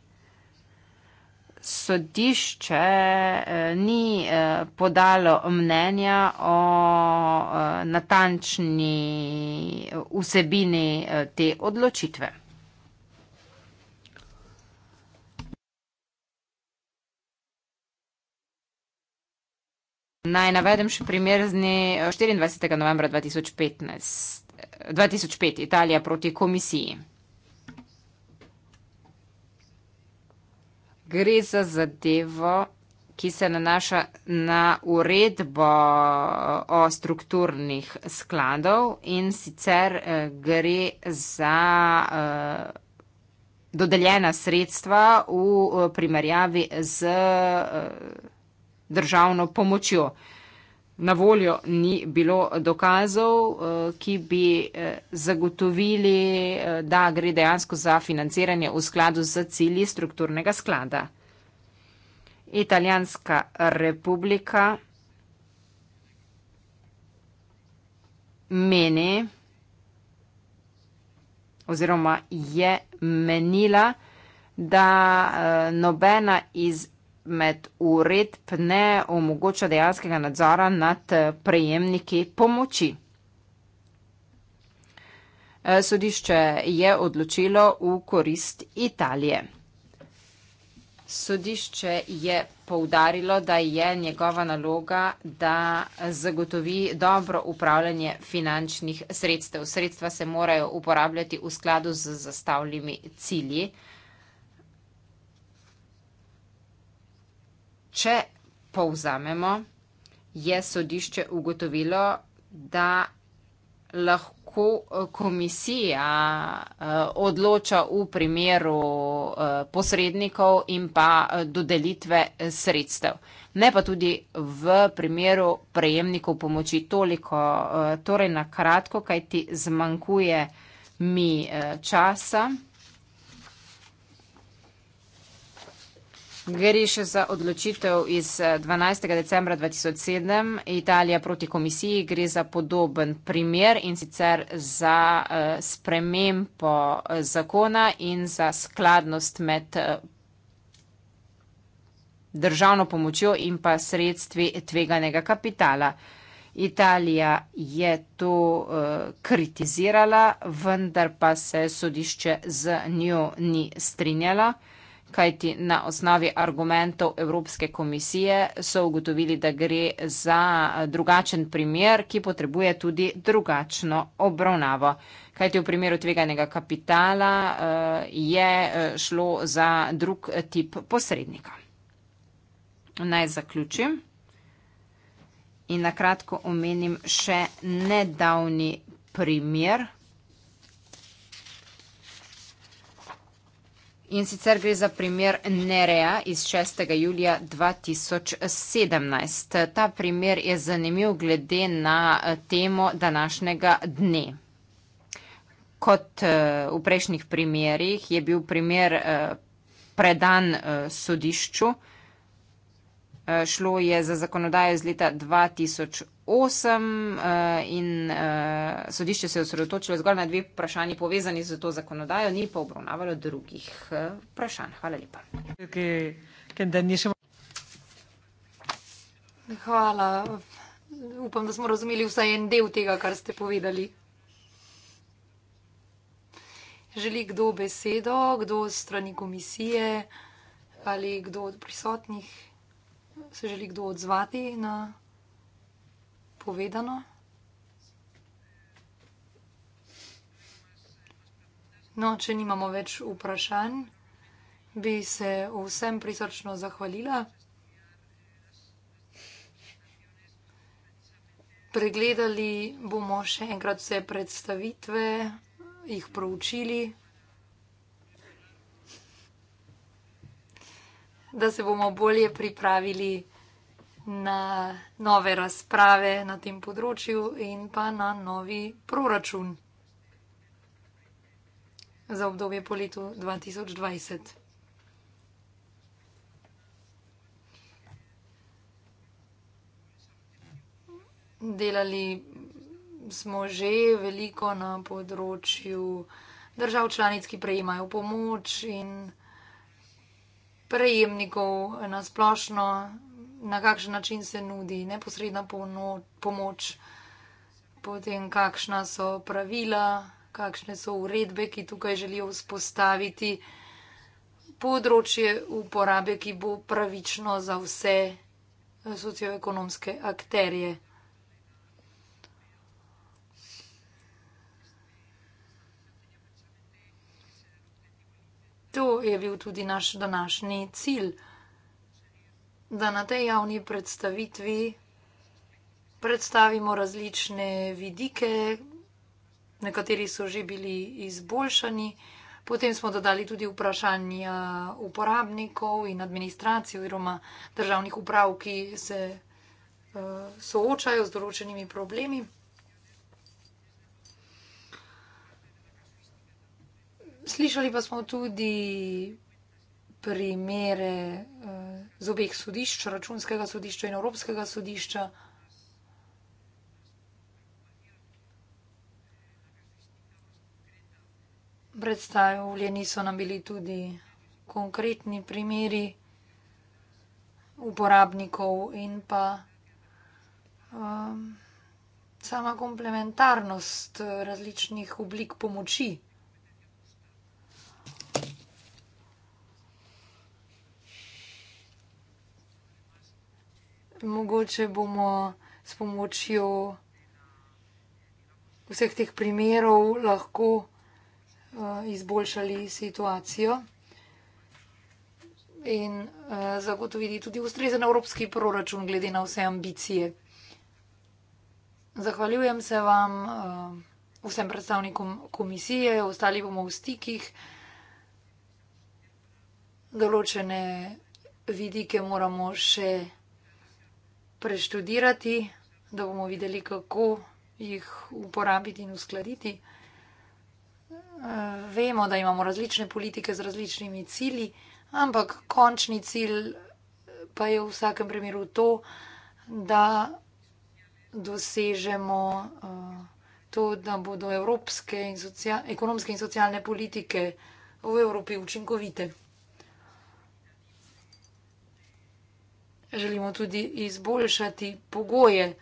[SPEAKER 3] sodišče eh, ni eh, podalo mnenja o eh, natančni vsebini te odločitve. Naj navedem še primer z dne 24. novembra 2015, 2005, Italija proti komisiji. gre za zadevo, ki se nanaša na uredbo o strukturnih skladov in sicer eh, gre za eh, dodeljena sredstva v eh, primerjavi z državno pomočjo na voljo ni bilo dokazov, eh, ki bi eh, zagotovili, eh, da gre dejansko za financiranje v skladu z cilji strukturnega sklada. Italijanska republika meni oziroma je menila, da nobena iz med uredb ne omogoča dejanskega nadzora nad eh, prejemniki pomoči. Eh, sodišče je odločilo v korist Italije. Sodišče je poudarilo, da je njegova naloga, da zagotovi dobro upravljanje finančnih sredstev. Sredstva se morajo uporabljati v skladu z zastavljimi cilji. Če povzamemo, je sodišče ugotovilo, da lahko eh, komisija eh, odloča v primeru eh, posrednikov in pa dodelitve sredstev, ne pa tudi v primeru prejemnikov pomoči toliko. Torej, na kratko, kaj ti zmanjkuje mi časa. Gre še za odločitev iz 12. Eh, decembra 2007 Italija proti komisiji. Gre za podoben primer in sicer za eh, spremembo eh, zakona in za skladnost med državno pomočjo in pa sredstvi tveganega kapitala. Italija je to kritizirala, vendar pa se sodišče z njo ni strinjala kajti na osnovi argumentov Evropske komisije so ugotovili, da gre za drugačen primer, ki potrebuje tudi drugačno obravnavo. Kajti v primeru tveganega kapitala eh, je eh, šlo za drug tip posrednika. Naj zaključim in na kratko omenim še nedavni primer. In sicer gre za primer Nerea iz 6. julija 2017. Ta primer je zanimiv glede na eh, temo današnjega dne. Kot eh, v prejšnjih primerjih je bil primer eh, predan sodišču, Eh, šlo je za zakonodajo iz leta 2008 eh, in eh, sodišče se je osredotočilo zgolj na dve vprašanji povezani z to zakonodajo, ni pa obravnavalo drugih vprašanj. Hvala lepa.
[SPEAKER 2] Hvala. Upam, da smo razumeli vsaj en del tega, kar ste povedali. Želi kdo besedo, kdo strani komisije ali kdo od prisotnih? se želi kdo odzvati na povedano? No, če nimamo več vprašanj, bi se vsem prisrčno zahvalila. Pregledali bomo še enkrat vse predstavitve, jih proučili. da se bomo bolje pripravili na nove razprave na tem področju in pa na novi proračun za obdobje po letu 2020. Delali smo že veliko na področju držav članic, ki prejemajo pomoč in pomoč prejemnikov na splošno, na kakšen način se nudi neposredna pomoč, potem kakšna so pravila, kakšne so uredbe, ki tukaj želijo vzpostaviti področje uporabe, ki bo pravično za vse socioekonomske akterje. To je bil tudi naš današnji cilj, da na tej javni predstavitvi predstavimo različne vidike, nekateri so že bili izboljšani, potem smo dodali tudi vprašanje uporabnikov in administracij oziroma državnih uprav, ki se eh, soočajo z določenimi problemi. slišali pa smo tudi primere eh, z obeh sodišč, računskega sodišča in Evropskega sodišča. Predstavljeni so nam bili tudi konkretni primeri uporabnikov in pa um, sama komplementarnost eh, različnih oblik pomoči. mogoče bomo s pomočjo vseh teh primerov lahko eh, izboljšali situacijo in eh, zagotovili tudi ustrezen evropski proračun glede na vse ambicije. Zahvaljujem se vam, eh, vsem predstavnikom komisije, ostali bomo v stikih. Določene vidike moramo še preštudirati, da bomo videli, kako jih uporabiti in uskladiti. Eh, vemo, da imamo različne politike z različnimi cilji, ampak končni cilj pa je v vsakem primeru to, da dosežemo eh, to, da bodo evropske in ekonomske in socialne politike v Evropi učinkovite. želimo tudi izboljšati pogoje,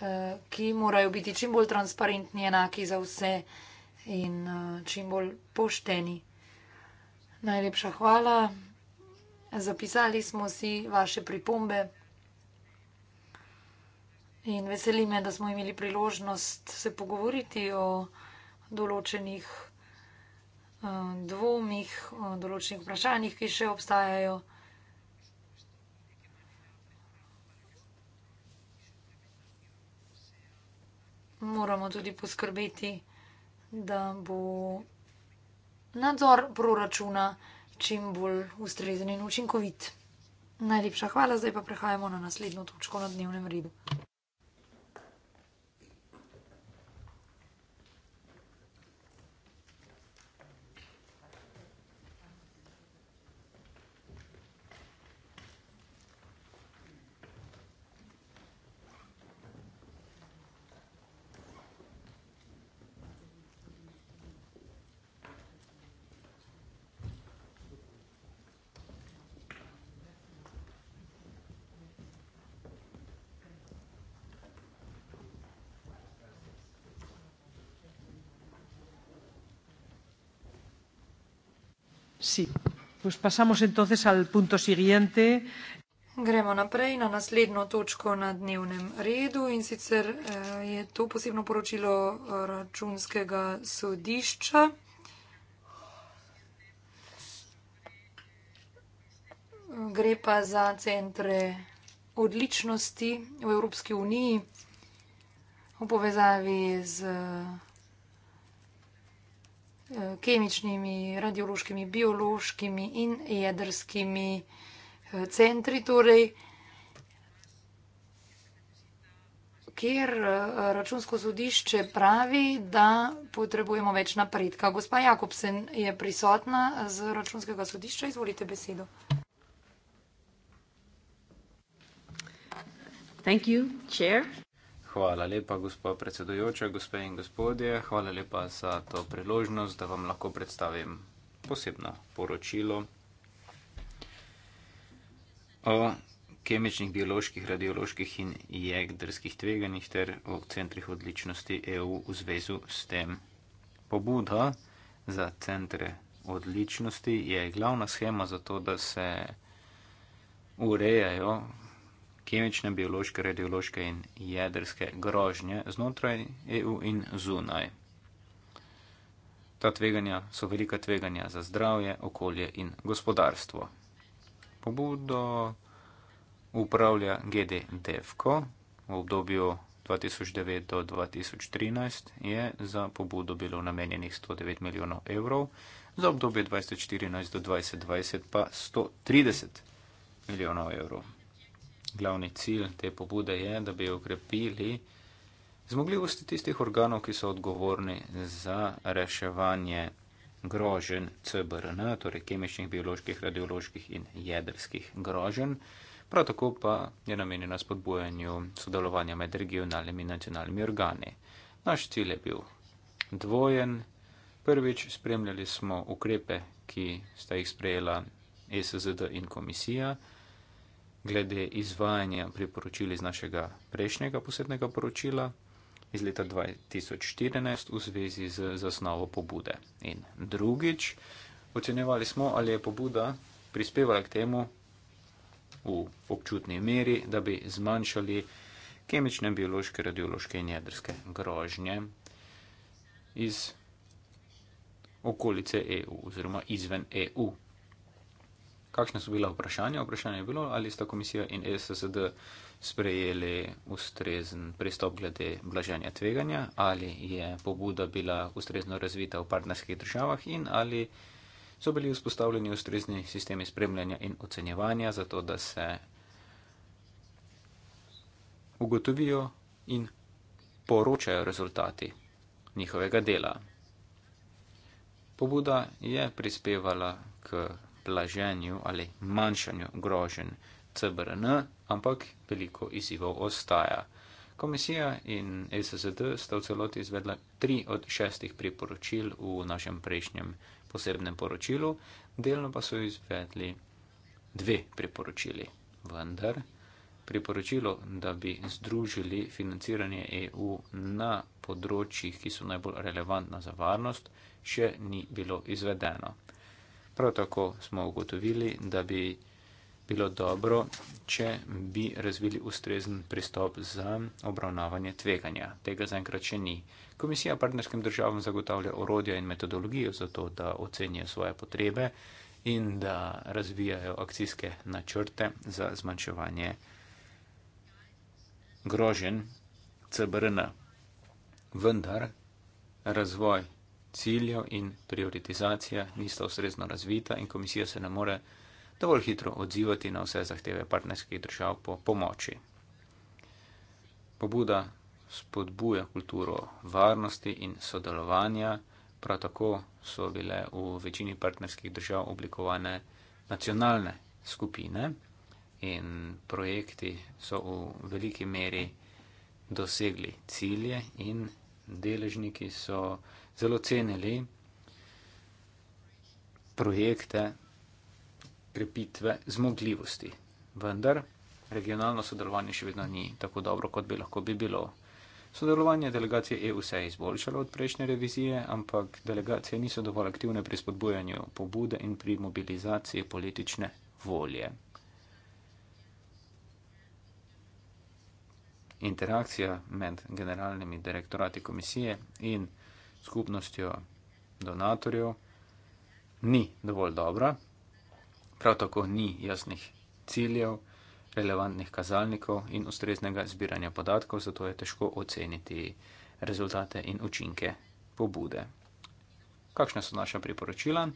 [SPEAKER 2] eh, ki morajo biti čim bolj transparentni, enaki za vse in eh, čim bolj pošteni. Najlepša hvala. Zapisali smo si vaše pripombe in veseli me, da smo imeli priložnost se pogovoriti o določenih eh, dvomih, o določenih vprašanjih, ki še obstajajo. moramo tudi poskrbeti, da bo nadzor proračuna čim bolj ustrezen in učinkovit. Najlepša hvala, zdaj pa prehajamo na naslednjo točko na dnevnem redu.
[SPEAKER 4] Sí. Pues pasamos entonces al punto siguiente.
[SPEAKER 2] Gremo naprej na naslednjo točko na dnevnem redu in sicer eh, je to posebno poročilo eh, računskega sodišča. Gre pa za centre odličnosti v Evropski uniji v povezavi z kemičnimi, radiološkimi, biološkimi in jedrskimi eh, centri, torej, kjer eh, računsko sodišče pravi, da potrebujemo več napredka. Gospa Jakobsen je prisotna z računskega sodišča, izvolite besedo.
[SPEAKER 3] Thank you,
[SPEAKER 1] chair. Hvala lepa, gospod predsedujoča, gospe in gospodje. Hvala lepa za to priložnost, da vam lahko predstavim posebno poročilo o kemičnih, bioloških, radioloških in jegdrskih tveganjih ter o centrih odličnosti EU v zvezu s tem. Pobuda za centre odličnosti je glavna schema za to, da se urejajo kemične, biološke, radiološke in jedrske grožnje znotraj EU in zunaj. Ta tveganja so velika tveganja za zdravje, okolje in gospodarstvo. Pobudo upravlja GD Devko v obdobju 2009 do 2013 je za pobudo bilo namenjenih 109 milijonov evrov, za obdobje 2014 do 2020 pa 130 milijonov evrov. Glavni cilj te pobude je, da bi okrepili zmogljivosti tistih organov, ki so odgovorni za reševanje grožen CBRN, torej kemičnih, bioloških, radioloških in jedrskih grožen. Prav tako pa je namenjena spodbujanju sodelovanja med regionalnimi in nacionalnimi organi. Naš cilj je bil dvojen. Prvič spremljali smo ukrepe, ki sta jih sprejela ESZD in komisija glede izvajanja priporočil iz našega prejšnjega posebnega poročila iz leta 2014 v zvezi z zasnovo pobude. In drugič, ocenjevali smo, ali je pobuda prispevala k temu v občutni meri, da bi zmanjšali kemične, biološke, radiološke in jedrske grožnje iz okolice EU oziroma izven EU kakšne so bila vprašanja. Vprašanje je bilo, ali sta komisija in e SSD sprejeli ustrezen pristop glede blaženja tveganja, ali je pobuda bila ustrezno razvita v partnerskih državah in ali so bili vzpostavljeni ustrezni sistemi spremljanja in ocenjevanja, zato da se ugotovijo in poročajo rezultati njihovega dela. Pobuda je prispevala k blaženju ali manjšanju grožen CBRN, ampak veliko izzivov ostaja. Komisija in SSD sta v celoti izvedla tri od šestih priporočil v našem prejšnjem posebnem poročilu, delno pa so izvedli dve priporočili. Vendar priporočilo, da bi združili financiranje EU na področjih, ki so najbolj relevantna za varnost, še ni bilo izvedeno. Prav tako smo ugotovili, da bi bilo dobro, če bi razvili ustrezen pristop za obravnavanje tveganja. Tega zaenkrat še ni. Komisija partnerskim državam zagotavlja orodja in metodologijo za to, da ocenijo svoje potrebe in da razvijajo akcijske načrte za zmanjševanje grožen CBRN. Vendar razvoj ciljev in prioritizacija nista ustrezno razvita in komisija se ne more dovolj hitro odzivati na vse zahteve partnerskih držav po pomoči. Pobuda spodbuja kulturo varnosti in sodelovanja, prav tako so bile v večini partnerskih držav oblikovane nacionalne skupine in projekti so v veliki meri dosegli cilje in deležniki so zelo cenili projekte krepitve zmogljivosti. Vendar regionalno sodelovanje še vedno ni tako dobro, kot bi lahko bi bilo. Sodelovanje delegacije EU se je izboljšalo od prejšnje revizije, ampak delegacije niso dovolj aktivne pri spodbujanju pobude in pri mobilizaciji politične volje. Interakcija med generalnimi direktorati komisije in skupnostjo donatorjev, ni dovolj dobra, prav tako ni jasnih ciljev, relevantnih kazalnikov in ustreznega zbiranja podatkov, zato je težko oceniti rezultate in učinke pobude. Kakšna so naša priporočila?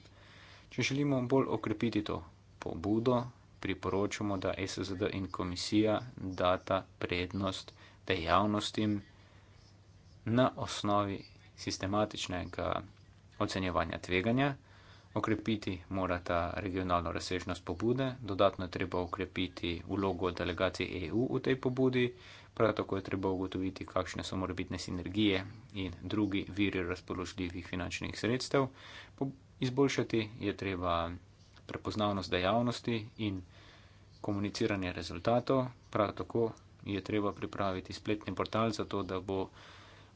[SPEAKER 1] Če želimo bolj okrepiti to pobudo, priporočamo, da SSD in komisija data prednost dejavnostim na osnovi sistematičnega ocenjevanja tveganja, okrepiti morata regionalno razsežnost pobude, dodatno je treba okrepiti vlogo delegacij EU v tej pobudi, prav tako je treba ugotoviti, kakšne so morebitne sinergije in drugi viri razpoložljivih finančnih sredstev. Izboljšati je treba prepoznavnost dejavnosti in komuniciranje rezultatov, prav tako je treba pripraviti spletni portal za to, da bo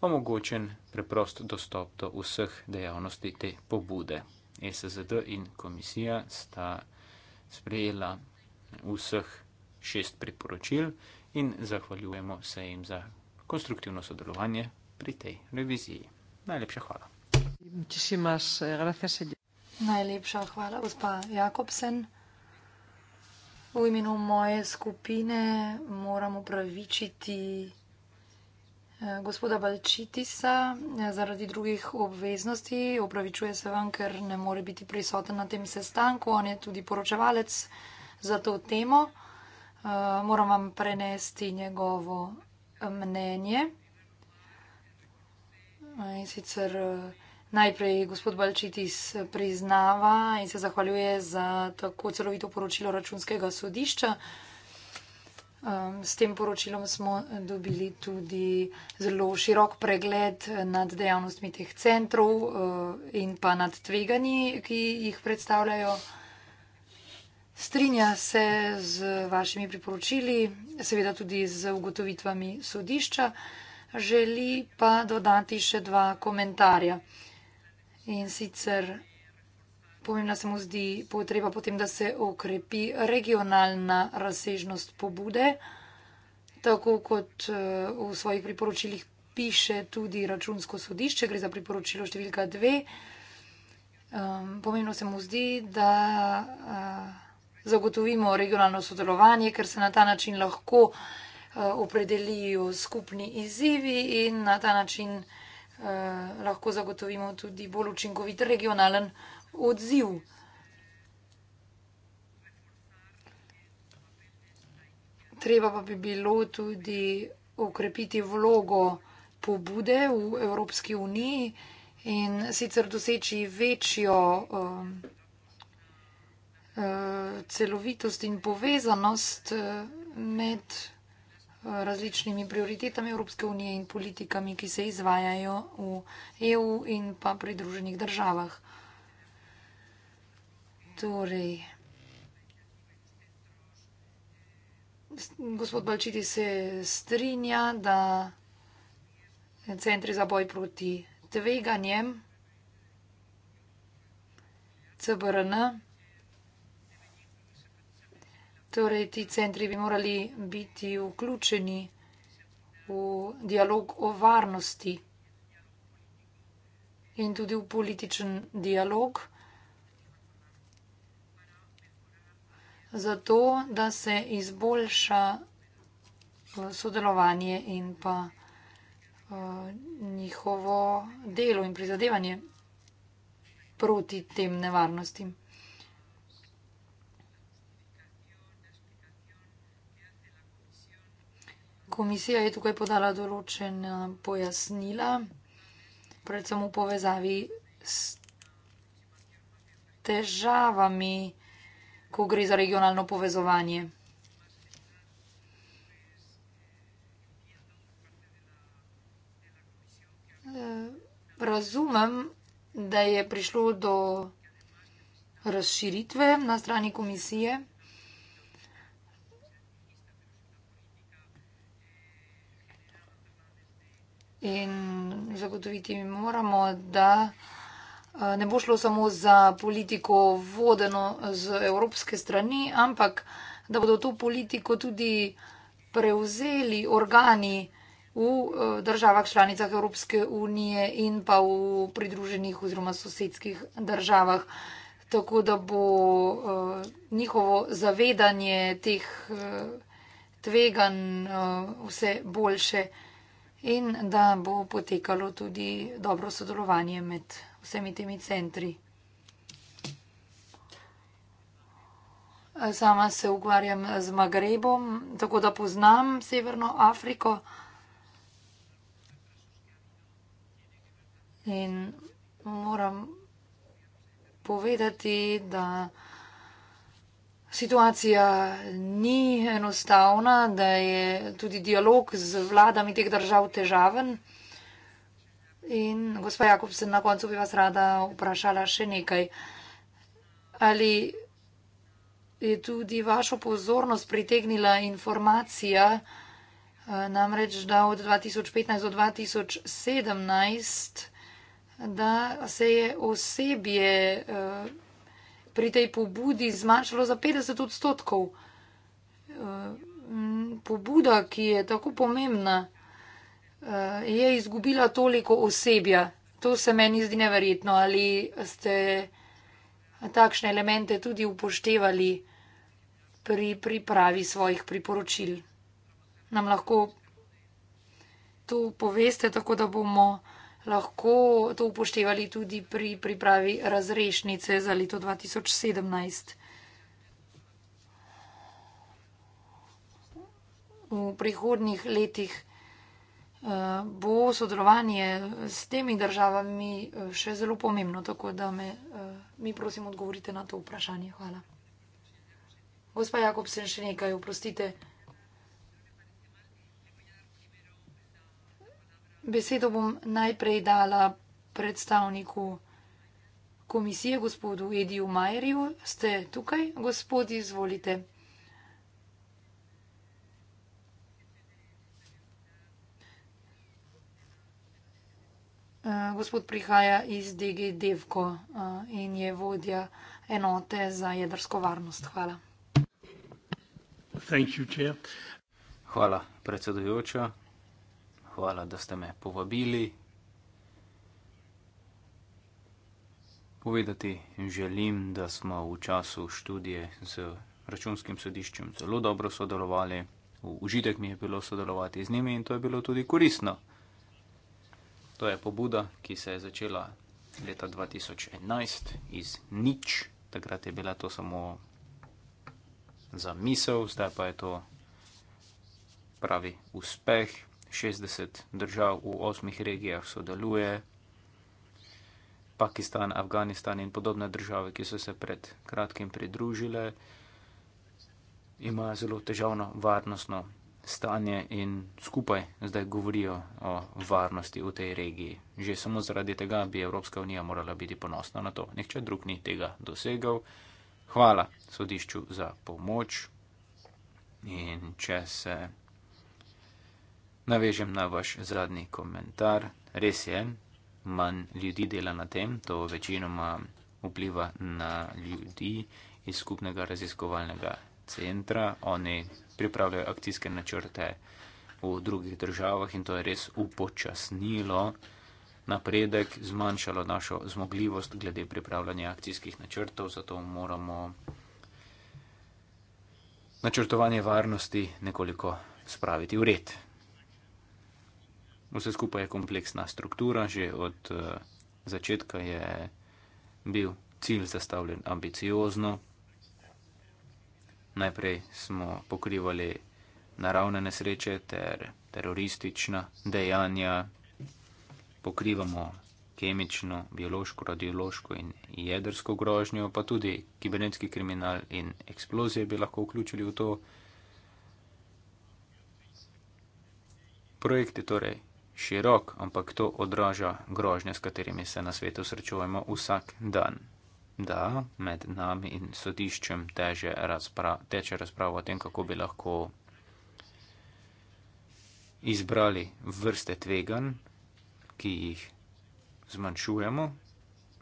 [SPEAKER 1] omogočen preprost dostop do vseh dejavnosti te pobude. E SZD in komisija sta sprejela vseh šest priporočil in zahvaljujemo se jim za konstruktivno sodelovanje pri tej reviziji. Najlepša hvala.
[SPEAKER 4] Eh,
[SPEAKER 2] Najlepša hvala, gospa Jakobsen. V imenu moje skupine moramo pravičiti gospoda Balčitisa eh, zaradi drugih obveznosti. Opravičuje se vam, ker ne more biti prisoten na tem sestanku. On je tudi poročevalec za to temo. Eh, moram vam prenesti njegovo eh, mnenje. In sicer najprej gospod Balčitis priznava in se zahvaljuje za tako celovito poročilo računskega sodišča. Um, s tem poročilom smo dobili tudi zelo širok pregled nad dejavnostmi teh centrov uh, in pa nad tveganji, ki jih predstavljajo. Strinja se z vašimi priporočili, seveda tudi z ugotovitvami sodišča, želi pa dodati še dva komentarja. In sicer pomembna se mu zdi potreba potem, da se okrepi regionalna razsežnost pobude, tako kot eh, v svojih priporočilih piše tudi računsko sodišče, gre za priporočilo številka dve. Pomembno se mu zdi, da eh, zagotovimo regionalno sodelovanje, ker se na ta način lahko eh, opredelijo skupni izzivi in na ta način lahko zagotovimo tudi bolj učinkovit regionalen odziv. Treba pa bi bilo tudi ukrepiti vlogo pobude v Evropski uniji in sicer doseči večjo um, uh, celovitost in povezanost uh, med uh, različnimi prioritetami Evropske unije in politikami, ki se izvajajo v EU in pa pri druženih državah. Torej, gospod Balčiti se strinja, da centri za boj proti tveganjem CBRN, torej ti centri bi morali biti vključeni v dialog o varnosti in tudi v političen dialog, zato, da se izboljša eh, sodelovanje in pa eh, njihovo delo in prizadevanje proti tem nevarnostim. Komisija je tukaj podala določena pojasnila, predvsem v povezavi s težavami, ki so ko gre za regionalno povezovanje. Razumem, da je prišlo do razširitve na strani komisije. In zagotoviti moramo, da Eh, ne bo šlo samo za politiko vodeno z evropske strani, ampak da bodo to politiko tudi prevzeli organi v eh, državah članicah Evropske unije in pa v pridruženih oziroma sosedskih državah, tako da bo eh, njihovo zavedanje teh tvegan vse boljše in da bo potekalo tudi dobro sodelovanje med državami vsemi temi centri. Sama se ukvarjam z Magrebom, tako da poznam Severno Afriko. In moram povedati, da situacija ni enostavna, da je tudi dialog z vladami teh držav težaven. In gospa Jakob, sem na koncu bi vas rada vprašala še nekaj. Ali je tudi vašo pozornost pritegnila informacija, eh, namreč da od 2015 do 2017, da se je osebje eh, pri tej pobudi zmanjšalo za 50 odstotkov. Eh, pobuda, ki je tako pomembna. Eh, je izgubila toliko osebja. To se meni zdi neverjetno, ali ste takšne elemente tudi upoštevali pri pripravi svojih priporočil. Nam lahko to poveste, tako da bomo lahko to upoštevali tudi pri pripravi razrešnice za leto 2017. V prihodnjih letih bo sodelovanje s temi državami eh, še zelo pomembno, tako da me, eh, mi prosim, odgovorite na to vprašanje. Hvala. Gospa Jakobsen, še nekaj, oprostite. Besedo bom najprej dala predstavniku komisije, gospodu Ediju Majerju. Ste tukaj, gospod, izvolite. Eh, gospod prihaja iz DG Devko uh, in je vodja enote za jedrsko varnost. Hvala.
[SPEAKER 1] You, hvala, predsedujoča. Hvala, da ste me povabili. Povedati želim, da smo v času študije z računskim sodiščem zelo dobro sodelovali. Užitek mi je bilo sodelovati z njimi in to je bilo tudi koristno. To je pobuda, ki se je začela leta 2011 iz nič. Takrat je bila to samo zamisel, zdaj pa je to pravi uspeh. 60 držav v osmih regijah sodeluje, Pakistan, Afganistan in podobne države, ki so se pred kratkim pridružile, imajo zelo težavno varnostno stanje in skupaj zdaj govorijo o varnosti v tej regiji. Že samo zaradi tega bi Evropska unija morala biti ponosna na to. Nihče drug ni tega dosegal. Hvala sodišču za pomoč. In če se navežem na vaš zadnji komentar, res je, manj ljudi dela na tem, to večinoma vpliva na ljudi iz skupnega raziskovalnega centra, oni pripravljajo akcijske načrte v drugih državah in to je res upočasnilo napredek, zmanjšalo našo zmogljivost glede pripravljanja akcijskih načrtov, zato moramo načrtovanje varnosti nekoliko spraviti v red. Vse skupaj je kompleksna struktura, že od eh, začetka je bil cilj zastavljen ambiciozno, Najprej smo pokrivali naravne nesreče ter teroristična dejanja, pokrivamo kemično, biološko, radiološko in jedrsko grožnjo, pa tudi kibernetski kriminal in eksplozije bi lahko vključili v to. Projekt je torej širok, ampak to odraža grožnje, s katerimi se na svetu srečujemo vsak dan da med nami in sodiščem razpra teče razprava o tem, kako bi lahko izbrali vrste tvegan, ki jih zmanjšujemo.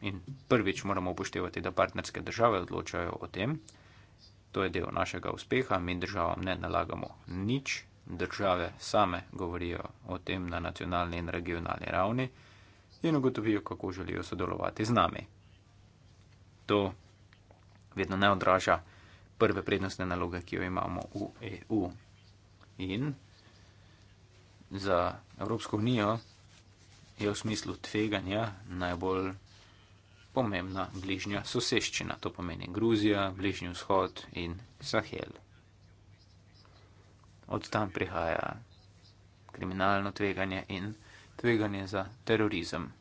[SPEAKER 1] In prvič moramo upoštevati, da partnerske države odločajo o tem. To je del našega uspeha, mi državam ne nalagamo nič, države same govorijo o tem na nacionalni in regionalni ravni in ugotovijo, kako želijo sodelovati z nami to vedno ne odraža prve prednostne naloge, ki jo imamo v EU. In za Evropsko unijo je v smislu tveganja najbolj pomembna bližnja soseščina, to pomeni Gruzija, Bližnji vzhod in Sahel. Od tam prihaja kriminalno tveganje in tveganje za terorizem.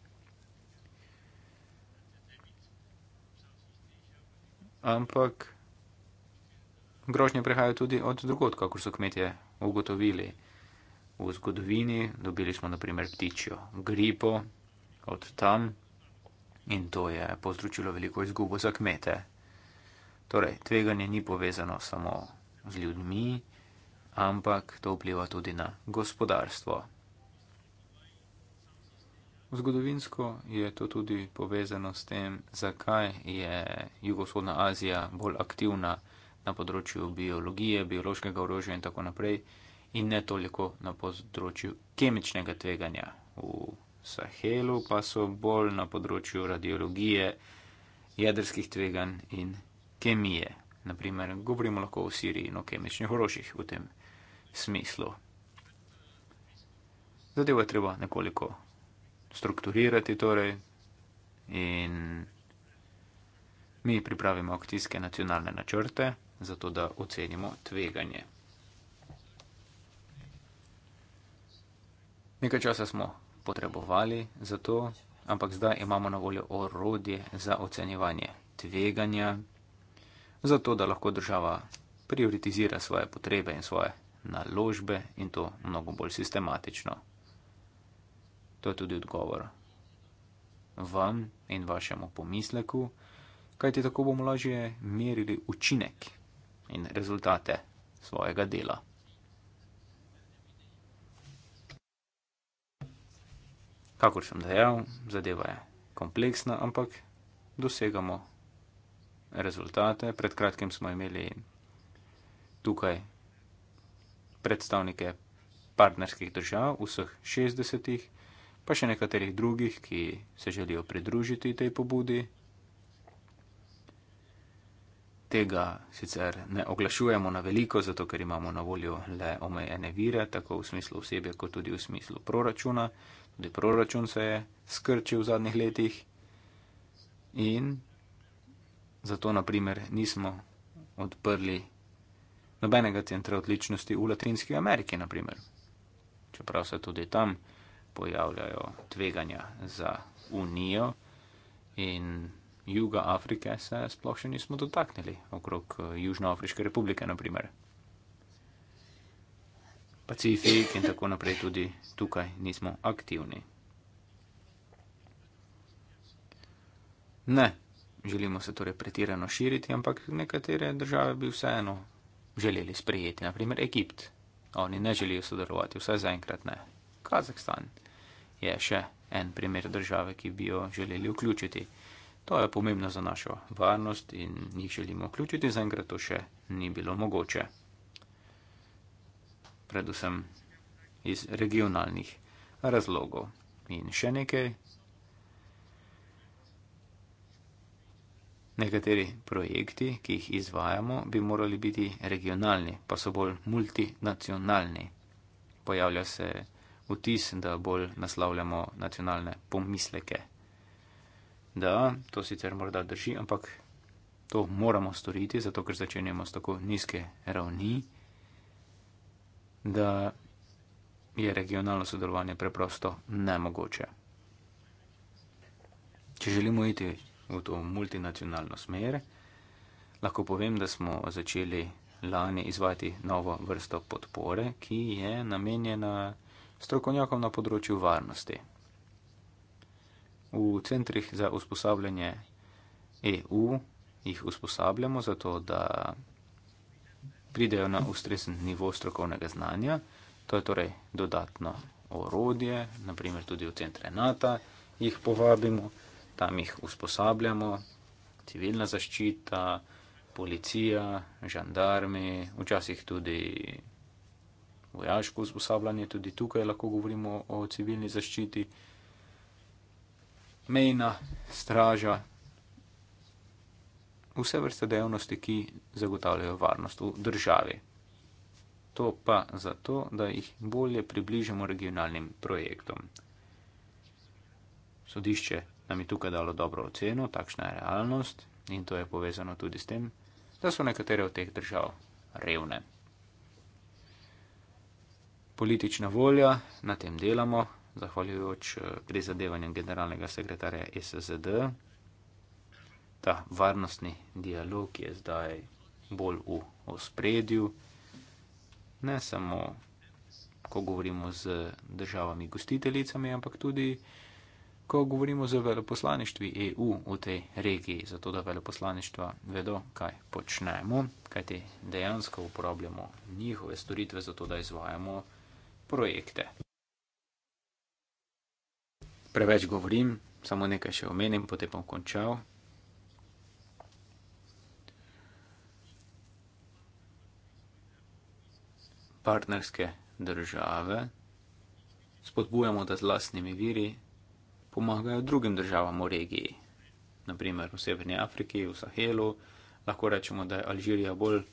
[SPEAKER 1] ampak grožnje prihajajo tudi od drugot, kako so kmetje ugotovili. V zgodovini dobili smo naprimer ptičjo gripo od tam in to je povzročilo veliko izgubo za kmete. Torej, tveganje ni povezano samo z ljudmi, ampak to vpliva tudi na gospodarstvo. Zgodovinsko je to tudi povezano s tem, zakaj je Jugoshodna Azija bolj aktivna na področju biologije, biološkega orožja in tako naprej, in ne toliko na področju kemičnega tveganja. V Sahelu pa so bolj na področju radiologije, jedrskih tveganj in kemije. Naprimer, govorimo lahko o Siriji in o kemičnih orožjih v tem smislu. Zadevo je treba nekoliko strukturirati torej in mi pripravimo akcijske nacionalne načrte, zato da ocenimo tveganje. Nekaj časa smo potrebovali za to, ampak zdaj imamo na voljo orodje za ocenjevanje tveganja, zato da lahko država prioritizira svoje potrebe in svoje naložbe in to mnogo bolj sistematično. To je tudi odgovor vam in vašemu pomisleku, kajti tako bomo lažje merili učinek in rezultate svojega dela. Kakor sem dejal, zadeva je kompleksna, ampak dosegamo rezultate. Pred kratkim smo imeli tukaj predstavnike partnerskih držav, vseh 60 pa še nekaterih drugih, ki se želijo pridružiti tej pobudi. Tega sicer ne oglašujemo na veliko, zato ker imamo na voljo le omejene vire, tako v smislu osebe, kot tudi v smislu proračuna. Tudi proračun se je skrčil v zadnjih letih in zato, na primer, nismo odprli nobenega centra odličnosti v Latinski Ameriki, naprimer. čeprav se tudi tam pojavljajo tveganja za Unijo in juga Afrike se sploh še nismo dotaknili, okrog eh, Južnoafriške republike naprimer. Pacifik in tako naprej tudi tukaj nismo aktivni. Ne, želimo se torej pretirano širiti, ampak nekatere države bi vseeno želeli sprejeti, naprimer Egipt. Oni ne želijo sodelovati, vsaj zaenkrat ne. Kazahstan je še en primer države, ki bi jo želeli vključiti. To je pomembno za našo varnost in jih želimo vključiti, zaenkrat to še ni bilo mogoče. Predvsem iz regionalnih razlogov. In še nekaj. Nekateri projekti, ki jih izvajamo, bi morali biti regionalni, pa so bolj multinacionalni. Pojavlja se vtis, da bolj naslavljamo nacionalne pomisleke. Da, to sicer morda drži, ampak to moramo storiti, zato ker začenjamo s tako nizke ravni, da je regionalno sodelovanje preprosto nemogoče. Če želimo iti v to multinacionalno smer, lahko povem, da smo začeli lani izvajati novo vrsto podpore, ki je namenjena strokovnjakom na področju varnosti. V centrih za usposabljanje EU jih usposabljamo zato, da pridejo na ustrezen nivo strokovnega znanja. To je torej dodatno orodje, naprimer tudi v centre NATO jih povabimo, tam jih usposabljamo, civilna zaščita, policija, žandarmi, včasih tudi vojaško usposabljanje, tudi tukaj lahko govorimo o civilni zaščiti, mejna, straža, vse vrste dejavnosti, ki zagotavljajo varnost v državi. To pa zato, da jih bolje približamo regionalnim projektom. Sodišče nam je tukaj dalo dobro oceno, takšna je realnost in to je povezano tudi s tem, da so nekatere od teh držav revne politična volja, na tem delamo, zahvaljujoč eh, prizadevanjem generalnega sekretarja SSD. Ta varnostni dialog je zdaj bolj v ospredju, ne samo, ko govorimo z državami gostiteljicami, ampak tudi, ko govorimo z veleposlaništvi EU v tej regiji, zato da veleposlaništva vedo, kaj počnemo, kaj te dejansko uporabljamo njihove storitve, zato da izvajamo projekte. Preveč govorim, samo nekaj še omenim, potem bom končal. Partnerske države spodbujamo, da z lastnimi viri pomagajo drugim državam v regiji, naprimer v Severni Afriki, v Sahelu. Lahko rečemo, da je Alžirija bolj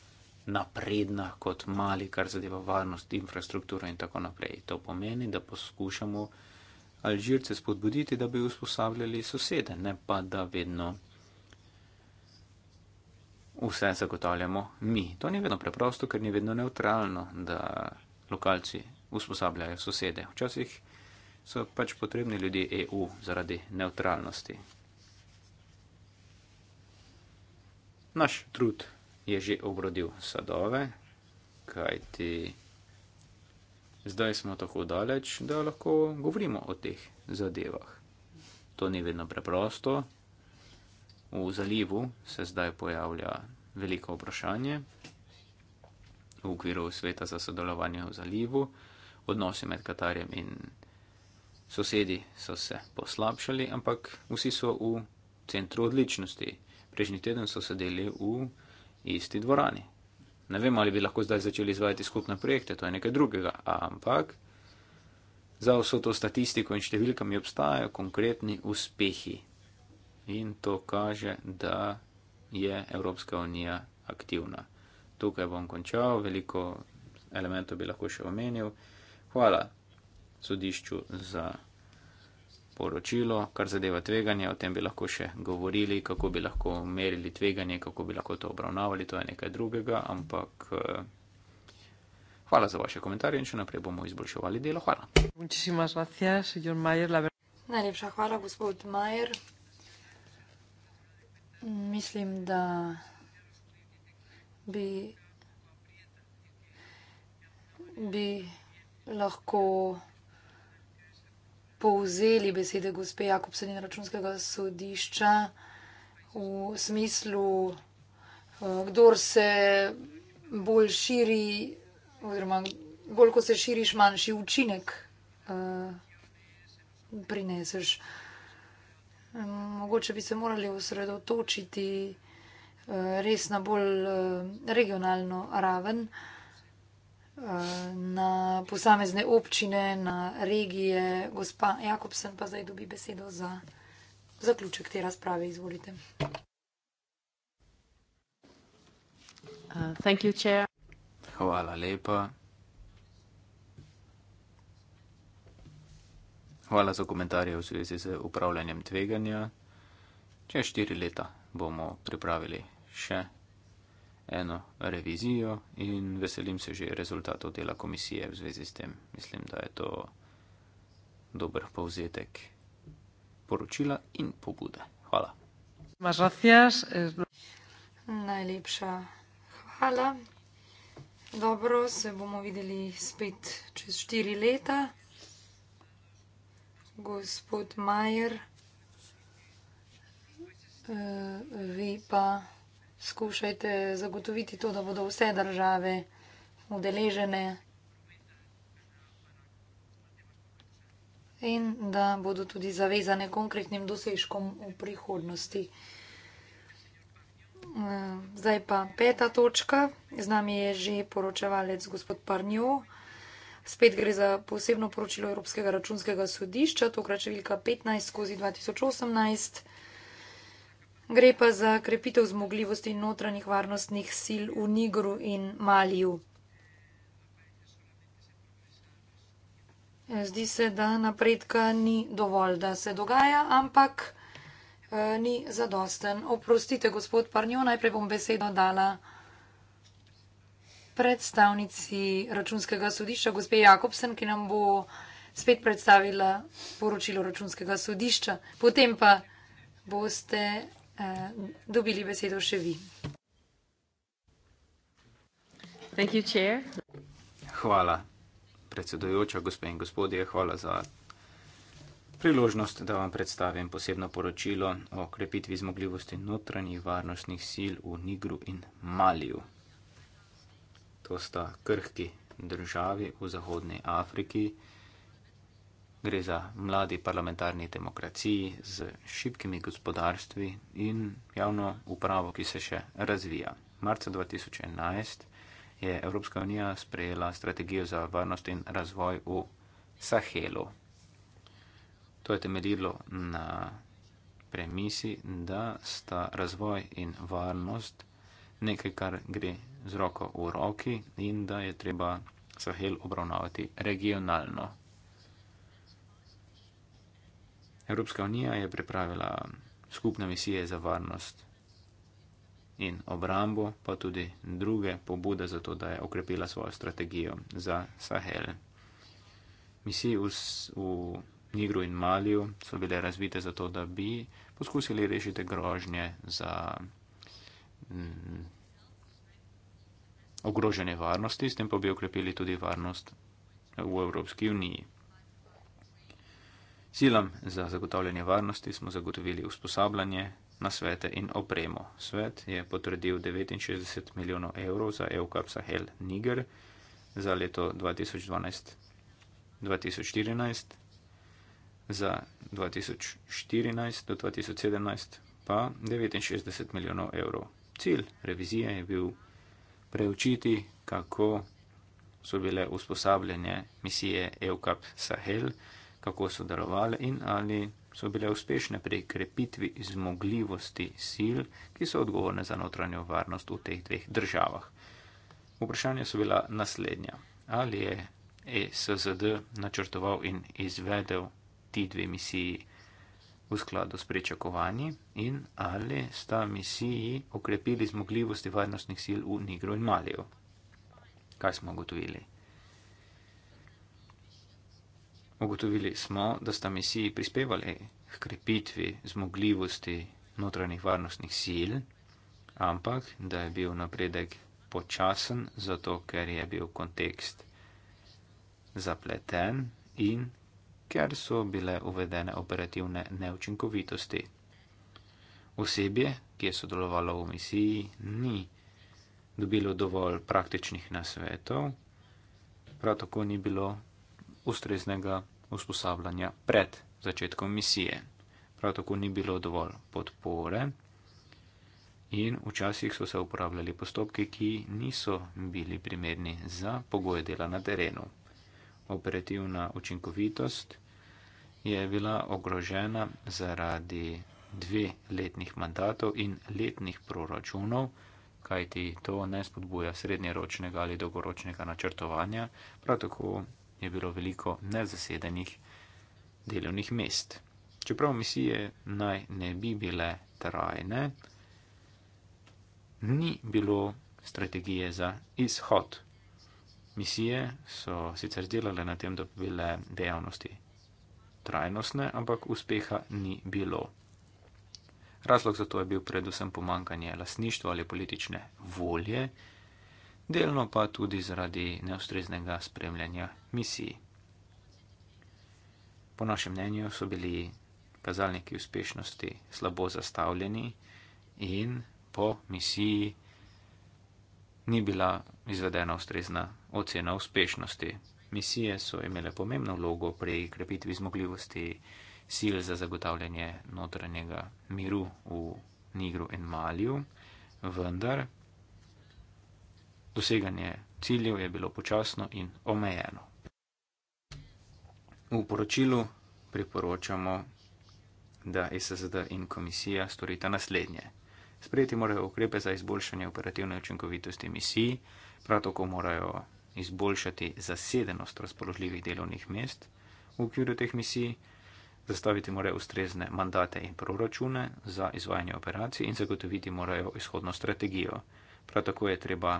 [SPEAKER 1] napredna kot mali, kar zadeva varnost, infrastrukturo in tako naprej. To pomeni, da poskušamo Alžirce spodbuditi, da bi usposabljali sosede, ne pa da vedno vse zagotavljamo mi. To ni vedno preprosto, ker ni vedno neutralno, da lokalci usposabljajo sosede. Včasih so pač potrebni ljudje EU zaradi neutralnosti. Naš trud je že obrodil sadove, kajti zdaj smo tako daleč, da lahko govorimo o teh zadevah. To ni vedno preprosto. V zalivu se zdaj pojavlja veliko vprašanje v okviru sveta za sodelovanje v zalivu. Odnosi med Katarjem in sosedi so se poslabšali, ampak vsi so v centru odličnosti. Prejšnji teden so sedeli v isti dvorani. Ne vem, ali bi lahko zdaj začeli izvajati skupne projekte, to je nekaj drugega, ampak za vso to statistiko in številkami obstajajo konkretni uspehi. In to kaže, da je Evropska unija aktivna. Tukaj bom končal, veliko elementov bi lahko še omenil. Hvala sodišču za poročilo, kar zadeva tveganje, o tem bi lahko še govorili, kako bi lahko merili tveganje, kako bi lahko to obravnavali, to je nekaj drugega, ampak eh, hvala za vaše komentarje in še naprej bomo izboljševali delo. Hvala.
[SPEAKER 2] Najlepša hvala, gospod Majer. Mislim, da bi, bi lahko povzeli besede gospe Jakobsenin računskega sodišča v smislu, eh, kdor se bolj širi, oziroma bolj ko se širiš, manjši učinek eh, prineseš. Eh, mogoče bi se morali osredotočiti res na bolj regionalno raven na posamezne občine, na regije. Gospa Jakobsen pa zdaj dobi besedo za zaključek te razprave. Izvolite. Uh,
[SPEAKER 1] Hvala lepa. Hvala za komentarje v zvezi z upravljanjem tveganja. Čez štiri leta bomo pripravili še eno revizijo in veselim se že rezultatov dela komisije v zvezi s tem. Mislim, da je to dober povzetek poročila in pobude. Hvala.
[SPEAKER 2] Najlepša hvala. Dobro, se bomo videli spet čez štiri leta. Gospod Majer, uh, eh, vi pa skušajte zagotoviti to, da bodo vse države udeležene in da bodo tudi zavezane konkretnim dosežkom v prihodnosti. Zdaj pa peta točka. Z nami je že poročevalec gospod Parnjo. Spet gre za posebno poročilo Evropskega računskega sodišča, tokrat številka 15 skozi 2018. Gre pa za krepitev zmogljivosti notranjih varnostnih sil v Nigru in Maliju. Zdi se, da napredka ni dovolj, da se dogaja, ampak eh, ni zadosten. Oprostite, gospod Parnjo, najprej bom besedo dala predstavnici računskega sodišča, gospe Jakobsen, ki nam bo spet predstavila poročilo računskega sodišča. Potem pa boste Eh, dobili besedo še vi. You,
[SPEAKER 1] hvala, predsedujoča, gospe in gospodje, hvala za priložnost, da vam predstavim posebno poročilo o krepitvi zmogljivosti notranjih varnostnih sil v Nigru in Maliju. To sta krhki državi v Zahodnji Afriki. Gre za mladi parlamentarni demokraciji z šibkimi gospodarstvi in javno upravo, ki se še razvija. Marca 2011 je Evropska unija sprejela strategijo za varnost in razvoj v Sahelu. To je temeljilo na premisi, da sta razvoj in varnost nekaj, kar gre z roko v roki in da je treba Sahel obravnavati regionalno. Evropska unija je pripravila skupne misije za varnost in obrambo, pa tudi druge pobude za to, da je okrepila svojo strategijo za Sahel. Misije v, v Nigru in Maliju so bile razvite za to, da bi poskusili rešiti grožnje za mm, ogrožene varnosti, s tem pa bi okrepili tudi varnost v Evropski uniji. Silam za zagotavljanje varnosti smo zagotovili usposabljanje, nasvete in opremo. Svet je potrdil 69 milijonov evrov za EUCAP Sahel Niger za leto 2012. 2014, za 2014 do 2017 pa 69 milijonov evrov. Cilj revizije je bil preučiti, kako so bile usposabljanje misije EUCAP Sahel kako so delovale in ali so bile uspešne pri krepitvi zmogljivosti sil, ki so odgovorne za notranjo varnost v teh dveh državah. Vprašanja so bila naslednja. Ali je ESZD načrtoval in izvedel ti dve misiji v skladu s pričakovanji in ali sta misiji okrepili zmogljivosti varnostnih sil v Nigru in Malijo? Kaj smo ugotovili? Ugotovili smo, da sta misiji prispevali k krepitvi zmogljivosti notranjih varnostnih sil, ampak da je bil napredek počasen, zato ker je bil kontekst zapleten in ker so bile uvedene operativne neučinkovitosti. Osebje, ki je sodelovalo v misiji, ni dobilo dovolj praktičnih nasvetov, prav tako ni bilo ustreznega usposabljanja pred začetkom misije. Prav tako ni bilo dovolj podpore in včasih so se uporabljali postopki, ki niso bili primerni za pogoje dela na terenu. Operativna učinkovitost je bila ogrožena zaradi dve letnih mandatov in letnih proračunov, kajti to ne spodbuja srednjeročnega ali dolgoročnega načrtovanja, prav tako je bilo veliko nezasedenih delovnih mest. Čeprav misije naj ne bi bile trajne, ni bilo strategije za izhod. Misije so sicer delale na tem, da bi bile dejavnosti trajnostne, ampak uspeha ni bilo. Razlog za to je bil predvsem pomankanje lasništva ali politične volje, delno pa tudi zaradi neustreznega spremljanja misij. Po našem mnenju so bili kazalniki uspešnosti slabo zastavljeni in po misiji ni bila izvedena ustrezna ocena uspešnosti. Misije so imele pomembno vlogo pri krepitvi zmogljivosti sil za zagotavljanje notranjega miru v Nigru in Maliju, vendar Doseganje ciljev je bilo počasno in omejeno. V poročilu priporočamo, da SSD in komisija storita naslednje. Sprejeti morajo ukrepe za izboljšanje operativne učinkovitosti misij, prav tako morajo izboljšati zasedenost razpoložljivih delovnih mest v okviru teh misij, zastaviti morajo ustrezne mandate in proračune za izvajanje operacij in zagotoviti morajo izhodno strategijo. Prav tako je treba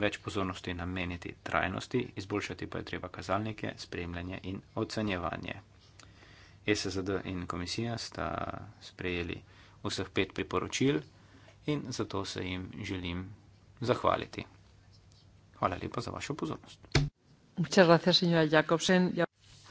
[SPEAKER 1] več pozornosti nameniti trajnosti, izboljšati pa je treba kazalnike, spremljanje in ocenjevanje. E SSD in komisija sta sprejeli vseh pet priporočil in zato se jim želim zahvaliti. Hvala lepa za vašo pozornost.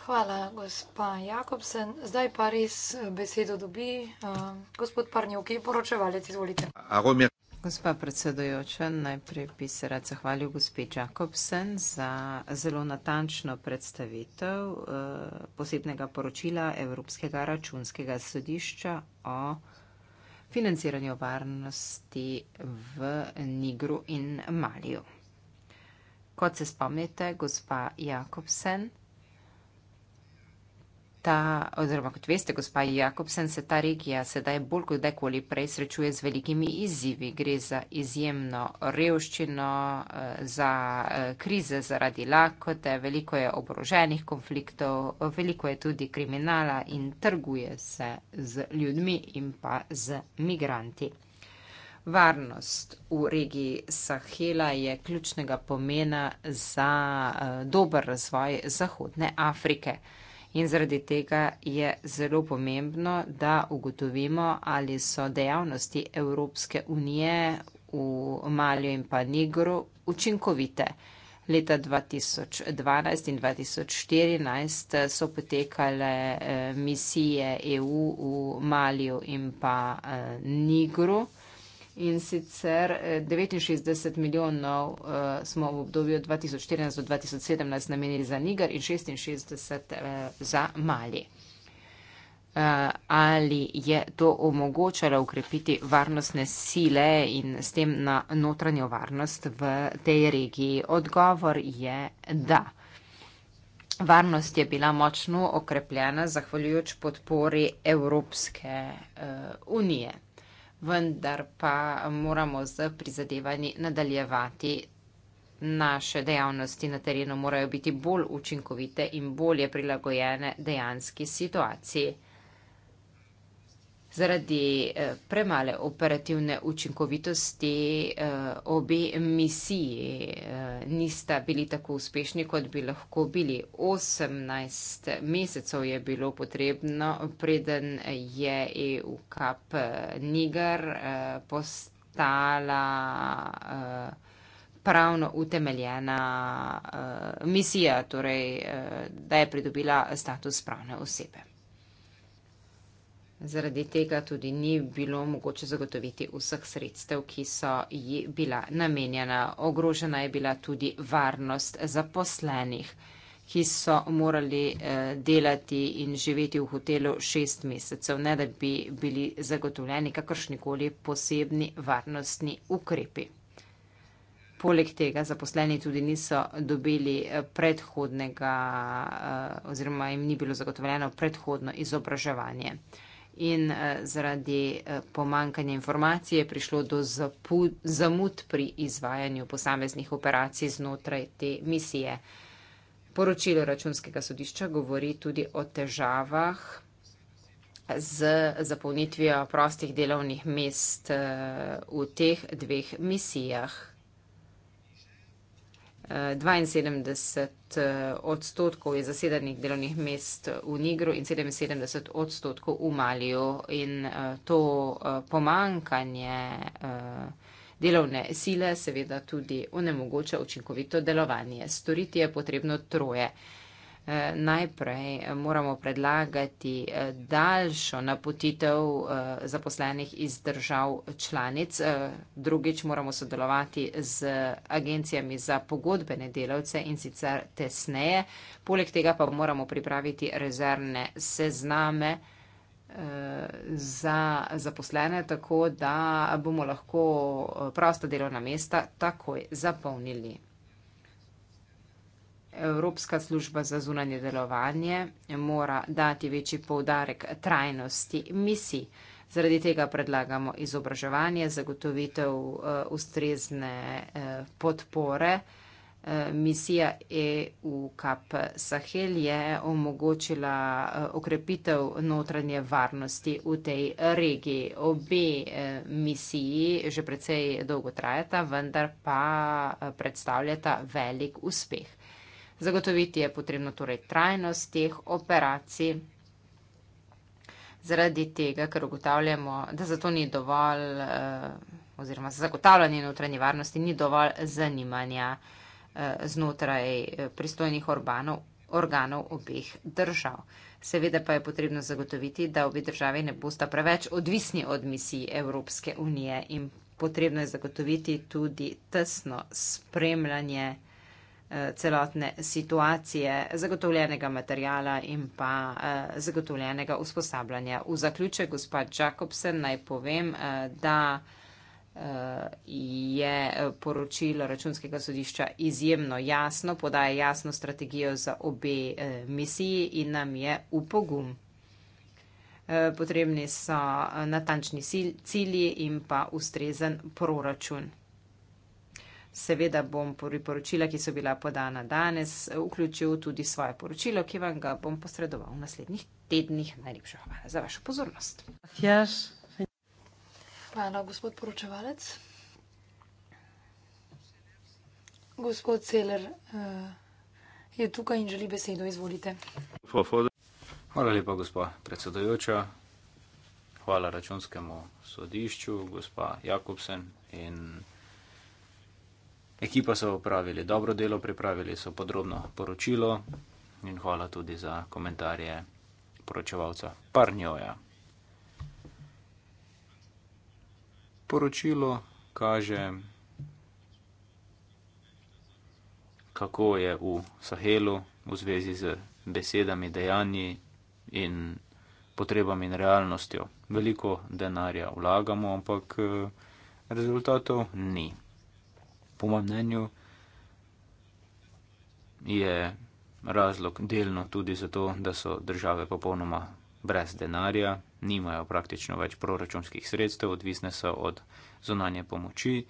[SPEAKER 2] Hvala, gospa Jakobsen. Zdaj pa res besedo dobi uh, gospod Parnjuki, poročevalec, izvolite.
[SPEAKER 3] Aromir. Gospa predsedujoča, najprej bi se rad zahvalil gospe Jakobsen za zelo natančno predstavitev eh, posebnega poročila Evropskega računskega sodišča o financiranju varnosti v Nigru in Maliju. Kot se spomnite, gospa Jakobsen, ta, oziroma kot veste, gospa Jakobsen, se ta regija sedaj bolj kot dekoli prej srečuje z velikimi izzivi. Gre za izjemno revščino, eh, za eh, krize zaradi lakote, veliko je oboroženih konfliktov, veliko je tudi kriminala in trguje se z ljudmi in pa z migranti. Varnost v regiji Sahela je ključnega pomena za eh, dober razvoj Zahodne Afrike. In zaradi tega je zelo pomembno, da ugotovimo, ali so dejavnosti Evropske unije v Malju in pa Nigru učinkovite. Leta 2012 in 2014 eh, so potekale eh, misije EU v Malju in pa eh, Nigru in sicer 69 eh, milijonov eh, smo v obdobju 2014 do 2017 namenili za Niger in 66 eh, za Mali. Ali je to omogočalo ukrepiti varnostne sile in s tem na notranjo varnost v tej regiji? Odgovor je da. Varnost je bila močno okrepljena zahvaljujoč podpori Evropske unije vendar pa moramo z prizadevanji nadaljevati. Naše dejavnosti na terenu morajo biti bolj učinkovite in bolje prilagojene dejanski situaciji zaradi eh, premale operativne učinkovitosti eh, obe misiji eh, nista bili tako uspešni, kot bi lahko bili. 18 mesecev je bilo potrebno, preden je EU kap Niger postala pravno utemeljena misija, torej da je pridobila status pravne osebe. Zaradi tega tudi ni bilo mogoče zagotoviti vseh sredstev, ki so ji bila namenjena. Ogrožena je bila tudi varnost zaposlenih, ki so morali eh, delati in živeti v hotelu šest mesecev, ne da bi bili zagotovljeni kakršnikoli posebni varnostni ukrepi. Poleg tega zaposleni tudi niso dobili eh, predhodnega eh, oziroma jim ni bilo zagotovljeno predhodno izobraževanje in eh, zaradi eh, pomankanja informacij je prišlo do zamud pri izvajanju posameznih operacij znotraj te misije. Poročilo računskega sodišča govori tudi o težavah z zapolnitvijo prostih delovnih mest eh, v teh dveh misijah. 72 eh, odstotkov je zasedanih delovnih mest v Nigru in 77 odstotkov v Maliju. In eh, to eh, pomankanje delovne sile seveda tudi onemogoča učinkovito delovanje. Storiti je potrebno troje. Eh, najprej eh, moramo predlagati eh, daljšo napotitev zaposlenih iz držav članic. Drugič moramo sodelovati z agencijami za pogodbene delavce in sicer tesneje. Poleg tega pa moramo pripraviti rezervne sezname za zaposlene, tako da bomo lahko prosta delovna mesta takoj zapolnili. Evropska služba za zunanje delovanje mora dati večji poudarek trajnosti misij. Zaradi tega predlagamo izobraževanje, zagotovitev uh, ustrezne uh, podpore. Eh, misija EU Kap Sahel je omogočila okrepitev notranje varnosti v tej regiji. Obe misiji že precej dolgo trajata, vendar pa predstavljata velik uspeh. Zagotoviti je potrebno torej trajnost teh operacij, zaradi tega, ker ugotavljamo, da zato ni dovolj, eh, oziroma za zagotavljanje notranje varnosti ni dovolj zanimanja eh, znotraj eh, pristojnih organov, organov obeh držav. Seveda pa je potrebno zagotoviti, da obe državi ne bosta preveč odvisni od misij Evropske unije in potrebno je zagotoviti tudi tesno spremljanje celotne situacije, zagotovljenega materijala in pa eh, zagotovljenega usposabljanja. V zaključek, gospod Jakobsen, naj povem, eh, da eh, je poročilo računskega sodišča izjemno jasno, podaja jasno strategijo za obe misiji in nam je v pogum. Potrebni so natančni cilji in pa ustrezen proračun. Seveda bom poročila, ki so bila podana danes, vključil tudi svoje poročilo, ki vam ga bom posredoval v naslednjih tednih. Najlepša hvala za vašo pozornost.
[SPEAKER 2] Hvala, gospod poročevalec. Gospod Celer eh, je tukaj in želi besedo. Izvolite.
[SPEAKER 1] Hvala lepa, gospod predsedojoča. Hvala računskemu sodišču, gospa Jakobsen in. Ekipa so opravili dobro delo, pripravili so podrobno poročilo in hvala tudi za komentarje poročevalca Parnjoja. Poročilo kaže, kako je v Sahelu v zvezi z besedami, dejanji in potrebami in realnostjo. Veliko denarja vlagamo, ampak eh, rezultatov ni po mojem mnenju, je razlog delno tudi zato, da so države popolnoma brez denarja, nimajo praktično več proračunskih sredstev, odvisne so od zunanje pomoči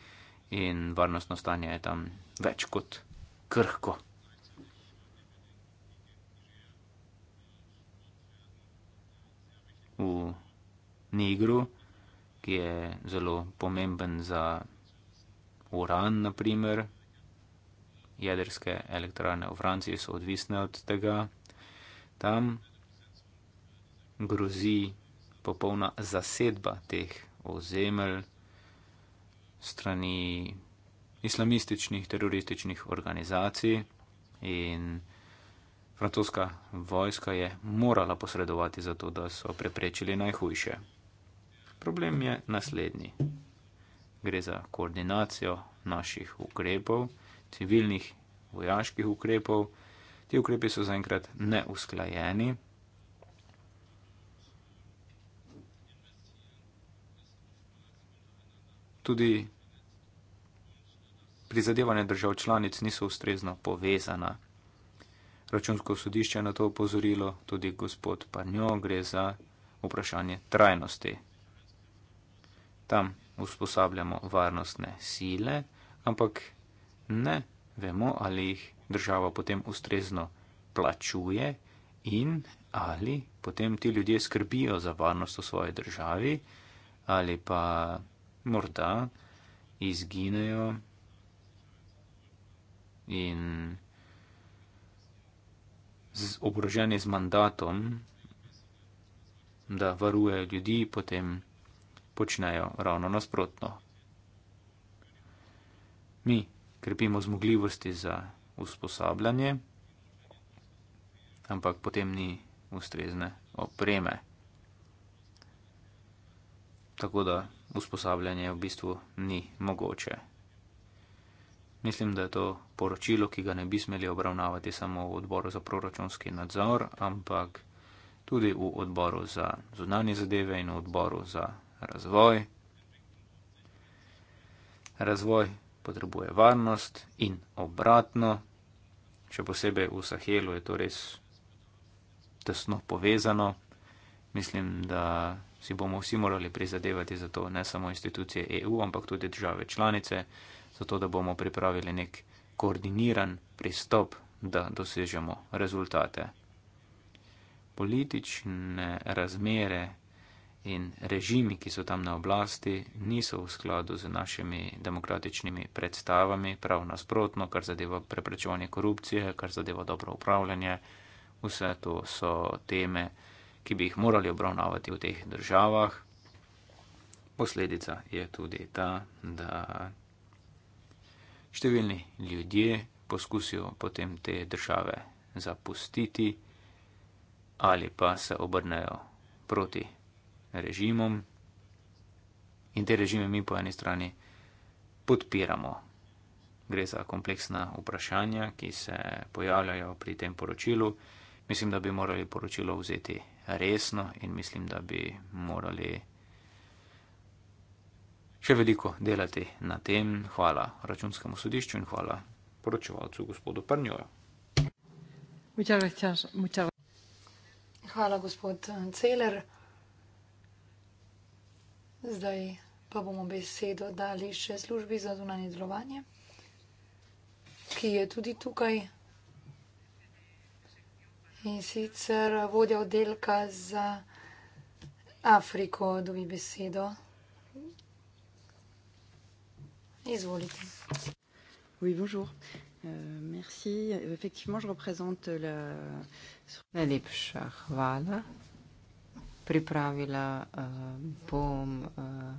[SPEAKER 1] in varnostno stanje je tam več kot krhko. V Nigru, ki je zelo pomemben za uran, naprimer, jedrske elektrane v Franciji so odvisne od tega, tam grozi popolna zasedba teh ozemelj strani islamističnih terorističnih organizacij in francoska vojska je morala posredovati za to, da so preprečili najhujše. Problem je naslednji gre za koordinacijo naših ukrepov, civilnih, vojaških ukrepov. Ti ukrepi so zaenkrat neusklajeni. Tudi prizadevanja držav članic niso ustrezno povezana. Računsko sodišče je na to upozorilo, tudi gospod Panjo gre za vprašanje trajnosti. Tam usposabljamo varnostne sile, ampak ne vemo, ali jih država potem ustrezno plačuje in ali potem ti ljudje skrbijo za varnost v svoji državi ali pa morda izginejo in oboroženi z mandatom, da varuje ljudi, potem počnejo ravno nasprotno. Mi krepimo zmogljivosti za usposabljanje, ampak potem ni ustrezne opreme. Tako da usposabljanje v bistvu ni mogoče. Mislim, da je to poročilo, ki ga ne bi smeli obravnavati samo v odboru za proračunski nadzor, ampak tudi v odboru za zunanje zadeve in v odboru za razvoj. Razvoj potrebuje varnost in obratno, še posebej v Sahelu je to res tesno povezano. Mislim, da si bomo vsi morali prizadevati za to, ne samo institucije EU, ampak tudi države članice, zato da bomo pripravili nek koordiniran pristop, da dosežemo rezultate. Politične razmere in režimi, ki so tam na oblasti, niso v skladu z našimi demokratičnimi predstavami, prav nasprotno, kar zadeva preprečevanje korupcije, kar zadeva dobro upravljanje. Vse to so teme, ki bi jih morali obravnavati v teh državah. Posledica je tudi ta, da številni ljudje poskusijo potem te države zapustiti ali pa se obrnejo proti režimom in te režime mi po eni strani podpiramo. Gre za kompleksna vprašanja, ki se pojavljajo pri tem poročilu. Mislim, da bi morali poročilo vzeti resno in mislim, da bi morali še veliko delati na tem. Hvala računskemu sodišču in hvala poročevalcu gospodu Prnjoju.
[SPEAKER 2] Hvala, gospod Celer. Zdaj pa bomo besedo dali še službi za zunanje delovanje, ki je tudi tukaj. In sicer vodja oddelka za Afriko dobi besedo. Izvolite. Oui,
[SPEAKER 3] bonjour. Uh, merci. Effectivement, je représente la... Najlepša hvala pripravila uh, bom uh,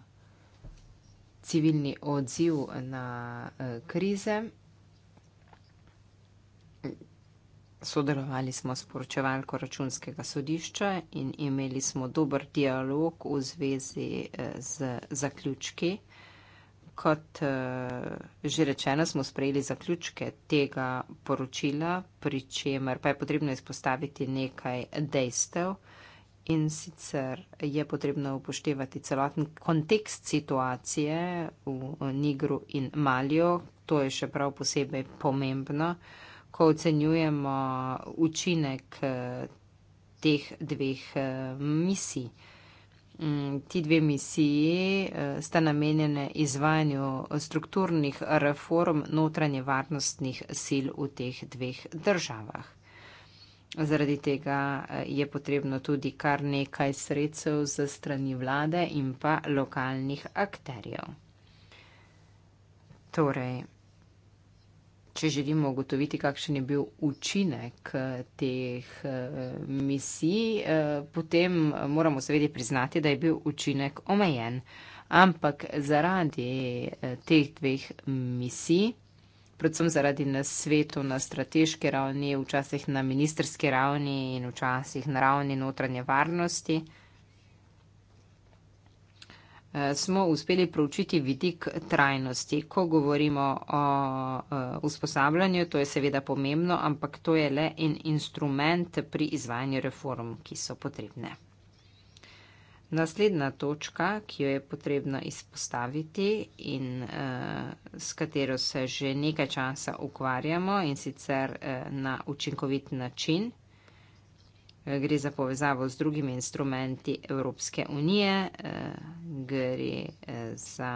[SPEAKER 3] civilni odziv na uh, krize. Sodelovali smo s poročevalko računskega sodišča in imeli smo dober dialog v zvezi z zaključki. Kot že rečeno, smo sprejeli zaključke tega poročila, pri čemer pa je potrebno izpostaviti nekaj dejstev. In sicer je potrebno upoštevati celoten kontekst situacije v eh, Nigru in Malijo. To je še prav posebej pomembno, ko ocenjujemo učinek eh, teh dveh eh, misij. Mm, ti dve misiji sta namenjene izvajanju strukturnih reform notranje varnostnih sil v teh dveh državah. Zaradi tega eh, je potrebno tudi kar nekaj sredstev za strani vlade in pa lokalnih akterjev. Torej, če želimo ugotoviti, kakšen je bil učinek eh, teh eh, misij, potem moramo seveda priznati, da je bil učinek omejen. Ampak zaradi teh dveh misij, predvsem zaradi na svetu, na strateški ravni, včasih na ministerski ravni in včasih na ravni notranje varnosti. Eh, smo uspeli proučiti vidik trajnosti. Ko govorimo o eh, usposabljanju, to je seveda pomembno, ampak to je le en instrument pri izvajanju reform, ki so potrebne. Naslednja točka, ki jo je potrebno izpostaviti in eh, s katero se že nekaj časa ukvarjamo in sicer eh, na učinkovit način, eh, gre za povezavo z drugimi instrumenti Evropske unije, eh, gre eh, za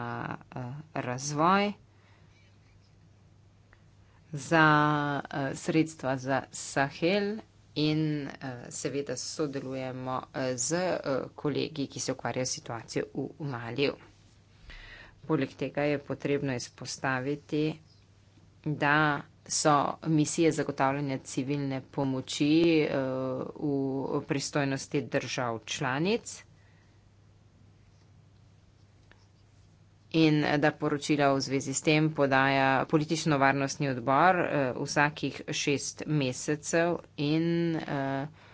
[SPEAKER 3] eh, razvoj, za eh, sredstva za Sahel in eh, seveda sodelujemo eh, z eh, kolegi, ki se ukvarjajo situacijo v Maliju. Poleg tega je potrebno izpostaviti, da so misije zagotavljanja civilne pomoči v pristojnosti držav članic. in da poročila v zvezi s tem podaja politično varnostni odbor eh, vsakih šest mesecev in eh,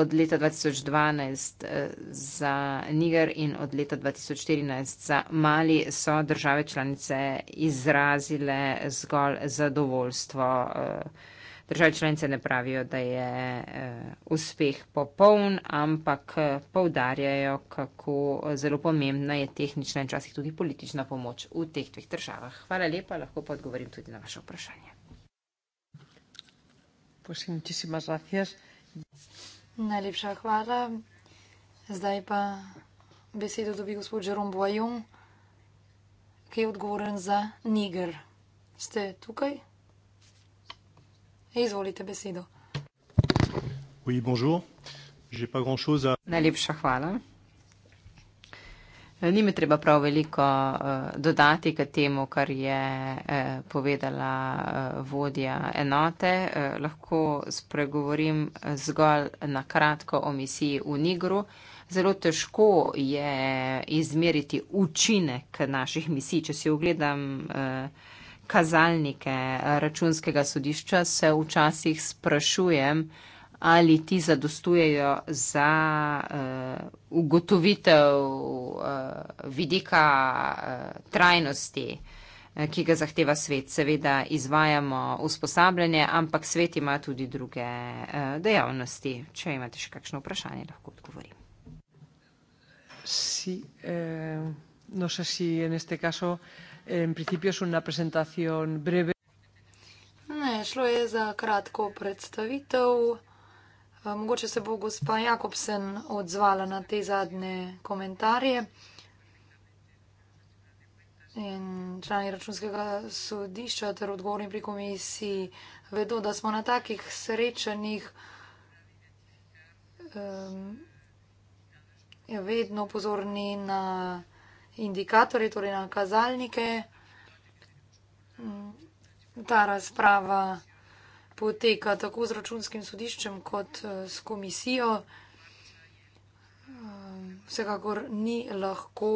[SPEAKER 3] od leta 2012 eh, za Niger in od leta 2014 za Mali so države članice izrazile zgolj zadovoljstvo. Uh, države članice ne pravijo, da je eh, uspeh popoln, ampak eh, povdarjajo, kako eh, zelo pomembna je tehnična in časih tudi politična pomoč v teh dveh državah. Hvala lepa, lahko pa odgovorim tudi na vaše vprašanje.
[SPEAKER 2] Najlepša hvala. Zdaj pa besedo dobi gospod Jerome Boyon, ki je odgovoren za Niger. Ste tukaj? Izvolite besedo.
[SPEAKER 3] Najlepša hvala. Ni mi treba prav veliko eh, dodati k temu, kar je eh, povedala eh, vodja enote. Lahko spregovorim zgolj na kratko o misiji v Nigru. Zelo težko je izmeriti učinek naših misij, če si ogledam kazalnike eh, računskega sodišča, se včasih sprašujem, ali ti zadostujejo za uh, ugotovitev uh, vidika uh, trajnosti, uh, ki ga zahteva svet. Seveda izvajamo usposabljanje, ampak svet ima tudi druge uh, dejavnosti. Če imate še kakšno vprašanje, lahko odgovorim.
[SPEAKER 4] Si, eh, no, še si, v tem primeru. En principio es una presentación breve.
[SPEAKER 2] Ne, šlo je za kratko predstavitev. Eh, mogoče se bo gospa Jakobsen odzvala na te zadnje komentarje. In člani računskega sodišča ter odgovorni pri komisiji vedo, da smo na takih srečanjih um, vedno pozorni na indikatorje, torej na kazalnike. Ta razprava poteka tako z računskim sodiščem kot eh, s komisijo. Eh, vsekakor ni lahko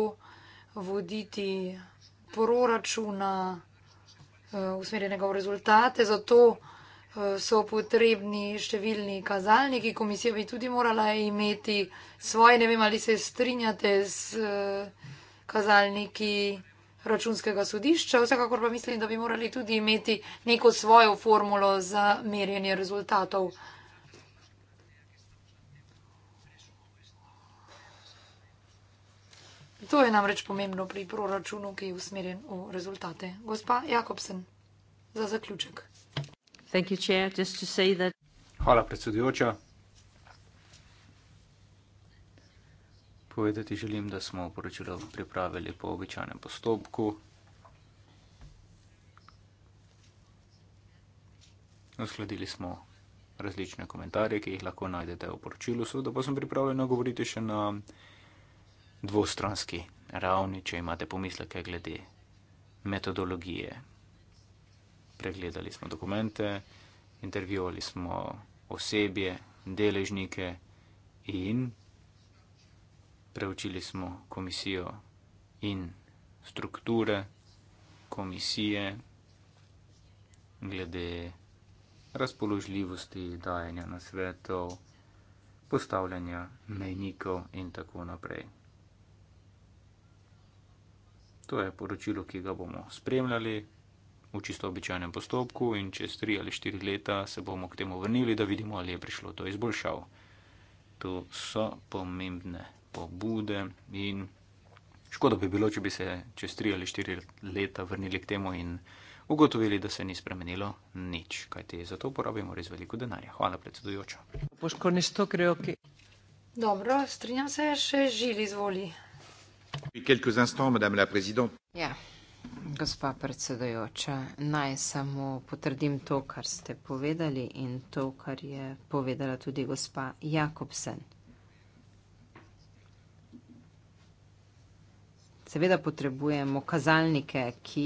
[SPEAKER 2] voditi proračuna eh, usmerjenega v rezultate, zato so potrebni številni kazalniki. Komisija bi tudi morala imeti svoje, ne vem, ali se strinjate z kazalniki računskega sodišča. Vsekakor pa mislim, da bi morali tudi imeti neko svojo formulo za merjenje rezultatov. To je namreč pomembno pri proračunu, ki je usmerjen v rezultate. Gospa Jakobsen, za zaključek.
[SPEAKER 1] Hvala predsedujoča. Povedati želim, da smo poročilo pripravili po običajnem postopku. Uskladili smo različne komentarje, ki jih lahko najdete v poročilu, seveda pa sem pripravljen govoriti še na dvostranski ravni, če imate pomisleke glede metodologije. Pregledali smo dokumente, intervjuvali smo osebje, deležnike in preučili smo komisijo in strukture komisije glede razpoložljivosti, dajanja nasvetov, postavljanja mejnikov in tako naprej. To je poročilo, ki ga bomo spremljali v čisto običajnem postopku in čez tri ali štiri leta se bomo k temu vrnili, da vidimo, ali je prišlo to izboljšav. To so pomembne pobude in škoda bi bilo, če bi se čez tri ali štiri leta vrnili k temu in ugotovili, da se ni spremenilo nič, kajti za to porabimo res veliko denarja. Hvala, predsedujoča.
[SPEAKER 2] Dobro, strinjam se, še živi izvoli.
[SPEAKER 3] Ja, gospa predsedojoča, naj samo potrdim to, kar ste povedali in to, kar je povedala tudi gospa Jakobsen. seveda potrebujemo kazalnike, ki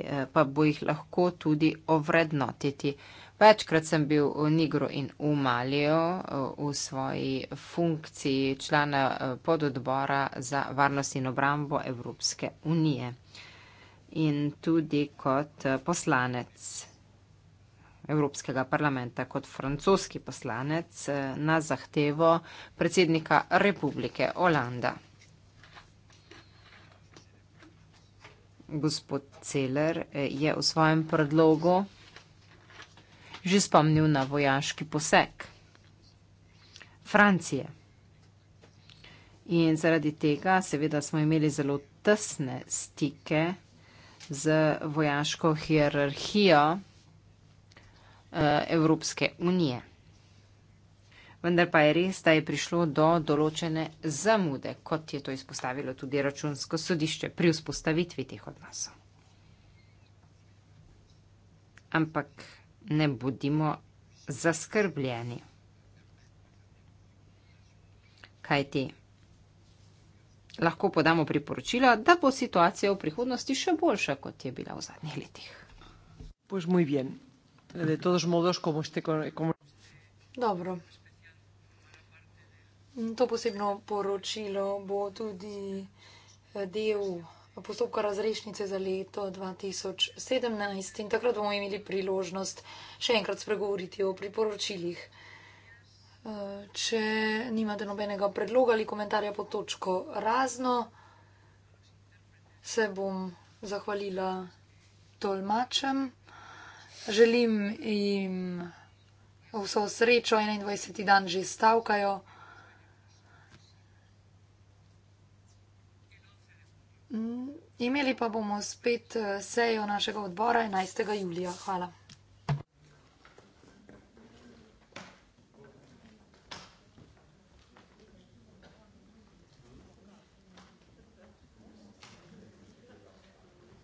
[SPEAKER 3] eh, pa bo jih lahko tudi ovrednotiti. Večkrat sem bil v Nigru in v Malijo eh, v svoji funkciji člana eh, pododbora za varnost in obrambo Evropske unije in tudi kot poslanec Evropskega parlamenta, kot francoski poslanec na zahtevo predsednika republike Olanda. gospod Celer eh, je v svojem predlogu že spomnil na vojaški poseg Francije. In zaradi tega seveda smo imeli zelo tesne stike z vojaško hierarhijo eh, Evropske unije vendar pa je res, da je prišlo do določene zamude, kot je to izpostavilo tudi računsko sodišče pri vzpostavitvi teh odnosov. Ampak ne bodimo zaskrbljeni. Kaj ti? Lahko podamo priporočila, da bo situacija v prihodnosti še boljša, kot je bila v zadnjih letih. Pojš, moj vjen. De todos modos, como este, como...
[SPEAKER 2] Dobro, To posebno poročilo bo tudi eh, del postopka razrešnice za leto 2017 in takrat bomo imeli priložnost še enkrat spregovoriti o priporočilih. Eh, če nimate nobenega predloga ali komentarja pod točko razno, se bom zahvalila tolmačem. Želim jim vso srečo, 21. dan že stavkajo. Mm, imeli pa bomo spet eh, sejo našega odbora 11. julija. Hvala.